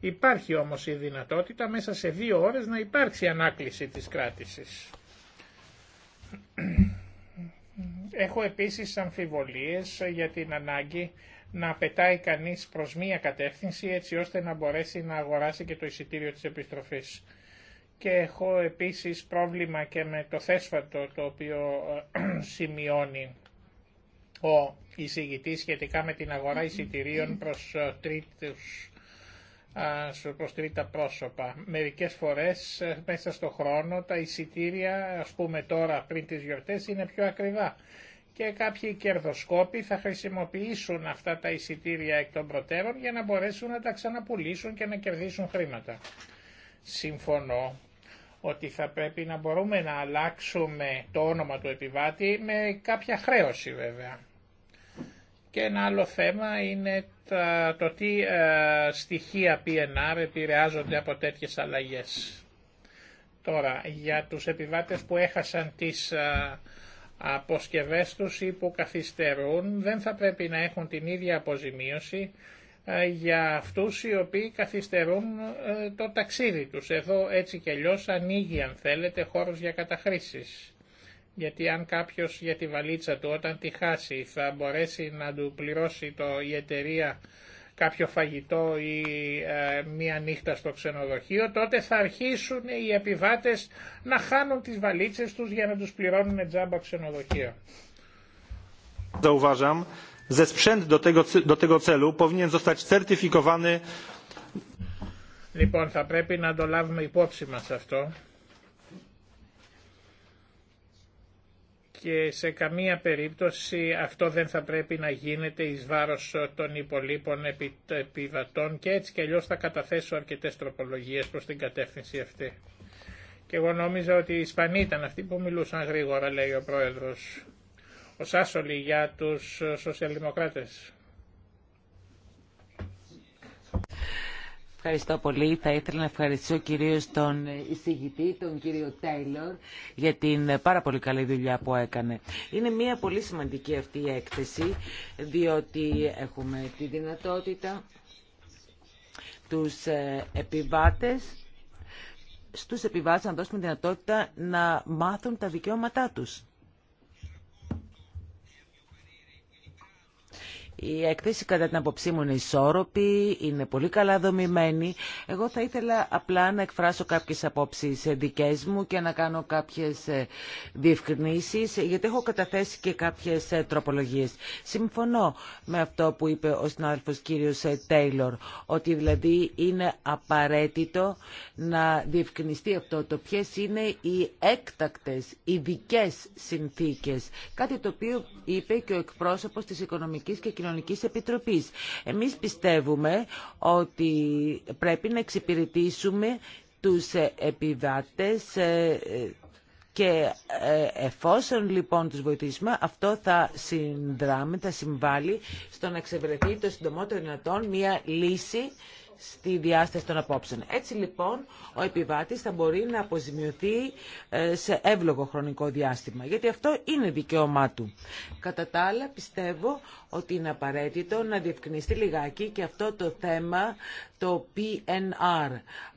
Υπάρχει όμως η δυνατότητα μέσα σε δύο ώρες να υπάρξει ανάκληση της κράτησης. Έχω επίσης αμφιβολίες για την ανάγκη να πετάει κανείς προς μία κατεύθυνση έτσι ώστε να μπορέσει να αγοράσει και το εισιτήριο της επιστροφής και έχω επίσης πρόβλημα και με το θέσφατο το οποίο ε, σημειώνει ο εισηγητής σχετικά με την αγορά εισιτηρίων προς, ε, τρίτους, προς τρίτα πρόσωπα. Μερικές φορές ε, μέσα στο χρόνο τα εισιτήρια, ας πούμε τώρα πριν τις γιορτές, είναι πιο ακριβά και κάποιοι κερδοσκόποι θα χρησιμοποιήσουν αυτά τα εισιτήρια εκ των προτέρων για να μπορέσουν να τα ξαναπουλήσουν και να κερδίσουν χρήματα συμφωνώ ότι θα πρέπει να μπορούμε να αλλάξουμε το όνομα του επιβάτη με κάποια χρέωση βέβαια. Και ένα άλλο θέμα είναι το τι ε, στοιχεία PNR επηρεάζονται από τέτοιες αλλαγές. Τώρα, για τους επιβάτες που έχασαν τις ε, αποσκευές τους ή που καθυστερούν, δεν θα πρέπει να έχουν την ίδια αποζημίωση ε, για αυτούς οι οποίοι καθυστερούν ε, το ταξίδι τους. Εδώ έτσι και αλλιώ ανοίγει αν θέλετε χώρος για καταχρήσεις. Γιατί αν κάποιος για τη βαλίτσα του όταν τη χάσει θα μπορέσει να του πληρώσει το, η εταιρεία κάποιο φαγητό ή ε, μία νύχτα στο ξενοδοχείο, τότε θα αρχίσουν οι επιβάτες να χάνουν τις βαλίτσες τους για να τους πληρώνουν τζάμπα ξενοδοχείο. Λοιπόν, θα πρέπει να το λάβουμε υπόψη μας αυτό και σε καμία περίπτωση αυτό δεν θα πρέπει να γίνεται εις βάρος ε, των υπολείπων επιβατών και έτσι και αλλιώς θα καταθέσω αρκετές τροπολογίες προς την κατεύθυνση αυτή. Και εγώ νόμιζα ότι οι Ισπανοί ήταν αυτοί που μιλούσαν γρήγορα, λέει ο Πρόεδρος. Ο Σάσολη για τους σοσιαλδημοκράτες. Ευχαριστώ πολύ. Θα ήθελα να ευχαριστήσω κυρίως τον εισηγητή, τον κύριο Τέιλορ, για την πάρα πολύ καλή δουλειά που έκανε. Είναι μια πολύ σημαντική αυτή η έκθεση, διότι έχουμε τη δυνατότητα τους ε, επιβάτες στους επιβάτες να δώσουμε δυνατότητα να μάθουν τα δικαιώματά τους. Η έκθεση κατά την απόψή μου είναι ισόρροπη, είναι πολύ καλά δομημένη. Εγώ θα ήθελα απλά να εκφράσω κάποιες απόψεις δικές μου και να κάνω κάποιες ε, διευκρινήσεις, γιατί έχω καταθέσει και κάποιες ε, τροπολογίες. Συμφωνώ με αυτό που είπε ο συνάδελφος κύριος ε, Τέιλορ, ότι δηλαδή είναι απαραίτητο να διευκρινιστεί αυτό το ποιε είναι οι έκτακτες, ειδικέ συνθήκες. Κάτι το οποίο είπε και ο εκπρόσωπος της Οικονομικής και Κοινωνικής Κοινωνικής Εμείς πιστεύουμε ότι πρέπει να εξυπηρετήσουμε τους ε, επιβάτες ε, και ε, εφόσον λοιπόν τους βοηθήσουμε, αυτό θα συνδράμε, θα συμβάλλει στο να εξευρεθεί το συντομότερο δυνατόν μια λύση στη διάσταση των απόψεων. Έτσι λοιπόν ο επιβάτης θα μπορεί να αποζημιωθεί ε, σε εύλογο χρονικό διάστημα, γιατί αυτό είναι δικαίωμά του. Κατά τα άλλα πιστεύω ότι είναι απαραίτητο να διευκρινιστεί λιγάκι και αυτό το θέμα το PNR,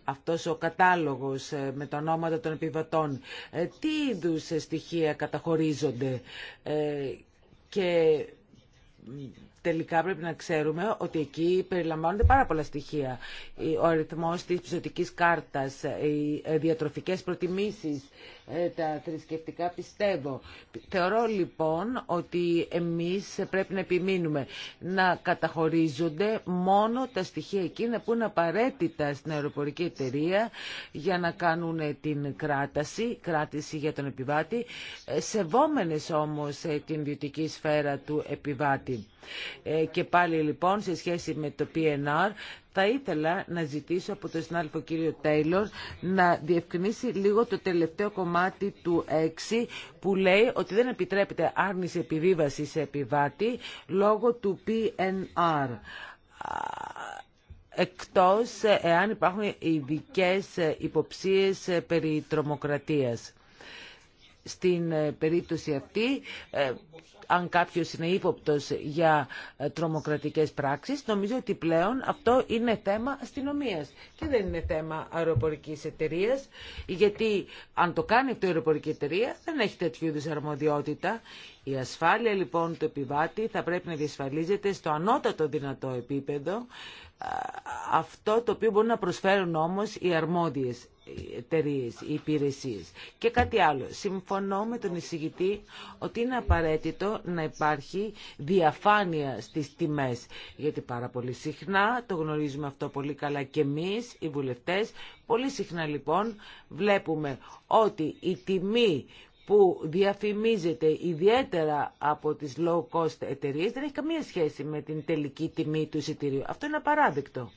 αυτός ο κατάλογος ε, με τα ονόματα των επιβατών. Ε, τι είδους στοιχεία καταχωρίζονται και τελικά πρέπει να ξέρουμε ότι εκεί περιλαμβάνονται πάρα πολλά στοιχεία. Ο αριθμός της ψωτικής κάρτας, οι ε, διατροφικές προτιμήσεις, ε, τα θρησκευτικά πιστεύω. Θεωρώ λοιπόν ότι εμείς πρέπει να επιμείνουμε να καταχωρίζονται μόνο τα στοιχεία εκείνα που είναι απαραίτητα στην αεροπορική εταιρεία για να κάνουν την κράταση, κράτηση για τον επιβάτη, ε, σεβόμενες όμως την ιδιωτική σφαίρα του επιβάτη. Ε, και πάλι λοιπόν σε σχέση με το PNR θα ήθελα να ζητήσω από τον συνάδελφο κύριο Τέιλορ να διευκρινίσει λίγο το τελευταίο κομμάτι του 6 που λέει ότι δεν επιτρέπεται άρνηση επιβίβαση σε επιβάτη λόγω του PNR εκτός εάν υπάρχουν ειδικέ υποψίες περί τρομοκρατίας στην ε, περίπτωση αυτή, ε, αν κάποιος είναι ύποπτος για ε, τρομοκρατικές πράξεις, νομίζω ότι πλέον αυτό είναι θέμα αστυνομίας και δεν είναι θέμα αεροπορικής εταιρεία, γιατί αν το κάνει αυτό η αεροπορική εταιρεία δεν έχει τέτοιου είδους αρμοδιότητα. Η ασφάλεια λοιπόν του επιβάτη θα πρέπει να διασφαλίζεται στο ανώτατο δυνατό επίπεδο, αυτό το οποίο μπορούν να προσφέρουν όμως οι αρμόδιες εταιρείε ή υπηρεσίε. Και κάτι άλλο. Συμφωνώ με τον εισηγητή ότι είναι απαραίτητο να υπάρχει διαφάνεια στι τιμέ. Γιατί πάρα πολύ συχνά, το γνωρίζουμε αυτό πολύ καλά και εμεί οι βουλευτέ, πολύ συχνά λοιπόν βλέπουμε ότι η τιμή που διαφημίζεται ιδιαίτερα από τις low cost εταιρείες δεν έχει καμία σχέση με την τελική τιμή του εισιτηρίου. Αυτό είναι απαράδεκτο.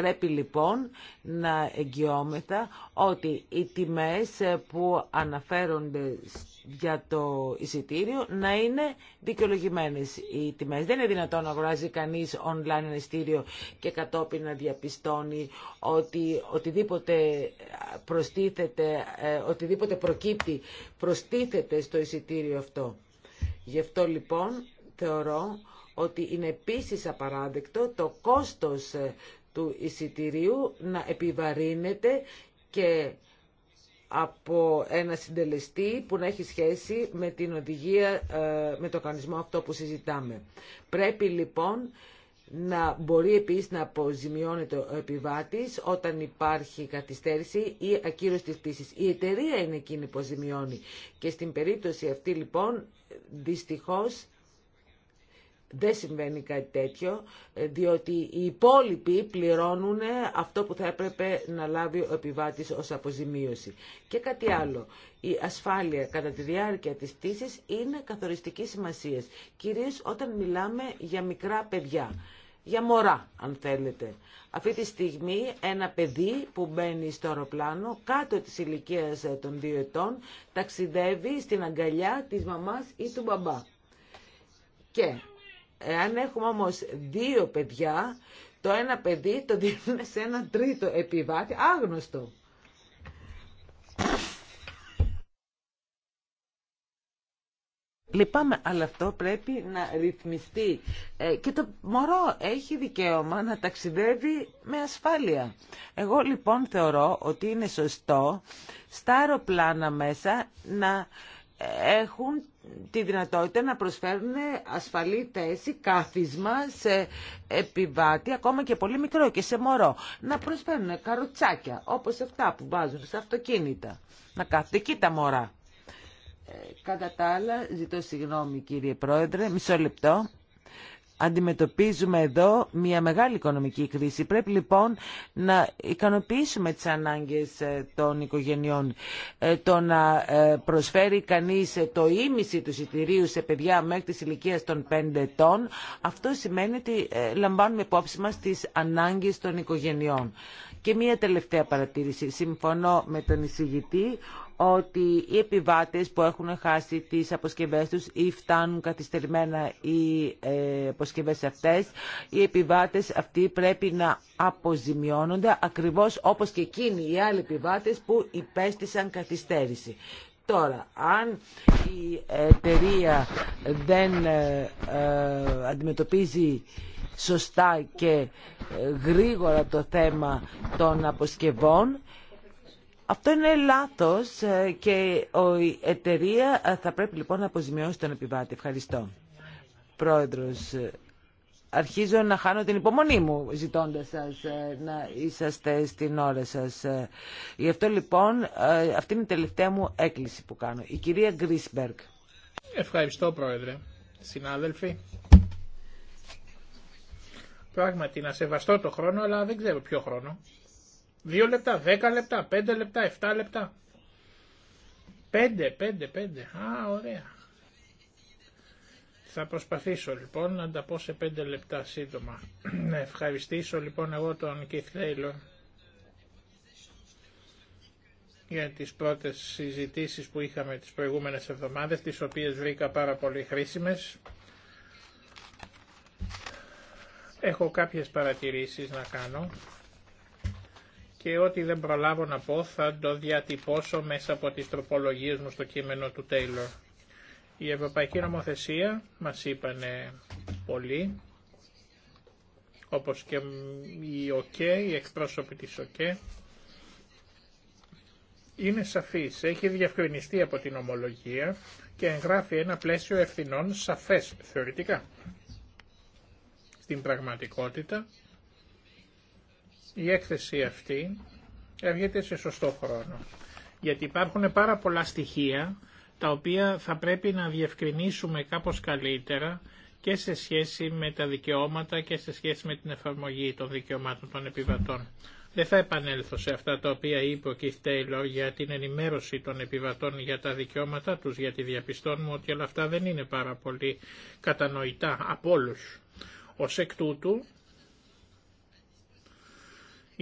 Πρέπει λοιπόν να εγγυόμεθα ότι οι τιμές που αναφέρονται για το εισιτήριο να είναι δικαιολογημένες οι τιμές. Δεν είναι δυνατόν να αγοράζει κανείς online ένα εισιτήριο και κατόπιν να διαπιστώνει ότι οτιδήποτε προστίθεται, ε, οτιδήποτε προκύπτει προστίθεται στο εισιτήριο αυτό. Γι' αυτό λοιπόν θεωρώ ότι είναι επίσης απαράδεκτο το κόστος ε, του εισιτηρίου να επιβαρύνεται και από ένα συντελεστή που να έχει σχέση με την οδηγία, ε, με το κανονισμό αυτό που συζητάμε. Πρέπει λοιπόν να μπορεί επίσης να αποζημιώνεται ο επιβάτης όταν υπάρχει καθυστέρηση ή ακύρωση της πτήσης. Η εταιρεία είναι εκείνη που αποζημιώνει. Και στην περίπτωση αυτή λοιπόν δυστυχώς δεν συμβαίνει κάτι τέτοιο, ε, διότι οι υπόλοιποι πληρώνουν αυτό που θα έπρεπε να λάβει ο επιβάτης ως αποζημίωση. Και κάτι άλλο, η ασφάλεια κατά τη διάρκεια της πτήσης είναι καθοριστική σημασίας, κυρίως όταν μιλάμε για μικρά παιδιά για μωρά, αν θέλετε. Αυτή τη στιγμή ένα παιδί που μπαίνει στο αεροπλάνο κάτω της ηλικίας ε, των δύο ετών ταξιδεύει στην αγκαλιά της μαμάς ή του μπαμπά. Και Εάν έχουμε όμως δύο παιδιά, το ένα παιδί το δίνουμε σε ένα τρίτο επιβάτη, άγνωστο. Λυπάμαι, αλλά αυτό πρέπει να ρυθμιστεί. Ε, και το μωρό έχει δικαίωμα να ταξιδεύει με ασφάλεια. Εγώ λοιπόν θεωρώ ότι είναι σωστό στα αεροπλάνα μέσα να έχουν τη δυνατότητα να προσφέρουν ασφαλή θέση, κάθισμα σε επιβάτη, ακόμα και πολύ μικρό και σε μωρό. Να προσφέρουν καροτσάκια, όπως αυτά που βάζουν σε αυτοκίνητα. Να κάθονται εκεί τα μωρά. Ε, κατά τα άλλα, ζητώ συγγνώμη κύριε Πρόεδρε, μισό λεπτό. Αντιμετωπίζουμε εδώ μια μεγάλη οικονομική κρίση. Πρέπει λοιπόν να ικανοποιήσουμε τις ανάγκες ε, των οικογενειών. Ε, το να ε, προσφέρει κανείς το ίμιση του εισιτηρίου σε παιδιά μέχρι της ηλικία των 5 ετών, αυτό σημαίνει ότι λαμβάνουμε υπόψη μας τις ανάγκες των οικογενειών. Και μια τελευταία παρατήρηση. Συμφωνώ με τον εισηγητή ότι οι επιβάτες που έχουν χάσει τις αποσκευές τους ή φτάνουν καθυστερημένα οι ε, αποσκευές αυτές, οι επιβάτες αυτοί πρέπει να αποζημιώνονται ακριβώς όπως και εκείνοι οι άλλοι επιβάτες που υπέστησαν καθυστέρηση. Τώρα, αν η εταιρεία δεν ε, ε, αντιμετωπίζει σωστά και γρήγορα το θέμα των αποσκευών, αυτό είναι λάθος ε, και η εταιρεία ε, θα πρέπει λοιπόν να αποζημιώσει τον επιβάτη. Ευχαριστώ. Πρόεδρος, ε, αρχίζω να χάνω την υπομονή μου ζητώντας σας να είσαστε στην ώρα σας. Γι' αυτό λοιπόν αυτή είναι η τελευταία μου έκκληση που κάνω. Η κυρία Γκρίσμπεργκ. Ευχαριστώ Πρόεδρε. Συνάδελφοι. Πράγματι να σεβαστώ το χρόνο αλλά δεν ξέρω ποιο χρόνο. Δύο λεπτά, δέκα λεπτά, πέντε λεπτά, εφτά λεπτά. Πέντε, πέντε, πέντε. Α, ωραία. Θα προσπαθήσω λοιπόν να τα πω σε πέντε λεπτά σύντομα. Να ευχαριστήσω λοιπόν εγώ τον Κιθ Taylor για τις πρώτες συζητήσεις που είχαμε τις προηγούμενες εβδομάδες, τις οποίες βρήκα πάρα πολύ χρήσιμες. Έχω κάποιες παρατηρήσεις να κάνω και ό,τι δεν προλάβω να πω θα το διατυπώσω μέσα από τις τροπολογίες μου στο κείμενο του Τέιλορ. Η Ευρωπαϊκή Νομοθεσία, μας είπανε πολύ, όπως και η ΟΚΕ, οι εκπρόσωποι της ΟΚΕ, είναι σαφής, έχει διευκρινιστεί από την ομολογία και εγγράφει ένα πλαίσιο ευθυνών σαφές θεωρητικά. Στην πραγματικότητα, η έκθεση αυτή έρχεται σε σωστό χρόνο. Γιατί υπάρχουν πάρα πολλά στοιχεία τα οποία θα πρέπει να διευκρινίσουμε κάπως καλύτερα και σε σχέση με τα δικαιώματα και σε σχέση με την εφαρμογή των δικαιωμάτων των επιβατών. Δεν θα επανέλθω σε αυτά τα οποία είπε ο Keith Taylor για την ενημέρωση των επιβατών για τα δικαιώματα τους, γιατί διαπιστώνουμε ότι όλα αυτά δεν είναι πάρα πολύ κατανοητά από όλου. Ως εκ τούτου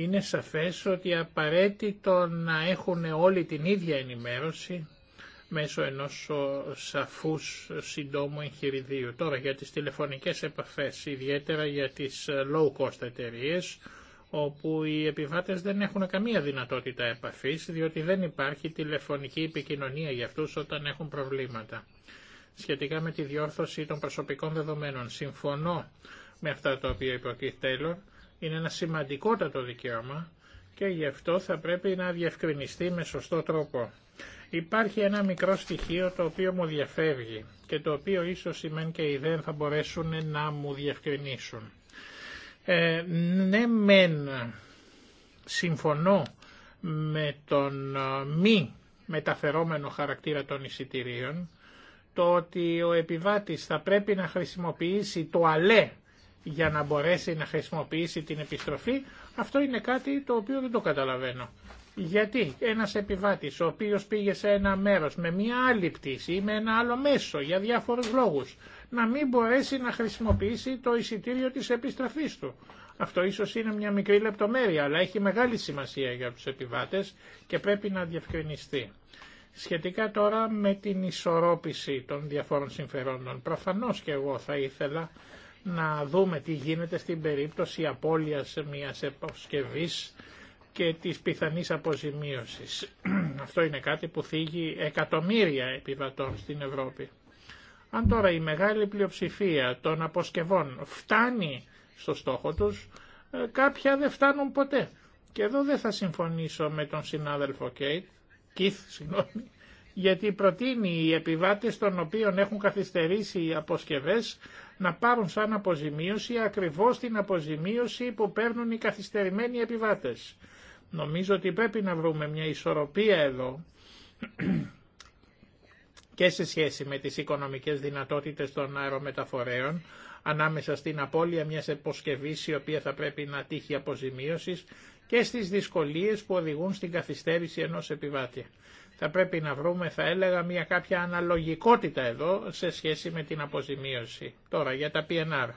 είναι σαφές ότι απαραίτητο να έχουν όλη την ίδια ενημέρωση μέσω ενός σαφούς συντόμου εγχειριδίου. Τώρα για τις τηλεφωνικές επαφές, ιδιαίτερα για τις low cost εταιρείε, όπου οι επιβάτες δεν έχουν καμία δυνατότητα επαφής, διότι δεν υπάρχει τηλεφωνική επικοινωνία για αυτούς όταν έχουν προβλήματα. Σχετικά με τη διόρθωση των προσωπικών δεδομένων, συμφωνώ με αυτά τα οποία είπε ο είναι ένα σημαντικότατο δικαίωμα και γι' αυτό θα πρέπει να διευκρινιστεί με σωστό τρόπο. Υπάρχει ένα μικρό στοιχείο το οποίο μου διαφεύγει και το οποίο ίσως οι μεν και οι δεν θα μπορέσουν να μου διευκρινίσουν. Ε, ναι μεν συμφωνώ με τον ε, μη μεταφερόμενο χαρακτήρα των εισιτηρίων, το ότι ο επιβάτης θα πρέπει να χρησιμοποιήσει το αλέ για να μπορέσει να χρησιμοποιήσει την επιστροφή, αυτό είναι κάτι το οποίο δεν το καταλαβαίνω. Γιατί ένας επιβάτης ο οποίος πήγε σε ένα μέρος με μια άλλη πτήση ή με ένα άλλο μέσο για διάφορους λόγους να μην μπορέσει να χρησιμοποιήσει το εισιτήριο της επιστροφής του. Αυτό ίσως είναι μια μικρή λεπτομέρεια αλλά έχει μεγάλη σημασία για τους επιβάτες και πρέπει να διευκρινιστεί. Σχετικά τώρα με την ισορρόπηση των διαφόρων συμφερόντων, προφανώς και εγώ θα ήθελα να δούμε τι γίνεται στην περίπτωση απώλειας μιας αποσκευής και της πιθανής αποζημίωσης. Αυτό είναι κάτι που θίγει εκατομμύρια επιβατών στην Ευρώπη. Αν τώρα η μεγάλη πλειοψηφία των αποσκευών φτάνει στο στόχο τους, ε, κάποια δεν φτάνουν ποτέ. Και εδώ δεν θα συμφωνήσω με τον συνάδελφο Κέιτ, Κίθ, γιατί προτείνει οι επιβάτες των οποίων έχουν καθυστερήσει οι αποσκευές να πάρουν σαν αποζημίωση ακριβώς την αποζημίωση που παίρνουν οι καθυστερημένοι επιβάτες. Νομίζω ότι πρέπει να βρούμε μια ισορροπία εδώ και σε σχέση με τις οικονομικές δυνατότητες των αερομεταφορέων, ανάμεσα στην απώλεια μιας εποσκευής η οποία θα πρέπει να τύχει αποζημίωσης και στις δυσκολίες που οδηγούν στην καθυστέρηση ενός επιβάτη. Θα πρέπει να βρούμε, θα έλεγα, μια κάποια αναλογικότητα εδώ σε σχέση με την αποζημίωση. Τώρα, για τα PNR.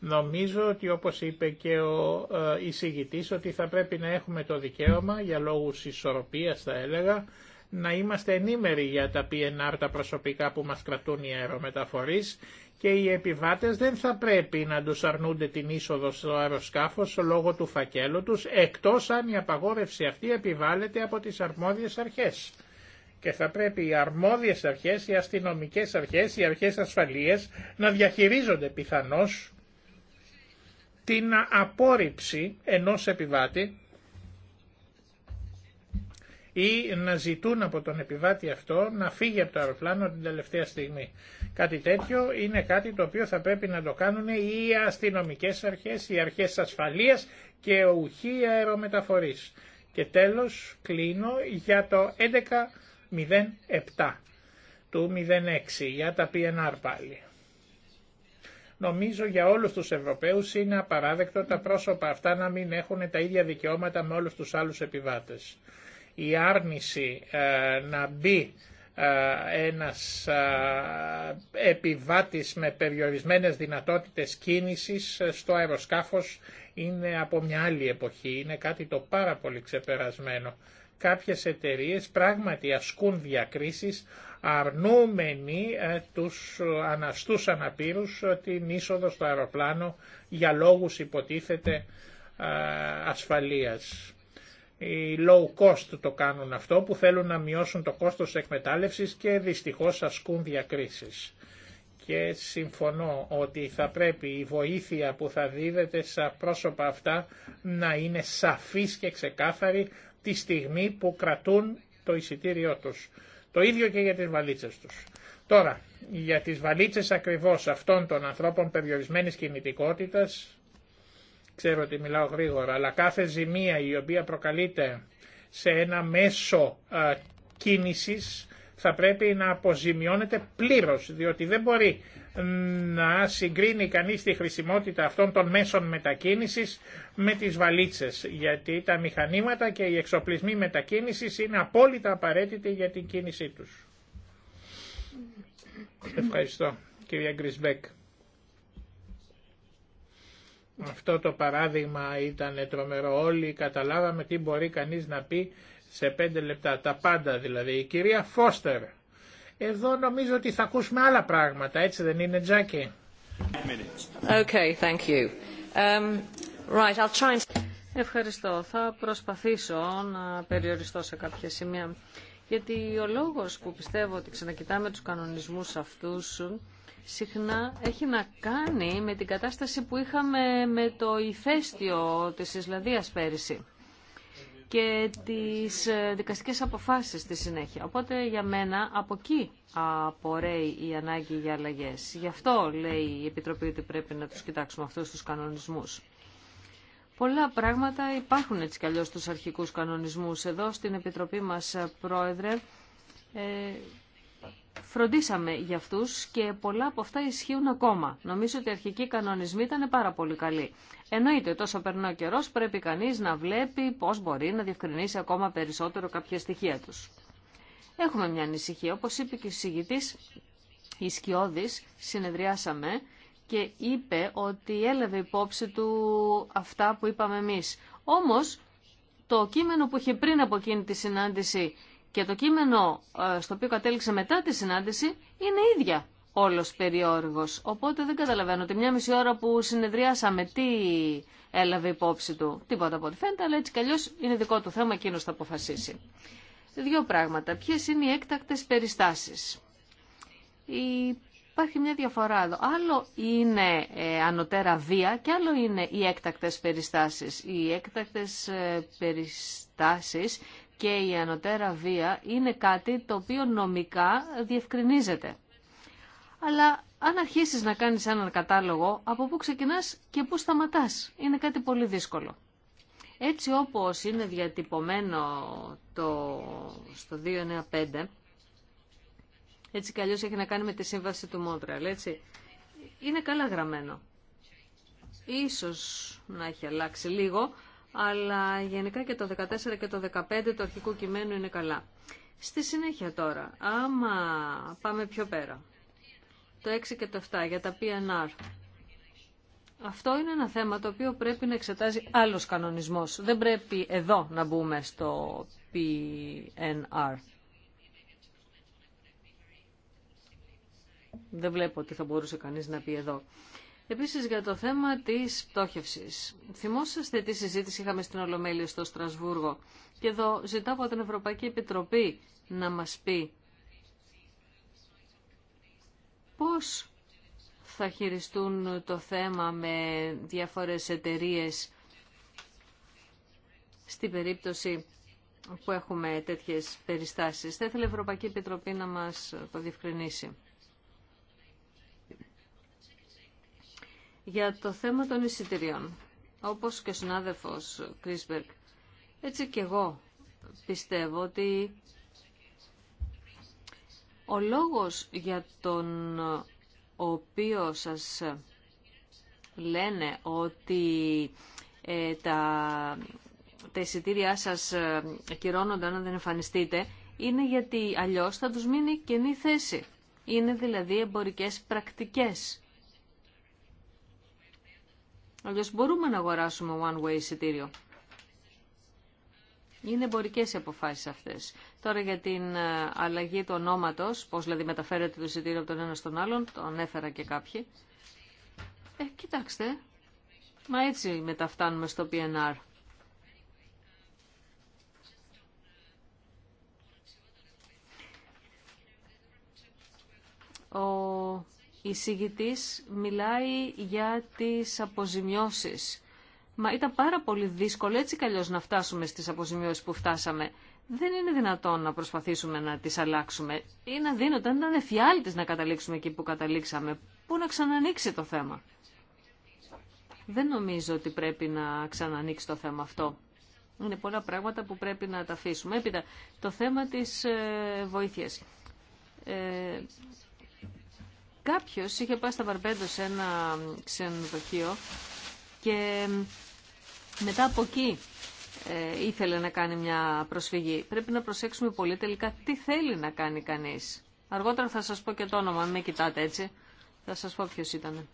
Νομίζω ότι όπως είπε και ο ε, εισηγητής ότι θα πρέπει να έχουμε το δικαίωμα για λόγους ισορροπίας θα έλεγα να είμαστε ενήμεροι για τα PNR, τα προσωπικά που μας κρατούν οι αερομεταφορείς και οι επιβάτες δεν θα πρέπει να τους αρνούνται την είσοδο στο αεροσκάφος λόγω του φακέλου τους, εκτός αν η απαγόρευση αυτή επιβάλλεται από τις αρμόδιες αρχές. Και θα πρέπει οι αρμόδιες αρχές, οι αστυνομικές αρχές, οι αρχές ασφαλείας να διαχειρίζονται πιθανώς την απόρριψη ενός επιβάτη ή να ζητούν από τον επιβάτη αυτό να φύγει από το αεροπλάνο την τελευταία στιγμή. Κάτι τέτοιο είναι κάτι το οποίο θα πρέπει να το κάνουν οι αστυνομικές αρχές, οι αρχές ασφαλείας και ουχή αερομεταφορής. Και τέλος κλείνω για το 11.07 του 06 για τα PNR πάλι. Νομίζω για όλους τους Ευρωπαίους είναι απαράδεκτο τα πρόσωπα αυτά να μην έχουν τα ίδια δικαιώματα με όλους τους άλλους επιβάτες η άρνηση ε, να μπει ε, ένας ε, επιβάτης με περιορισμένες δυνατότητες κίνησης στο αεροσκάφος είναι από μια άλλη εποχή, είναι κάτι το πάρα πολύ ξεπερασμένο. Κάποιες εταιρείες πράγματι ασκούν διακρίσεις αρνούμενοι τους αναστούς αναπήρους την είσοδο στο αεροπλάνο για λόγους υποτίθεται ασφαλείας. Οι low cost το κάνουν αυτό που θέλουν να μειώσουν το κόστος εκμετάλλευσης και δυστυχώς ασκούν διακρίσεις. Και συμφωνώ ότι θα πρέπει η βοήθεια που θα δίδεται στα πρόσωπα αυτά να είναι σαφής και ξεκάθαρη τη στιγμή που κρατούν το εισιτήριό τους. Το ίδιο και για τις βαλίτσες τους. Τώρα, για τις βαλίτσες ακριβώς αυτών των ανθρώπων περιορισμένης κινητικότητας, Ξέρω ότι μιλάω γρήγορα, αλλά κάθε ζημία η οποία προκαλείται σε ένα μέσο κίνησης θα πρέπει να αποζημιώνεται πλήρως, διότι δεν μπορεί να συγκρίνει κανείς τη χρησιμότητα αυτών των μέσων μετακίνησης με τις βαλίτσες, γιατί τα μηχανήματα και οι εξοπλισμοί μετακίνησης είναι απόλυτα απαραίτητοι για την κίνησή τους. Ευχαριστώ, κυρία Γκρισμπέκ. Αυτό το παράδειγμα ήταν τρομερό. Όλοι καταλάβαμε τι μπορεί κανείς να πει σε πέντε λεπτά. Τα πάντα δηλαδή. Η κυρία Φώστερ. Εδώ νομίζω ότι θα ακούσουμε άλλα πράγματα. Έτσι δεν είναι, Τζάκι. Okay, um, Ευχαριστώ. Θα προσπαθήσω να περιοριστώ σε κάποια σημεία. Γιατί ο λόγος που πιστεύω ότι ξανακοιτάμε τους κανονισμούς αυτούς συχνά έχει να κάνει με την κατάσταση που είχαμε με το ηφαίστειο της Ισλανδίας πέρυσι και τις ε, δικαστικές αποφάσεις στη συνέχεια. Οπότε για μένα από εκεί απορρέει η ανάγκη για αλλαγέ. Γι' αυτό λέει η Επιτροπή ότι πρέπει να τους κοιτάξουμε αυτούς τους κανονισμούς. Πολλά πράγματα υπάρχουν έτσι κι αλλιώς στους αρχικούς κανονισμούς. Εδώ στην Επιτροπή μας, ε, Πρόεδρε, ε, φροντίσαμε για αυτούς και πολλά από αυτά ισχύουν ακόμα. Νομίζω ότι οι αρχικοί κανονισμοί ήταν πάρα πολύ καλοί. Εννοείται, τόσο περνά ο καιρός, πρέπει κανείς να βλέπει πώς μπορεί να διευκρινίσει ακόμα περισσότερο κάποια στοιχεία τους. Έχουμε μια ανησυχία, όπως είπε και ο συγητής, η συνεδριάσαμε και είπε ότι έλαβε υπόψη του αυτά που είπαμε εμείς. Όμως, το κείμενο που είχε πριν από εκείνη τη συνάντηση και το κείμενο ε, στο οποίο κατέληξε μετά τη συνάντηση είναι ίδια όλος περιόργος. Οπότε δεν καταλαβαίνω ότι μια μισή ώρα που συνεδριάσαμε τι έλαβε υπόψη του. Τίποτα από ό,τι φαίνεται, αλλά έτσι κι είναι δικό του θέμα, εκείνος θα αποφασίσει. Δύο πράγματα. Ποιες είναι οι έκτακτες περιστάσεις. Υπάρχει μια διαφορά εδώ. Άλλο είναι ε, ανωτέρα βία και άλλο είναι οι έκτακτες περιστάσεις. Οι έκτακτες ε, περιστάσεις και η ανωτέρα βία είναι κάτι το οποίο νομικά διευκρινίζεται. Αλλά αν αρχίσεις να κάνεις έναν κατάλογο, από πού ξεκινάς και πού σταματάς. Είναι κάτι πολύ δύσκολο. Έτσι όπως είναι διατυπωμένο το, στο 295, έτσι κι αλλιώς έχει να κάνει με τη σύμβαση του Μόντρελ, έτσι, είναι καλά γραμμένο. Ίσως να έχει αλλάξει λίγο, αλλά γενικά και το 14 και το 15 το αρχικό κειμένου είναι καλά. Στη συνέχεια τώρα, άμα πάμε πιο πέρα, το 6 και το 7 για τα PNR. Αυτό είναι ένα θέμα το οποίο πρέπει να εξετάζει άλλος κανονισμός. Δεν πρέπει εδώ να μπούμε στο PNR. Δεν βλέπω ότι θα μπορούσε κανείς να πει εδώ. Επίσης για το θέμα της πτώχευσης. Θυμόσαστε τι συζήτηση είχαμε στην Ολομέλεια στο Στρασβούργο. Και εδώ ζητάω από την Ευρωπαϊκή Επιτροπή να μας πει πώς θα χειριστούν το θέμα με διάφορες εταιρείες στην περίπτωση που έχουμε τέτοιες περιστάσεις. Θα ήθελε η Ευρωπαϊκή Επιτροπή να μας το διευκρινίσει. για το θέμα των εισιτηρίων. Όπως και ο συνάδελφος Κρίσμπερκ, έτσι και εγώ πιστεύω ότι ο λόγος για τον οποίο σας λένε ότι ε, τα, τα εισιτήριά σας ε, ακυρώνονται αν δεν εμφανιστείτε, είναι γιατί αλλιώς θα τους μείνει καινή θέση. Είναι δηλαδή εμπορικές πρακτικές Αλλιώς μπορούμε να αγοράσουμε one-way εισιτήριο. Είναι εμπορικέ οι αποφάσει αυτέ. Τώρα για την ε, αλλαγή του ονόματο, πώ δηλαδή μεταφέρεται το εισιτήριο από τον ένα στον άλλον, τον έφερα και κάποιοι. Ε, κοιτάξτε. Μα έτσι μεταφτάνουμε στο PNR. Ο η συγητής μιλάει για τις αποζημιώσεις. Μα ήταν πάρα πολύ δύσκολο έτσι καλλιώς να φτάσουμε στις αποζημιώσεις που φτάσαμε. Δεν είναι δυνατόν να προσπαθήσουμε να τις αλλάξουμε. Είναι αδύνατο, ήταν εφιάλτης να καταλήξουμε εκεί που καταλήξαμε. Πού να ξανανοίξει το θέμα. Δεν νομίζω ότι πρέπει να ξανανοίξει το θέμα αυτό. Είναι πολλά πράγματα που πρέπει να τα αφήσουμε. Έπειτα, το θέμα της ε, βοήθειας. Ε, Κάποιος είχε πάει στα Βαρμπέντο σε ένα ξενοδοχείο και μετά από εκεί ε, ήθελε να κάνει μια προσφυγή. Πρέπει να προσέξουμε πολύ τελικά τι θέλει να κάνει κανείς. Αργότερα θα σας πω και το όνομα, αν με κοιτάτε έτσι. Θα σας πω ποιος ήταν.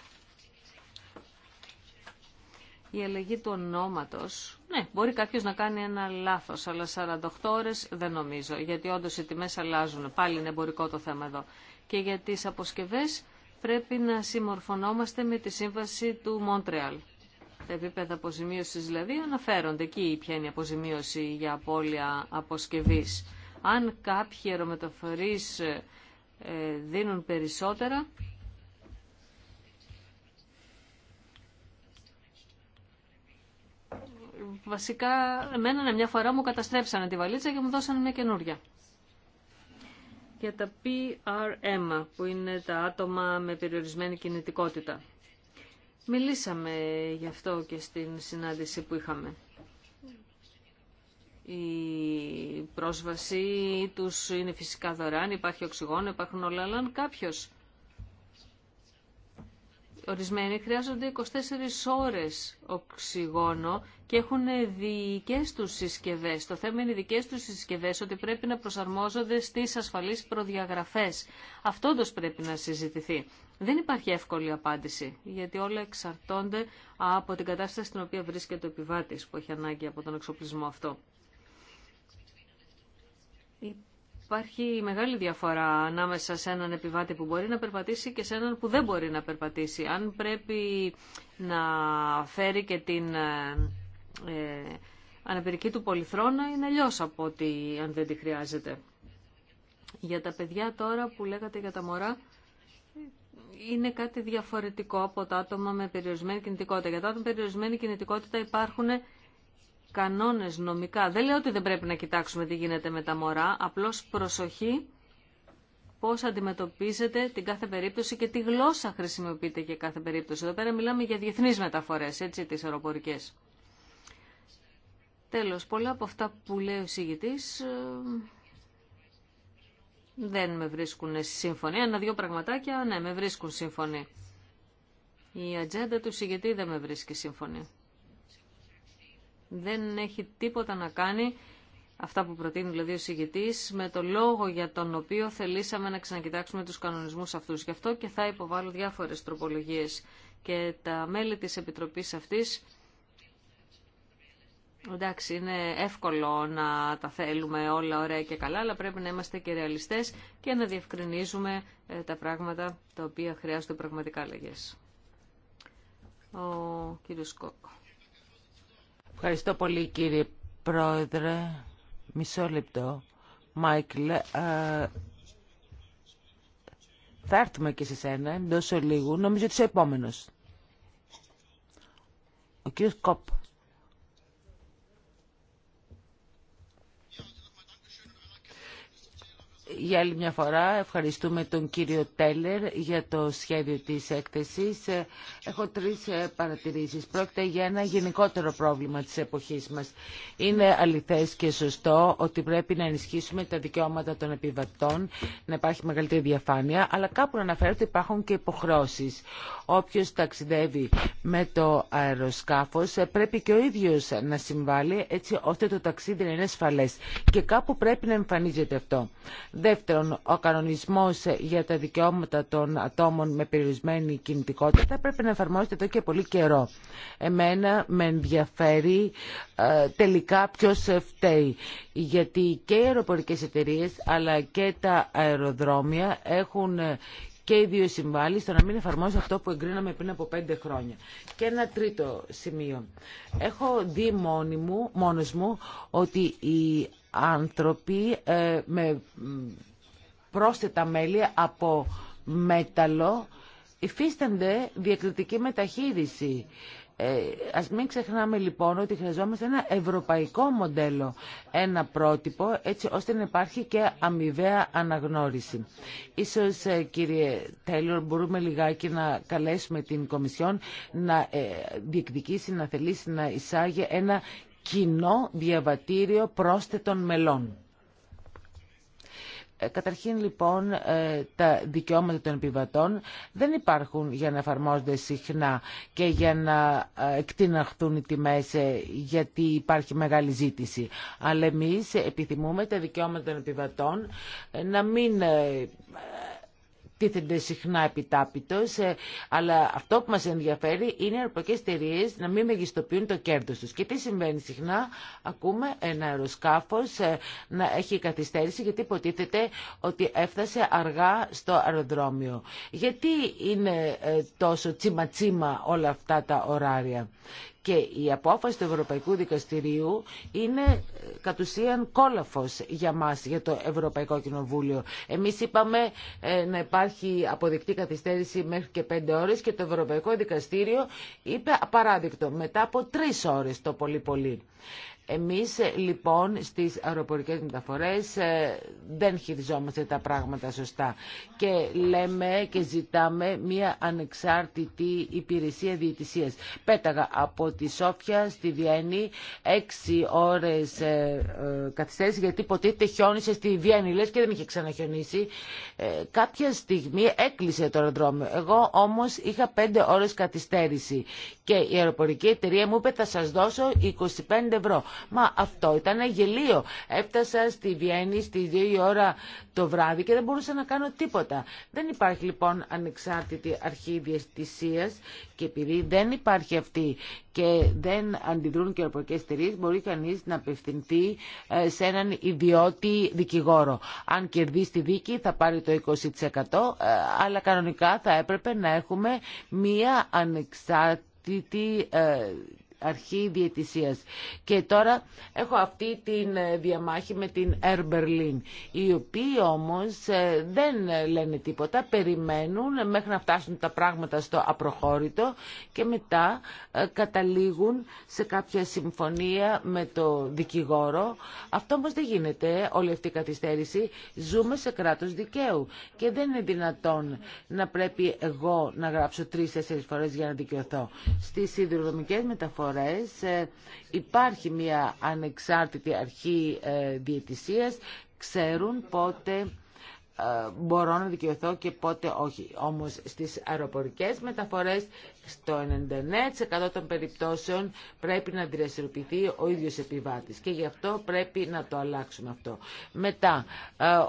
Η αλλαγή του ονόματος. Ναι, μπορεί κάποιος να κάνει ένα λάθος, αλλά 48 ώρες δεν νομίζω, γιατί όντως οι τιμές αλλάζουν. Πάλι είναι εμπορικό το θέμα εδώ και για τις αποσκευές πρέπει να συμμορφωνόμαστε με τη σύμβαση του Μόντρεαλ. Τα επίπεδα αποζημίωση δηλαδή αναφέρονται εκεί ποια είναι η αποζημίωση για απώλεια αποσκευής. Αν κάποιοι αερομεταφορείς ε, δίνουν περισσότερα, βασικά εμένα μια φορά μου καταστρέψανε τη βαλίτσα και μου δώσανε μια καινούρια για τα PRM, που είναι τα άτομα με περιορισμένη κινητικότητα. Μιλήσαμε γι' αυτό και στην συνάντηση που είχαμε. Η πρόσβαση τους είναι φυσικά δωρεάν, υπάρχει οξυγόνο, υπάρχουν όλα, αλλά αν κάποιος Ορισμένοι χρειάζονται 24 ώρες οξυγόνο και έχουν δικέ τους συσκευές. Το θέμα είναι οι δικές τους συσκευές ότι πρέπει να προσαρμόζονται στις ασφαλείς προδιαγραφές. Αυτό όντως πρέπει να συζητηθεί. Δεν υπάρχει εύκολη απάντηση, γιατί όλα εξαρτώνται από την κατάσταση στην οποία βρίσκεται ο επιβάτης που έχει ανάγκη από τον εξοπλισμό αυτό υπάρχει μεγάλη διαφορά ανάμεσα σε έναν επιβάτη που μπορεί να περπατήσει και σε έναν που δεν μπορεί να περπατήσει. Αν πρέπει να φέρει και την ε, ε αναπηρική του πολυθρόνα είναι αλλιώ από ότι αν δεν τη χρειάζεται. Για τα παιδιά τώρα που λέγατε για τα μωρά, είναι κάτι διαφορετικό από τα άτομα με περιορισμένη κινητικότητα. Για τα άτομα με περιορισμένη κινητικότητα υπάρχουν κανόνες νομικά. Δεν λέω ότι δεν πρέπει να κοιτάξουμε τι γίνεται με τα μωρά, απλώς προσοχή πώς αντιμετωπίζετε την κάθε περίπτωση και τι γλώσσα χρησιμοποιείτε για κάθε περίπτωση. Εδώ πέρα μιλάμε για διεθνείς μεταφορές, έτσι, τις αεροπορικές. Τέλος, πολλά από αυτά που λέει ο συγητής ε, δεν με βρίσκουν σύμφωνοι. Ένα-δυο πραγματάκια, ναι, με βρίσκουν σύμφωνοι. Η ατζέντα του συγητή δεν με βρίσκει σύμφωνη δεν έχει τίποτα να κάνει αυτά που προτείνει δηλαδή ο συγητής, με το λόγο για τον οποίο θελήσαμε να ξανακοιτάξουμε τους κανονισμούς αυτούς. Γι' αυτό και θα υποβάλω διάφορες τροπολογίες και τα μέλη της Επιτροπής αυτής Εντάξει, είναι εύκολο να τα θέλουμε όλα ωραία και καλά, αλλά πρέπει να είμαστε και ρεαλιστές και να διευκρινίζουμε ε, τα πράγματα τα οποία χρειάζονται πραγματικά αλλαγές. Ο κύριος Ευχαριστώ πολύ κύριε Πρόεδρε. Μισό λεπτό. Μάικλ, ε, θα έρθουμε και σε σένα εντό λίγου. Νομίζω ότι είσαι επόμενο. Ο κύριο Κόπ. για άλλη μια φορά ευχαριστούμε τον κύριο Τέλερ για το σχέδιο της έκθεσης. Έχω τρεις ε, παρατηρήσεις. Πρόκειται για ένα γενικότερο πρόβλημα της εποχής μας. Είναι αληθές και σωστό ότι πρέπει να ενισχύσουμε τα δικαιώματα των επιβατών, να υπάρχει μεγαλύτερη διαφάνεια, αλλά κάπου αναφέρεται ότι υπάρχουν και υποχρώσεις. Όποιος ταξιδεύει με το αεροσκάφος ε, πρέπει και ο ίδιος να συμβάλλει έτσι ώστε το ταξίδι να είναι ασφαλές. Και κάπου πρέπει να εμφανίζεται αυτό. Δεύτερον, ο κανονισμός για τα δικαιώματα των ατόμων με περιορισμένη κινητικότητα θα πρέπει να εφαρμόζεται εδώ και πολύ καιρό. Εμένα με ενδιαφέρει ε, τελικά ποιος φταίει. Γιατί και οι αεροπορικές εταιρείες αλλά και τα αεροδρόμια έχουν ε, και οι δύο συμβάλλει στο να μην εφαρμόζει αυτό που εγκρίναμε πριν από πέντε χρόνια. Και ένα τρίτο σημείο. Έχω δει μου, μόνος μου ότι οι άνθρωποι ε, με πρόσθετα μέλη από μέταλλο υφίστανται διακριτική μεταχείριση. Ε, ας μην ξεχνάμε λοιπόν ότι χρειαζόμαστε ένα ευρωπαϊκό μοντέλο, ένα πρότυπο, έτσι ώστε να υπάρχει και αμοιβαία αναγνώριση. Ίσως ε, κύριε Τέιλορ μπορούμε λιγάκι να καλέσουμε την Κομισιόν να ε, διεκδικήσει, να θελήσει να εισάγει ένα κοινό διαβατήριο πρόσθετων μελών. Ε, καταρχήν λοιπόν ε, τα δικαιώματα των επιβατών δεν υπάρχουν για να εφαρμόζονται συχνά και για να ε, εκτιναχθούν οι τιμές γιατί υπάρχει μεγάλη ζήτηση. Αλλά εμείς επιθυμούμε τα δικαιώματα των επιβατών να μην τίθενται συχνά επιτάπητος, ε, αλλά αυτό που μας ενδιαφέρει είναι οι αεροπορικές εταιρείε να μην μεγιστοποιούν το κέρδος τους. Και τι συμβαίνει συχνά, ακούμε ένα αεροσκάφος ε, να έχει καθυστέρηση γιατί υποτίθεται ότι έφτασε αργά στο αεροδρόμιο. Γιατί είναι ε, τόσο τσιμα-τσιμα όλα αυτά τα ωράρια. Και η απόφαση του Ευρωπαϊκού Δικαστηρίου είναι ε, κατ' ουσίαν κόλαφος για μας, για το Ευρωπαϊκό Κοινοβούλιο. Εμείς είπαμε ε, να υπάρχει αποδεικτή καθυστέρηση μέχρι και πέντε ώρες και το Ευρωπαϊκό Δικαστήριο είπε απαράδεικτο μετά από τρεις ώρες το πολύ πολύ. Εμείς ε, λοιπόν στις αεροπορικές μεταφορές ε, δεν χειριζόμαστε τα πράγματα σωστά και λέμε και ζητάμε μια ανεξάρτητη υπηρεσία διαιτησίας. Πέταγα από τη Σόφια στη Βιέννη έξι ώρες ε, καθυστέρηση γιατί ποτέ χιόνισε στη Βιέννη λες και δεν είχε ξαναχιονίσει. κάποια στιγμή έκλεισε το αεροδρόμιο. Εγώ όμως είχα πέντε ώρες καθυστέρηση και η αεροπορική εταιρεία μου είπε θα σας δώσω 25 ευρώ. Μα αυτό ήταν γελίο. Έφτασα στη Βιέννη στι 2 η ώρα το βράδυ και δεν μπορούσα να κάνω τίποτα. Δεν υπάρχει λοιπόν ανεξάρτητη αρχή διαστησία και επειδή δεν υπάρχει αυτή και δεν αντιδρούν και ευρωπαϊκέ εταιρείε, μπορεί κανεί να απευθυνθεί ε, σε έναν ιδιώτη δικηγόρο. Αν κερδίσει τη δίκη θα πάρει το 20% ε, αλλά κανονικά θα έπρεπε να έχουμε μία ανεξάρτητη ε, αρχή διαιτησίας. Και τώρα έχω αυτή τη ε, διαμάχη με την Air Berlin, οι οποίοι όμως ε, δεν ε, λένε τίποτα, περιμένουν μέχρι να φτάσουν τα πράγματα στο απροχώρητο και μετά καταλήγουν σε κάποια συμφωνία με το δικηγόρο. Αυτό όμως δεν γίνεται όλη αυτή η καθυστέρηση. Ζούμε σε κράτος δικαίου και δεν είναι δυνατόν να πρέπει εγώ να γράψω τρεις-τέσσερις φορές για να δικαιωθώ. Στις συνδρομικές μεταφορές φορές ε, υπάρχει μια ανεξάρτητη αρχή ε, διαιτησίας, ξέρουν πότε ε, μπορώ να δικαιωθώ και πότε όχι. Όμως στις αεροπορικές μεταφορές στο 99% των περιπτώσεων πρέπει να δραστηριοποιηθεί ο ίδιος επιβάτης και γι' αυτό πρέπει να το αλλάξουμε αυτό. Μετά,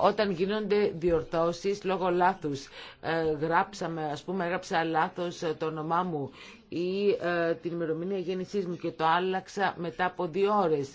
όταν γίνονται διορθώσεις λόγω λάθους, γράψαμε, ας πούμε έγραψα λάθος το όνομά μου ή ε, την ημερομηνία γέννησής μου και το άλλαξα μετά από δύο ώρες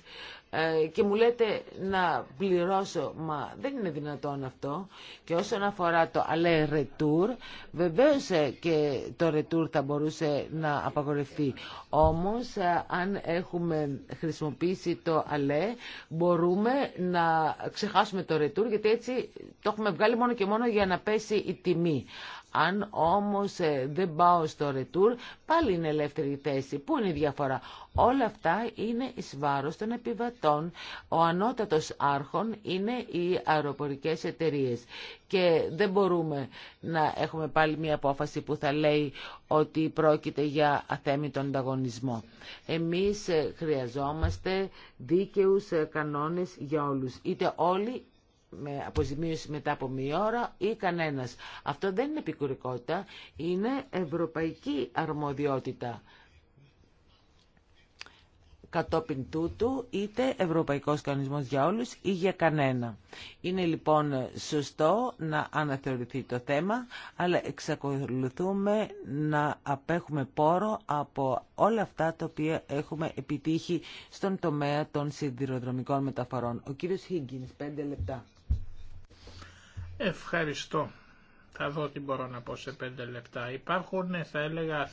ε, και μου λέτε να πληρώσω, μα δεν είναι δυνατόν αυτό. Και όσον αφορά το αλέ ρετούρ, βεβαίως ε, και το ρετούρ θα μπορούσε να απαγορευτεί. Όμως, αν έχουμε χρησιμοποιήσει το αλέ, μπορούμε να ξεχάσουμε το ρετούρ, γιατί έτσι το έχουμε βγάλει μόνο και μόνο για να πέσει η τιμή. Αν όμως ε, δεν πάω στο ρετούρ, πάλι είναι ελεύθερη θέση. Πού είναι η διαφορά. Όλα αυτά είναι εις βάρος των επιβατών. Ο ανώτατος άρχον είναι οι αεροπορικές εταιρείες. Και δεν μπορούμε να έχουμε πάλι μια απόφαση που θα λέει ότι πρόκειται για αθέμητον ανταγωνισμό. Εμείς ε, χρειαζόμαστε δίκαιους ε, κανόνες για όλους. Είτε όλοι με αποζημίωση μετά από μία ώρα ή κανένας. Αυτό δεν είναι επικουρικότητα, είναι ευρωπαϊκή αρμοδιότητα. Κατόπιν τούτου είτε ευρωπαϊκός κανονισμός για όλους ή για κανένα. Είναι λοιπόν σωστό να αναθεωρηθεί το θέμα, αλλά εξακολουθούμε να απέχουμε πόρο από όλα αυτά τα οποία έχουμε επιτύχει στον τομέα των σιδηροδρομικών μεταφορών. Ο κύριος Higgins, πέντε λεπτά. Ευχαριστώ. Θα δω τι μπορώ να πω σε πέντε λεπτά. Υπάρχουν, θα έλεγα,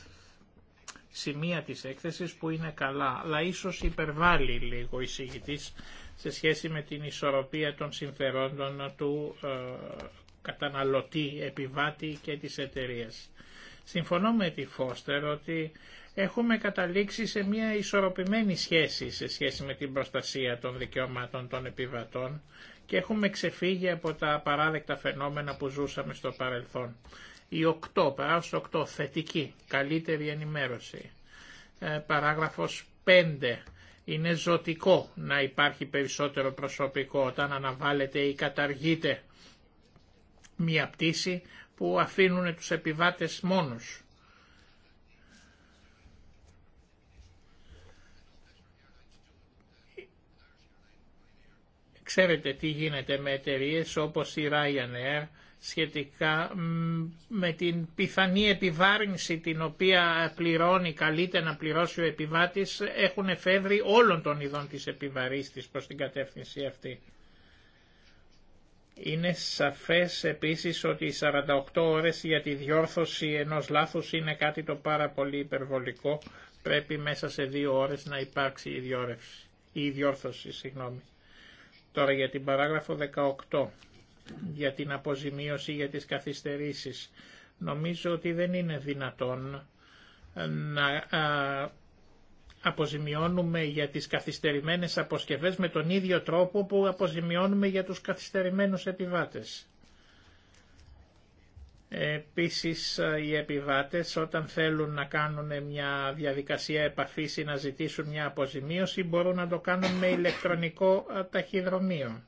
σημεία της έκθεσης που είναι καλά, αλλά ίσως υπερβάλλει λίγο η συγητής σε σχέση με την ισορροπία των συμφερόντων του ε, καταναλωτή, επιβάτη και της εταιρείας. Συμφωνώ με τη Φώστερ ότι έχουμε καταλήξει σε μια ισορροπημένη σχέση σε σχέση με την προστασία των δικαιωμάτων των επιβατών και έχουμε ξεφύγει από τα απαράδεκτα φαινόμενα που ζούσαμε στο παρελθόν. Η 8, παράγραφος 8, θετική, καλύτερη ενημέρωση. Ε, παράγραφος 5, είναι ζωτικό να υπάρχει περισσότερο προσωπικό όταν αναβάλλεται ή καταργείται μία πτήση που αφήνουν τους επιβάτες μόνους. Ξέρετε τι γίνεται με εταιρείε όπως η Ryanair σχετικά με την πιθανή επιβάρυνση την οποία πληρώνει, καλείται να πληρώσει ο επιβάτης, έχουν εφεύρει όλων των ειδών της επιβαρύστης προς την κατεύθυνση αυτή. Είναι σαφές επίσης ότι οι 48 ώρες για τη διόρθωση ενός λάθους είναι κάτι το πάρα πολύ υπερβολικό. Πρέπει μέσα σε δύο ώρες να υπάρξει η, η διόρθωση. Συγγνώμη. Τώρα για την παράγραφο 18, για την αποζημίωση για τις καθυστερήσεις. Νομίζω ότι δεν είναι δυνατόν να αποζημιώνουμε για τις καθυστερημένες αποσκευές με τον ίδιο τρόπο που αποζημιώνουμε για τους καθυστερημένους επιβάτες. Επίσης οι επιβάτες όταν θέλουν να κάνουν μια διαδικασία επαφής ή να ζητήσουν μια αποζημίωση μπορούν να το κάνουν με ηλεκτρονικό ταχυδρομείο.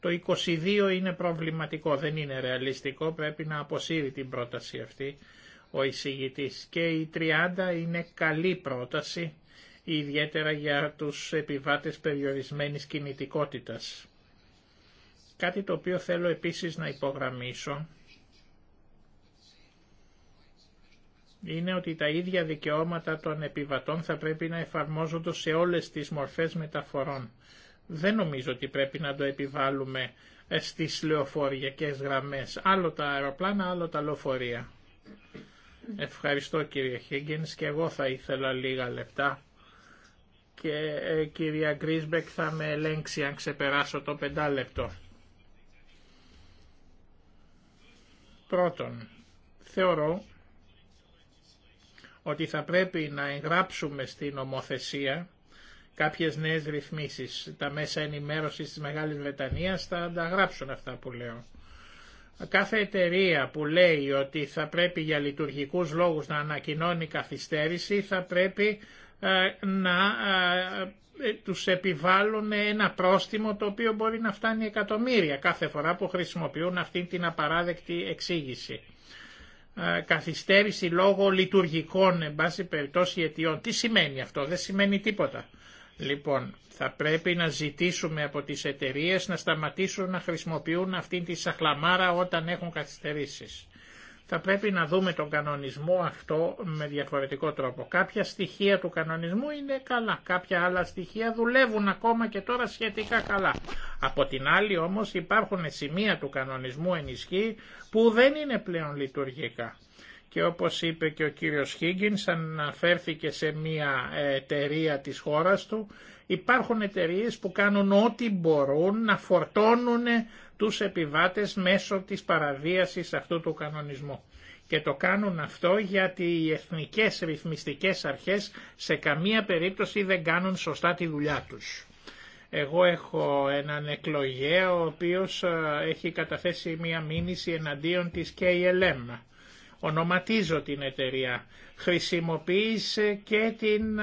Το 22 είναι προβληματικό, δεν είναι ρεαλιστικό, πρέπει να αποσύρει την πρόταση αυτή ο εισηγητής. Και η 30 είναι καλή πρόταση, ιδιαίτερα για τους επιβάτες περιορισμένης κινητικότητας. Κάτι το οποίο θέλω επίσης να υπογραμμίσω είναι ότι τα ίδια δικαιώματα των επιβατών θα πρέπει να εφαρμόζονται σε όλες τις μορφές μεταφορών. Δεν νομίζω ότι πρέπει να το επιβάλλουμε ε, στις λεωφοριακές γραμμές. Άλλο τα αεροπλάνα, άλλο τα λεωφορεία. Ευχαριστώ κύριε Χίγγινς και εγώ θα ήθελα λίγα λεπτά και ε, κυρία Γκρίσμπεκ θα με ελέγξει αν ξεπεράσω το πεντάλεπτο. Πρώτον, θεωρώ ότι θα πρέπει να εγγράψουμε στην ομοθεσία κάποιες νέες ρυθμίσεις. Τα μέσα ενημέρωσης της Μεγάλης Βρετανίας θα γράψουν αυτά που λέω. Κάθε εταιρεία που λέει ότι θα πρέπει για λειτουργικούς λόγους να ανακοινώνει καθυστέρηση θα πρέπει ε, να ε, ε, τους επιβάλλουν ένα πρόστιμο το οποίο μπορεί να φτάνει εκατομμύρια κάθε φορά που χρησιμοποιούν αυτή την απαράδεκτη εξήγηση. Ε, καθυστέρηση λόγω λειτουργικών εν πάση περιπτώσει αιτιών. Τι σημαίνει αυτό, δεν σημαίνει τίποτα. Λοιπόν, θα πρέπει να ζητήσουμε από τις εταιρείες να σταματήσουν να χρησιμοποιούν αυτήν τη σαχλαμάρα όταν έχουν καθυστερήσεις θα πρέπει να δούμε τον κανονισμό αυτό με διαφορετικό τρόπο. Κάποια στοιχεία του κανονισμού είναι καλά, κάποια άλλα στοιχεία δουλεύουν ακόμα και τώρα σχετικά καλά. Από την άλλη όμως υπάρχουν σημεία του κανονισμού ενισχύ που δεν είναι πλέον λειτουργικά. Και όπως είπε και ο κύριος Χίγκινς, αναφέρθηκε σε μια εταιρεία της χώρας του, υπάρχουν εταιρείε που κάνουν ό,τι μπορούν να φορτώνουν τους επιβάτες μέσω της παραβίασης αυτού του κανονισμού. Και το κάνουν αυτό γιατί οι εθνικές ρυθμιστικές αρχές σε καμία περίπτωση δεν κάνουν σωστά τη δουλειά τους. Εγώ έχω έναν εκλογέα ο οποίος ε, έχει καταθέσει μία μήνυση εναντίον της KLM. Ονοματίζω την εταιρεία. Χρησιμοποίησε και την ε,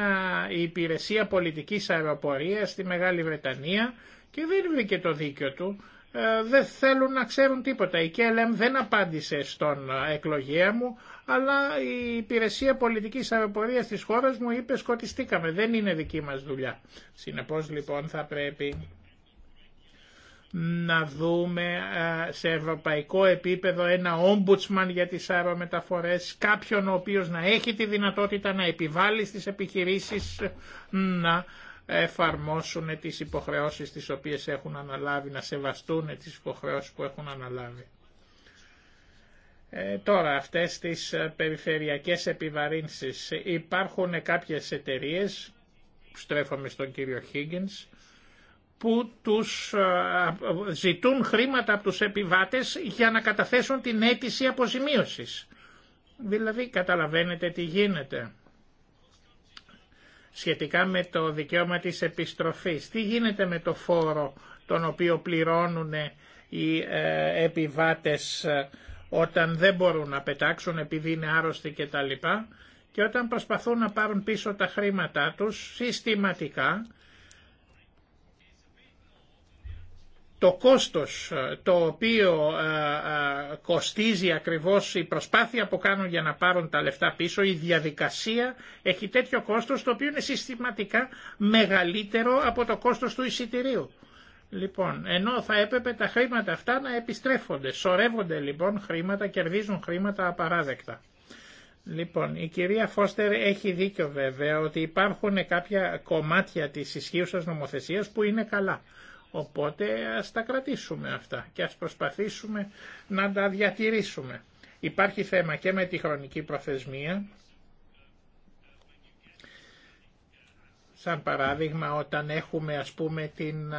υπηρεσία πολιτικής αεροπορίας στη Μεγάλη Βρετανία και δεν βρήκε το δίκιο του ε, δεν θέλουν να ξέρουν τίποτα. Η ΚΕΛΕΜ δεν απάντησε στον ε, εκλογέα μου, αλλά η υπηρεσία πολιτικής αεροπορίας της χώρας μου είπε σκοτιστήκαμε, δεν είναι δική μας δουλειά. Συνεπώς λοιπόν θα πρέπει να δούμε ε, σε ευρωπαϊκό επίπεδο ένα ομπουτσμαν για τις αερομεταφορές, κάποιον ο οποίος να έχει τη δυνατότητα να επιβάλλει στις επιχειρήσεις να εφαρμόσουν τις υποχρεώσεις τις οποίες έχουν αναλάβει, να σεβαστούν τις υποχρεώσεις που έχουν αναλάβει. Ε, τώρα αυτές τις ε, περιφερειακές επιβαρύνσεις υπάρχουν κάποιες εταιρείες, στρέφομαι στον κύριο Higgins, που τους ε, ζητούν χρήματα από τους επιβάτες για να καταθέσουν την αίτηση αποζημίωσης. Δηλαδή καταλαβαίνετε τι γίνεται σχετικά με το δικαίωμα της επιστροφής. Τι γίνεται με το φόρο τον οποίο πληρώνουν οι ε, επιβάτες ε, όταν δεν μπορούν να πετάξουν επειδή είναι άρρωστοι κτλ. Και όταν προσπαθούν να πάρουν πίσω τα χρήματά τους συστηματικά το κόστος ε, το οποίο ε, ε, κοστίζει ακριβώς η προσπάθεια που κάνουν για να πάρουν τα λεφτά πίσω, η διαδικασία έχει τέτοιο κόστος το οποίο είναι συστηματικά μεγαλύτερο από το κόστος του εισιτηρίου. Λοιπόν, ενώ θα έπρεπε τα χρήματα αυτά να επιστρέφονται, Σορεύονται λοιπόν χρήματα, κερδίζουν χρήματα απαράδεκτα. Λοιπόν, η κυρία Φώστερ έχει δίκιο βέβαια ότι υπάρχουν κάποια κομμάτια της ισχύουσας νομοθεσίας που είναι καλά. Οπότε ας τα κρατήσουμε αυτά και ας προσπαθήσουμε να τα διατηρήσουμε. Υπάρχει θέμα και με τη χρονική προθεσμία. Σαν παράδειγμα όταν έχουμε ας πούμε την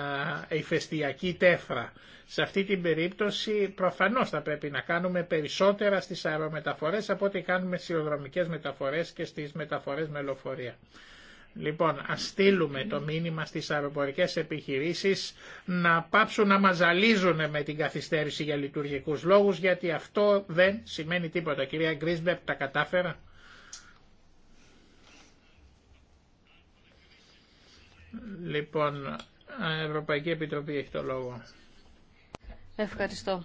ηφαιστειακή τέφρα. Σε αυτή την περίπτωση προφανώς θα πρέπει να κάνουμε περισσότερα στις αερομεταφορές από ό,τι κάνουμε στις μεταφορές και στις μεταφορές με Λοιπόν, α στείλουμε το μήνυμα στις αεροπορικέ επιχειρήσεις να πάψουν να μαζαλίζουν με την καθυστέρηση για λειτουργικούς λόγους, γιατί αυτό δεν σημαίνει τίποτα. Κυρία Γκρίσμπερ, τα κατάφερα. Λοιπόν, Ευρωπαϊκή Επιτροπή έχει το λόγο. Ευχαριστώ.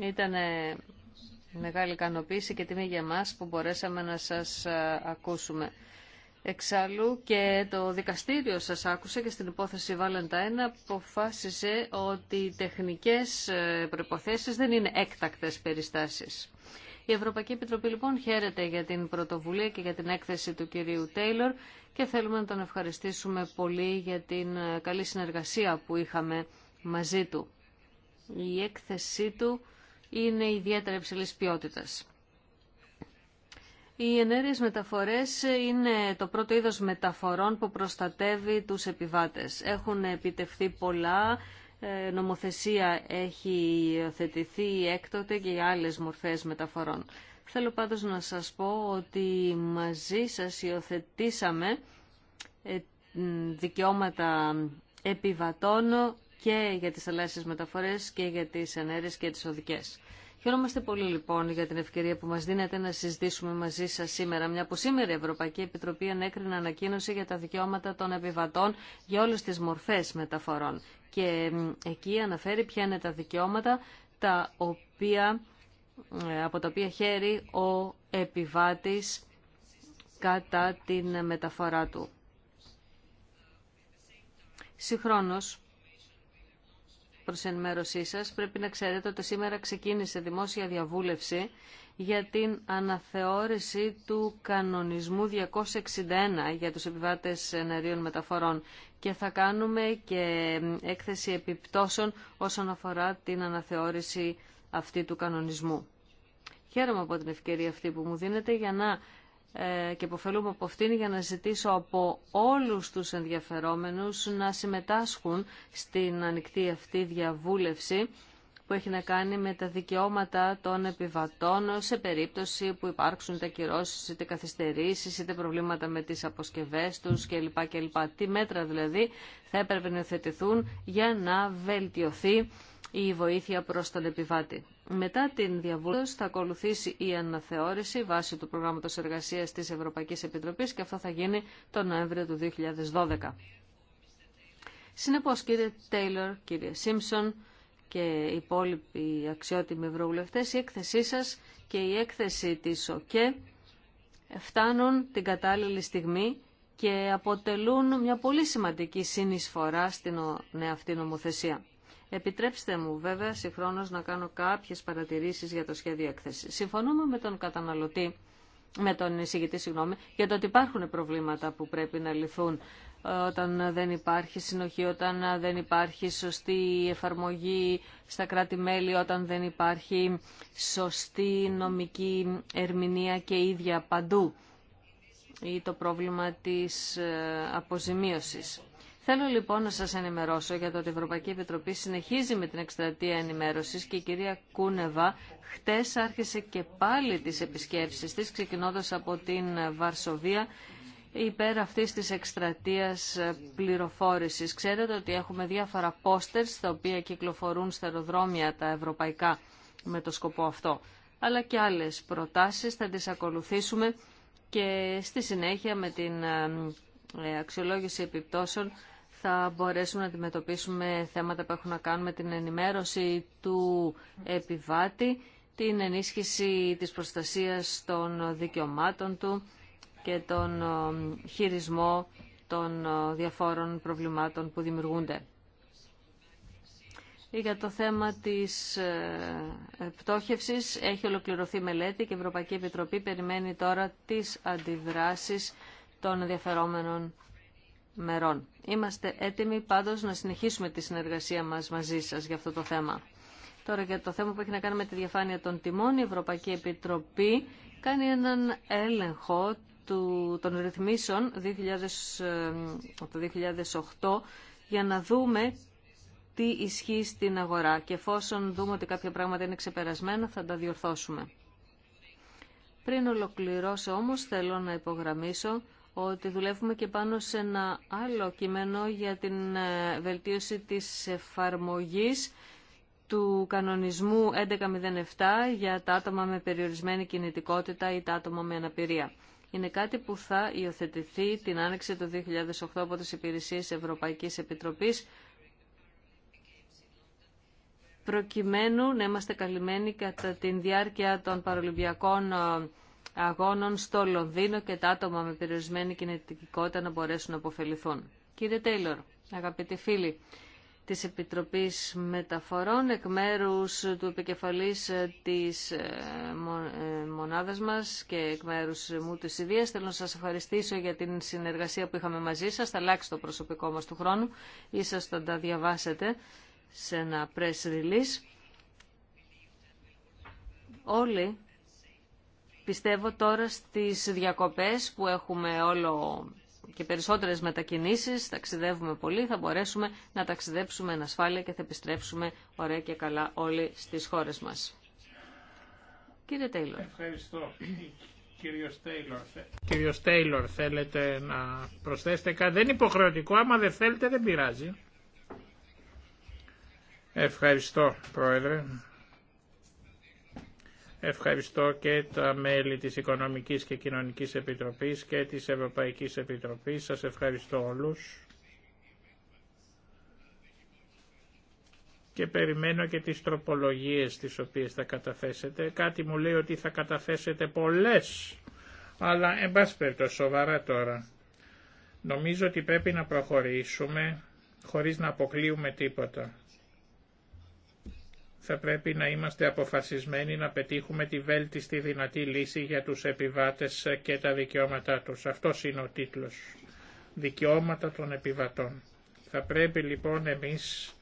Ήταν μεγάλη ικανοποίηση και τιμή για μας που μπορέσαμε να σας ε, ακούσουμε. Εξάλλου και το δικαστήριο σας άκουσε και στην υπόθεση 1 αποφάσισε ότι οι τεχνικές ε, προϋποθέσεις δεν είναι έκτακτες περιστάσεις. Η Ευρωπαϊκή Επιτροπή λοιπόν χαίρεται για την πρωτοβουλία και για την έκθεση του κυρίου Τέιλορ και θέλουμε να τον ευχαριστήσουμε πολύ για την ε, καλή συνεργασία που είχαμε μαζί του. Η έκθεσή του είναι ιδιαίτερα υψηλής ποιότητας. Οι ενέργειες μεταφορές είναι το πρώτο είδος μεταφορών που προστατεύει τους επιβάτες. Έχουν επιτευχθεί πολλά, ε, νομοθεσία έχει υιοθετηθεί έκτοτε και οι άλλες μορφές μεταφορών. Θέλω πάντως να σας πω ότι μαζί σας υιοθετήσαμε ε, δικαιώματα επιβατών και για τις θαλάσσιες μεταφορές και για τις ενέργειες και τις οδικές. Χαιρόμαστε πολύ λοιπόν για την ευκαιρία που μας δίνετε να συζητήσουμε μαζί σας σήμερα, μια που σήμερα η Ευρωπαϊκή Επιτροπή ανέκρινε ανακοίνωση για τα δικαιώματα των επιβατών για όλες τις μορφές μεταφορών. Και εκεί αναφέρει ποια είναι τα δικαιώματα τα οποία, ε, από τα οποία χαίρει ο επιβάτης κατά την μεταφορά του. Συγχρόνως, Προ ενημέρωσή σα, πρέπει να ξέρετε ότι σήμερα ξεκίνησε δημόσια διαβούλευση για την αναθεώρηση του κανονισμού 261 για τους επιβάτες ενεργείων μεταφορών και θα κάνουμε και έκθεση επιπτώσεων όσον αφορά την αναθεώρηση αυτή του κανονισμού. Χαίρομαι από την ευκαιρία αυτή που μου δίνετε για να ε, και υποφελούμε από αυτήν για να ζητήσω από όλους τους ενδιαφερόμενους να συμμετάσχουν στην ανοιχτή αυτή διαβούλευση που έχει να κάνει με τα δικαιώματα των επιβατών σε περίπτωση που υπάρξουν τα κυρώσεις είτε καθυστερήσεις, είτε προβλήματα με τις αποσκευές τους κλπ. κλπ. Τι μέτρα δηλαδή θα έπρεπε να υιοθετηθούν για να βελτιωθεί η βοήθεια προς τον επιβάτη. Μετά την διαβούλευση θα ακολουθήσει η αναθεώρηση βάσει του προγράμματος εργασίας της Ευρωπαϊκής Επιτροπής και αυτό θα γίνει τον Νοέμβριο του 2012. Συνεπώς κύριε Τέιλορ, κύριε Σίμψον και οι υπόλοιποι αξιότιμοι ευρωβουλευτές, η έκθεσή σας και η έκθεση της ΟΚΕ φτάνουν την κατάλληλη στιγμή και αποτελούν μια πολύ σημαντική συνεισφορά στην αυτή νομοθεσία. Επιτρέψτε μου βέβαια συγχρόνως να κάνω κάποιες παρατηρήσεις για το σχέδιο έκθεση. Συμφωνούμε με τον καταναλωτή, με τον εισηγητή συγγνώμη, για το ότι υπάρχουν προβλήματα που πρέπει να λυθούν όταν δεν υπάρχει συνοχή, όταν δεν υπάρχει σωστή εφαρμογή στα κράτη-μέλη, όταν δεν υπάρχει σωστή νομική ερμηνεία και ίδια παντού ή το πρόβλημα της ε, αποζημίωσης. Θέλω λοιπόν να σας ενημερώσω για το ότι η Ευρωπαϊκή Επιτροπή συνεχίζει με την εκστρατεία ενημέρωσης και η κυρία Κούνεβα χτες άρχισε και πάλι τις επισκέψεις της ξεκινώντας από την Βαρσοβία υπέρ αυτής της εκστρατείας πληροφόρησης. Ξέρετε ότι έχουμε διάφορα πόστερ τα οποία κυκλοφορούν στα αεροδρόμια τα ευρωπαϊκά με το σκοπό αυτό. Αλλά και άλλες προτάσεις θα τις ακολουθήσουμε και στη συνέχεια με την ε, ε, αξιολόγηση επιπτώσεων θα μπορέσουμε να αντιμετωπίσουμε θέματα που έχουν να κάνουν με την ενημέρωση του επιβάτη, την ενίσχυση της προστασίας των δικαιωμάτων του και τον ε, χειρισμό των ε, διαφόρων προβλημάτων που δημιουργούνται. Για το θέμα της ε, πτώχευσης έχει ολοκληρωθεί μελέτη και η Ευρωπαϊκή Επιτροπή περιμένει τώρα τις αντιδράσεις των ενδιαφερόμενων μερών. Είμαστε έτοιμοι πάντως να συνεχίσουμε τη συνεργασία μας μαζί σας για αυτό το θέμα. Τώρα για το θέμα που έχει να κάνει με τη διαφάνεια των τιμών, η Ευρωπαϊκή Επιτροπή κάνει έναν έλεγχο του, των ρυθμίσεων 2000, ε, το 2008 για να δούμε τι ισχύει στην αγορά και εφόσον δούμε ότι κάποια πράγματα είναι ξεπερασμένα θα τα διορθώσουμε. Πριν ολοκληρώσω όμως θέλω να υπογραμμίσω ότι δουλεύουμε και πάνω σε ένα άλλο κείμενο για την ε, βελτίωση της εφαρμογής του κανονισμού 1107 για τα άτομα με περιορισμένη κινητικότητα ή τα άτομα με αναπηρία. Είναι κάτι που θα υιοθετηθεί την άνοιξη του 2008 από τις υπηρεσίες Ευρωπαϊκής Επιτροπής προκειμένου να είμαστε καλυμμένοι κατά την διάρκεια των παρολυμπιακών ε, αγώνων στο Λονδίνο και τα άτομα με περιορισμένη κινητικότητα να μπορέσουν να αποφεληθούν. Κύριε Τέιλορ, αγαπητοί φίλοι της Επιτροπής Μεταφορών, εκ μέρους του επικεφαλής της ε, ε, μονάδας μας και εκ μέρους μου της Ιδίας, θέλω να σας ευχαριστήσω για την συνεργασία που είχαμε μαζί σας. Θα αλλάξει το προσωπικό μας του χρόνου, ίσως θα τα διαβάσετε σε ένα press release. Όλοι πιστεύω τώρα στις διακοπές που έχουμε όλο και περισσότερες μετακινήσεις, ταξιδεύουμε πολύ, θα μπορέσουμε να ταξιδέψουμε εν ασφάλεια και θα επιστρέψουμε ωραία και καλά όλοι στις χώρες μας. Κύριε Τέιλορ. Ευχαριστώ. Κύριος Τέιλορ. Κύριος Τέιλορ, θέλετε να προσθέσετε κάτι. Δεν είναι υποχρεωτικό, άμα δεν θέλετε δεν πειράζει. Ευχαριστώ, Πρόεδρε. Ευχαριστώ και τα μέλη της Οικονομικής και Κοινωνικής Επιτροπής και της Ευρωπαϊκής Επιτροπής. Σας ευχαριστώ όλους. Και περιμένω και τις τροπολογίες τις οποίες θα καταθέσετε. Κάτι μου λέει ότι θα καταθέσετε πολλές, αλλά εμπάσπερτο σοβαρά τώρα. Νομίζω ότι πρέπει να προχωρήσουμε χωρίς να αποκλείουμε τίποτα θα πρέπει να είμαστε αποφασισμένοι να πετύχουμε τη βέλτιστη δυνατή λύση για τους επιβάτες και τα δικαιώματά τους. Αυτός είναι ο τίτλος. Δικαιώματα των επιβατών. Θα πρέπει λοιπόν εμείς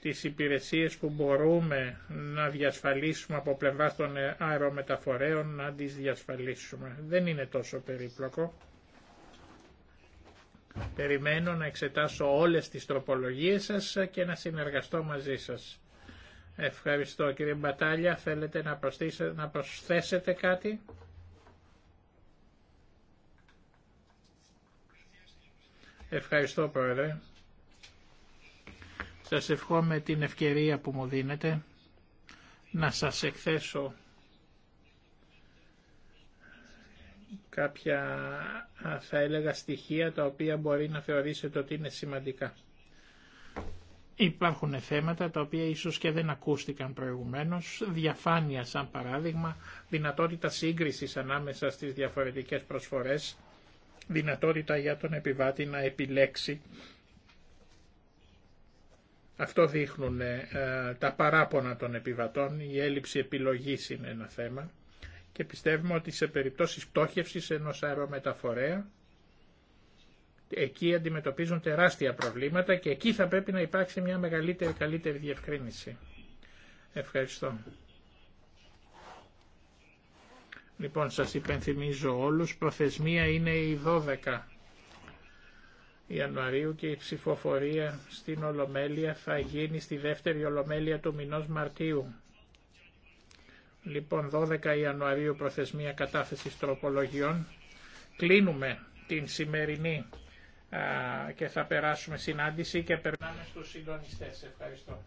τις υπηρεσίες που μπορούμε να διασφαλίσουμε από πλευρά των αερομεταφορέων να τις διασφαλίσουμε. Δεν είναι τόσο περίπλοκο. Περιμένω να εξετάσω όλες τις τροπολογίες σας και να συνεργαστώ μαζί σας. Ευχαριστώ κύριε Μπατάλια. Θέλετε να, προσθέσετε, να προσθέσετε κάτι. Ευχαριστώ Πρόεδρε. Σας ευχόμαι την ευκαιρία που μου δίνετε να σας εκθέσω κάποια θα έλεγα στοιχεία τα οποία μπορεί να θεωρήσετε ότι είναι σημαντικά. Υπάρχουν θέματα τα οποία ίσως και δεν ακούστηκαν προηγουμένως, διαφάνεια σαν παράδειγμα, δυνατότητα σύγκρισης ανάμεσα στις διαφορετικές προσφορές, δυνατότητα για τον επιβάτη να επιλέξει. Αυτό δείχνουν ε, τα παράπονα των επιβατών, η έλλειψη επιλογής είναι ένα θέμα και πιστεύουμε ότι σε περιπτώσεις πτώχευσης ενός αερομεταφορέα εκεί αντιμετωπίζουν τεράστια προβλήματα και εκεί θα πρέπει να υπάρξει μια μεγαλύτερη, καλύτερη διευκρίνηση. Ευχαριστώ. Λοιπόν, σας υπενθυμίζω όλους, προθεσμία είναι η 12 Ιανουαρίου και η ψηφοφορία στην Ολομέλεια θα γίνει στη δεύτερη Ολομέλεια του μηνός Μαρτίου. Λοιπόν, 12 Ιανουαρίου προθεσμία κατάθεσης τροπολογιών. Κλείνουμε την σημερινή και θα περάσουμε συνάντηση και περνάμε στους συντονιστές. Ευχαριστώ.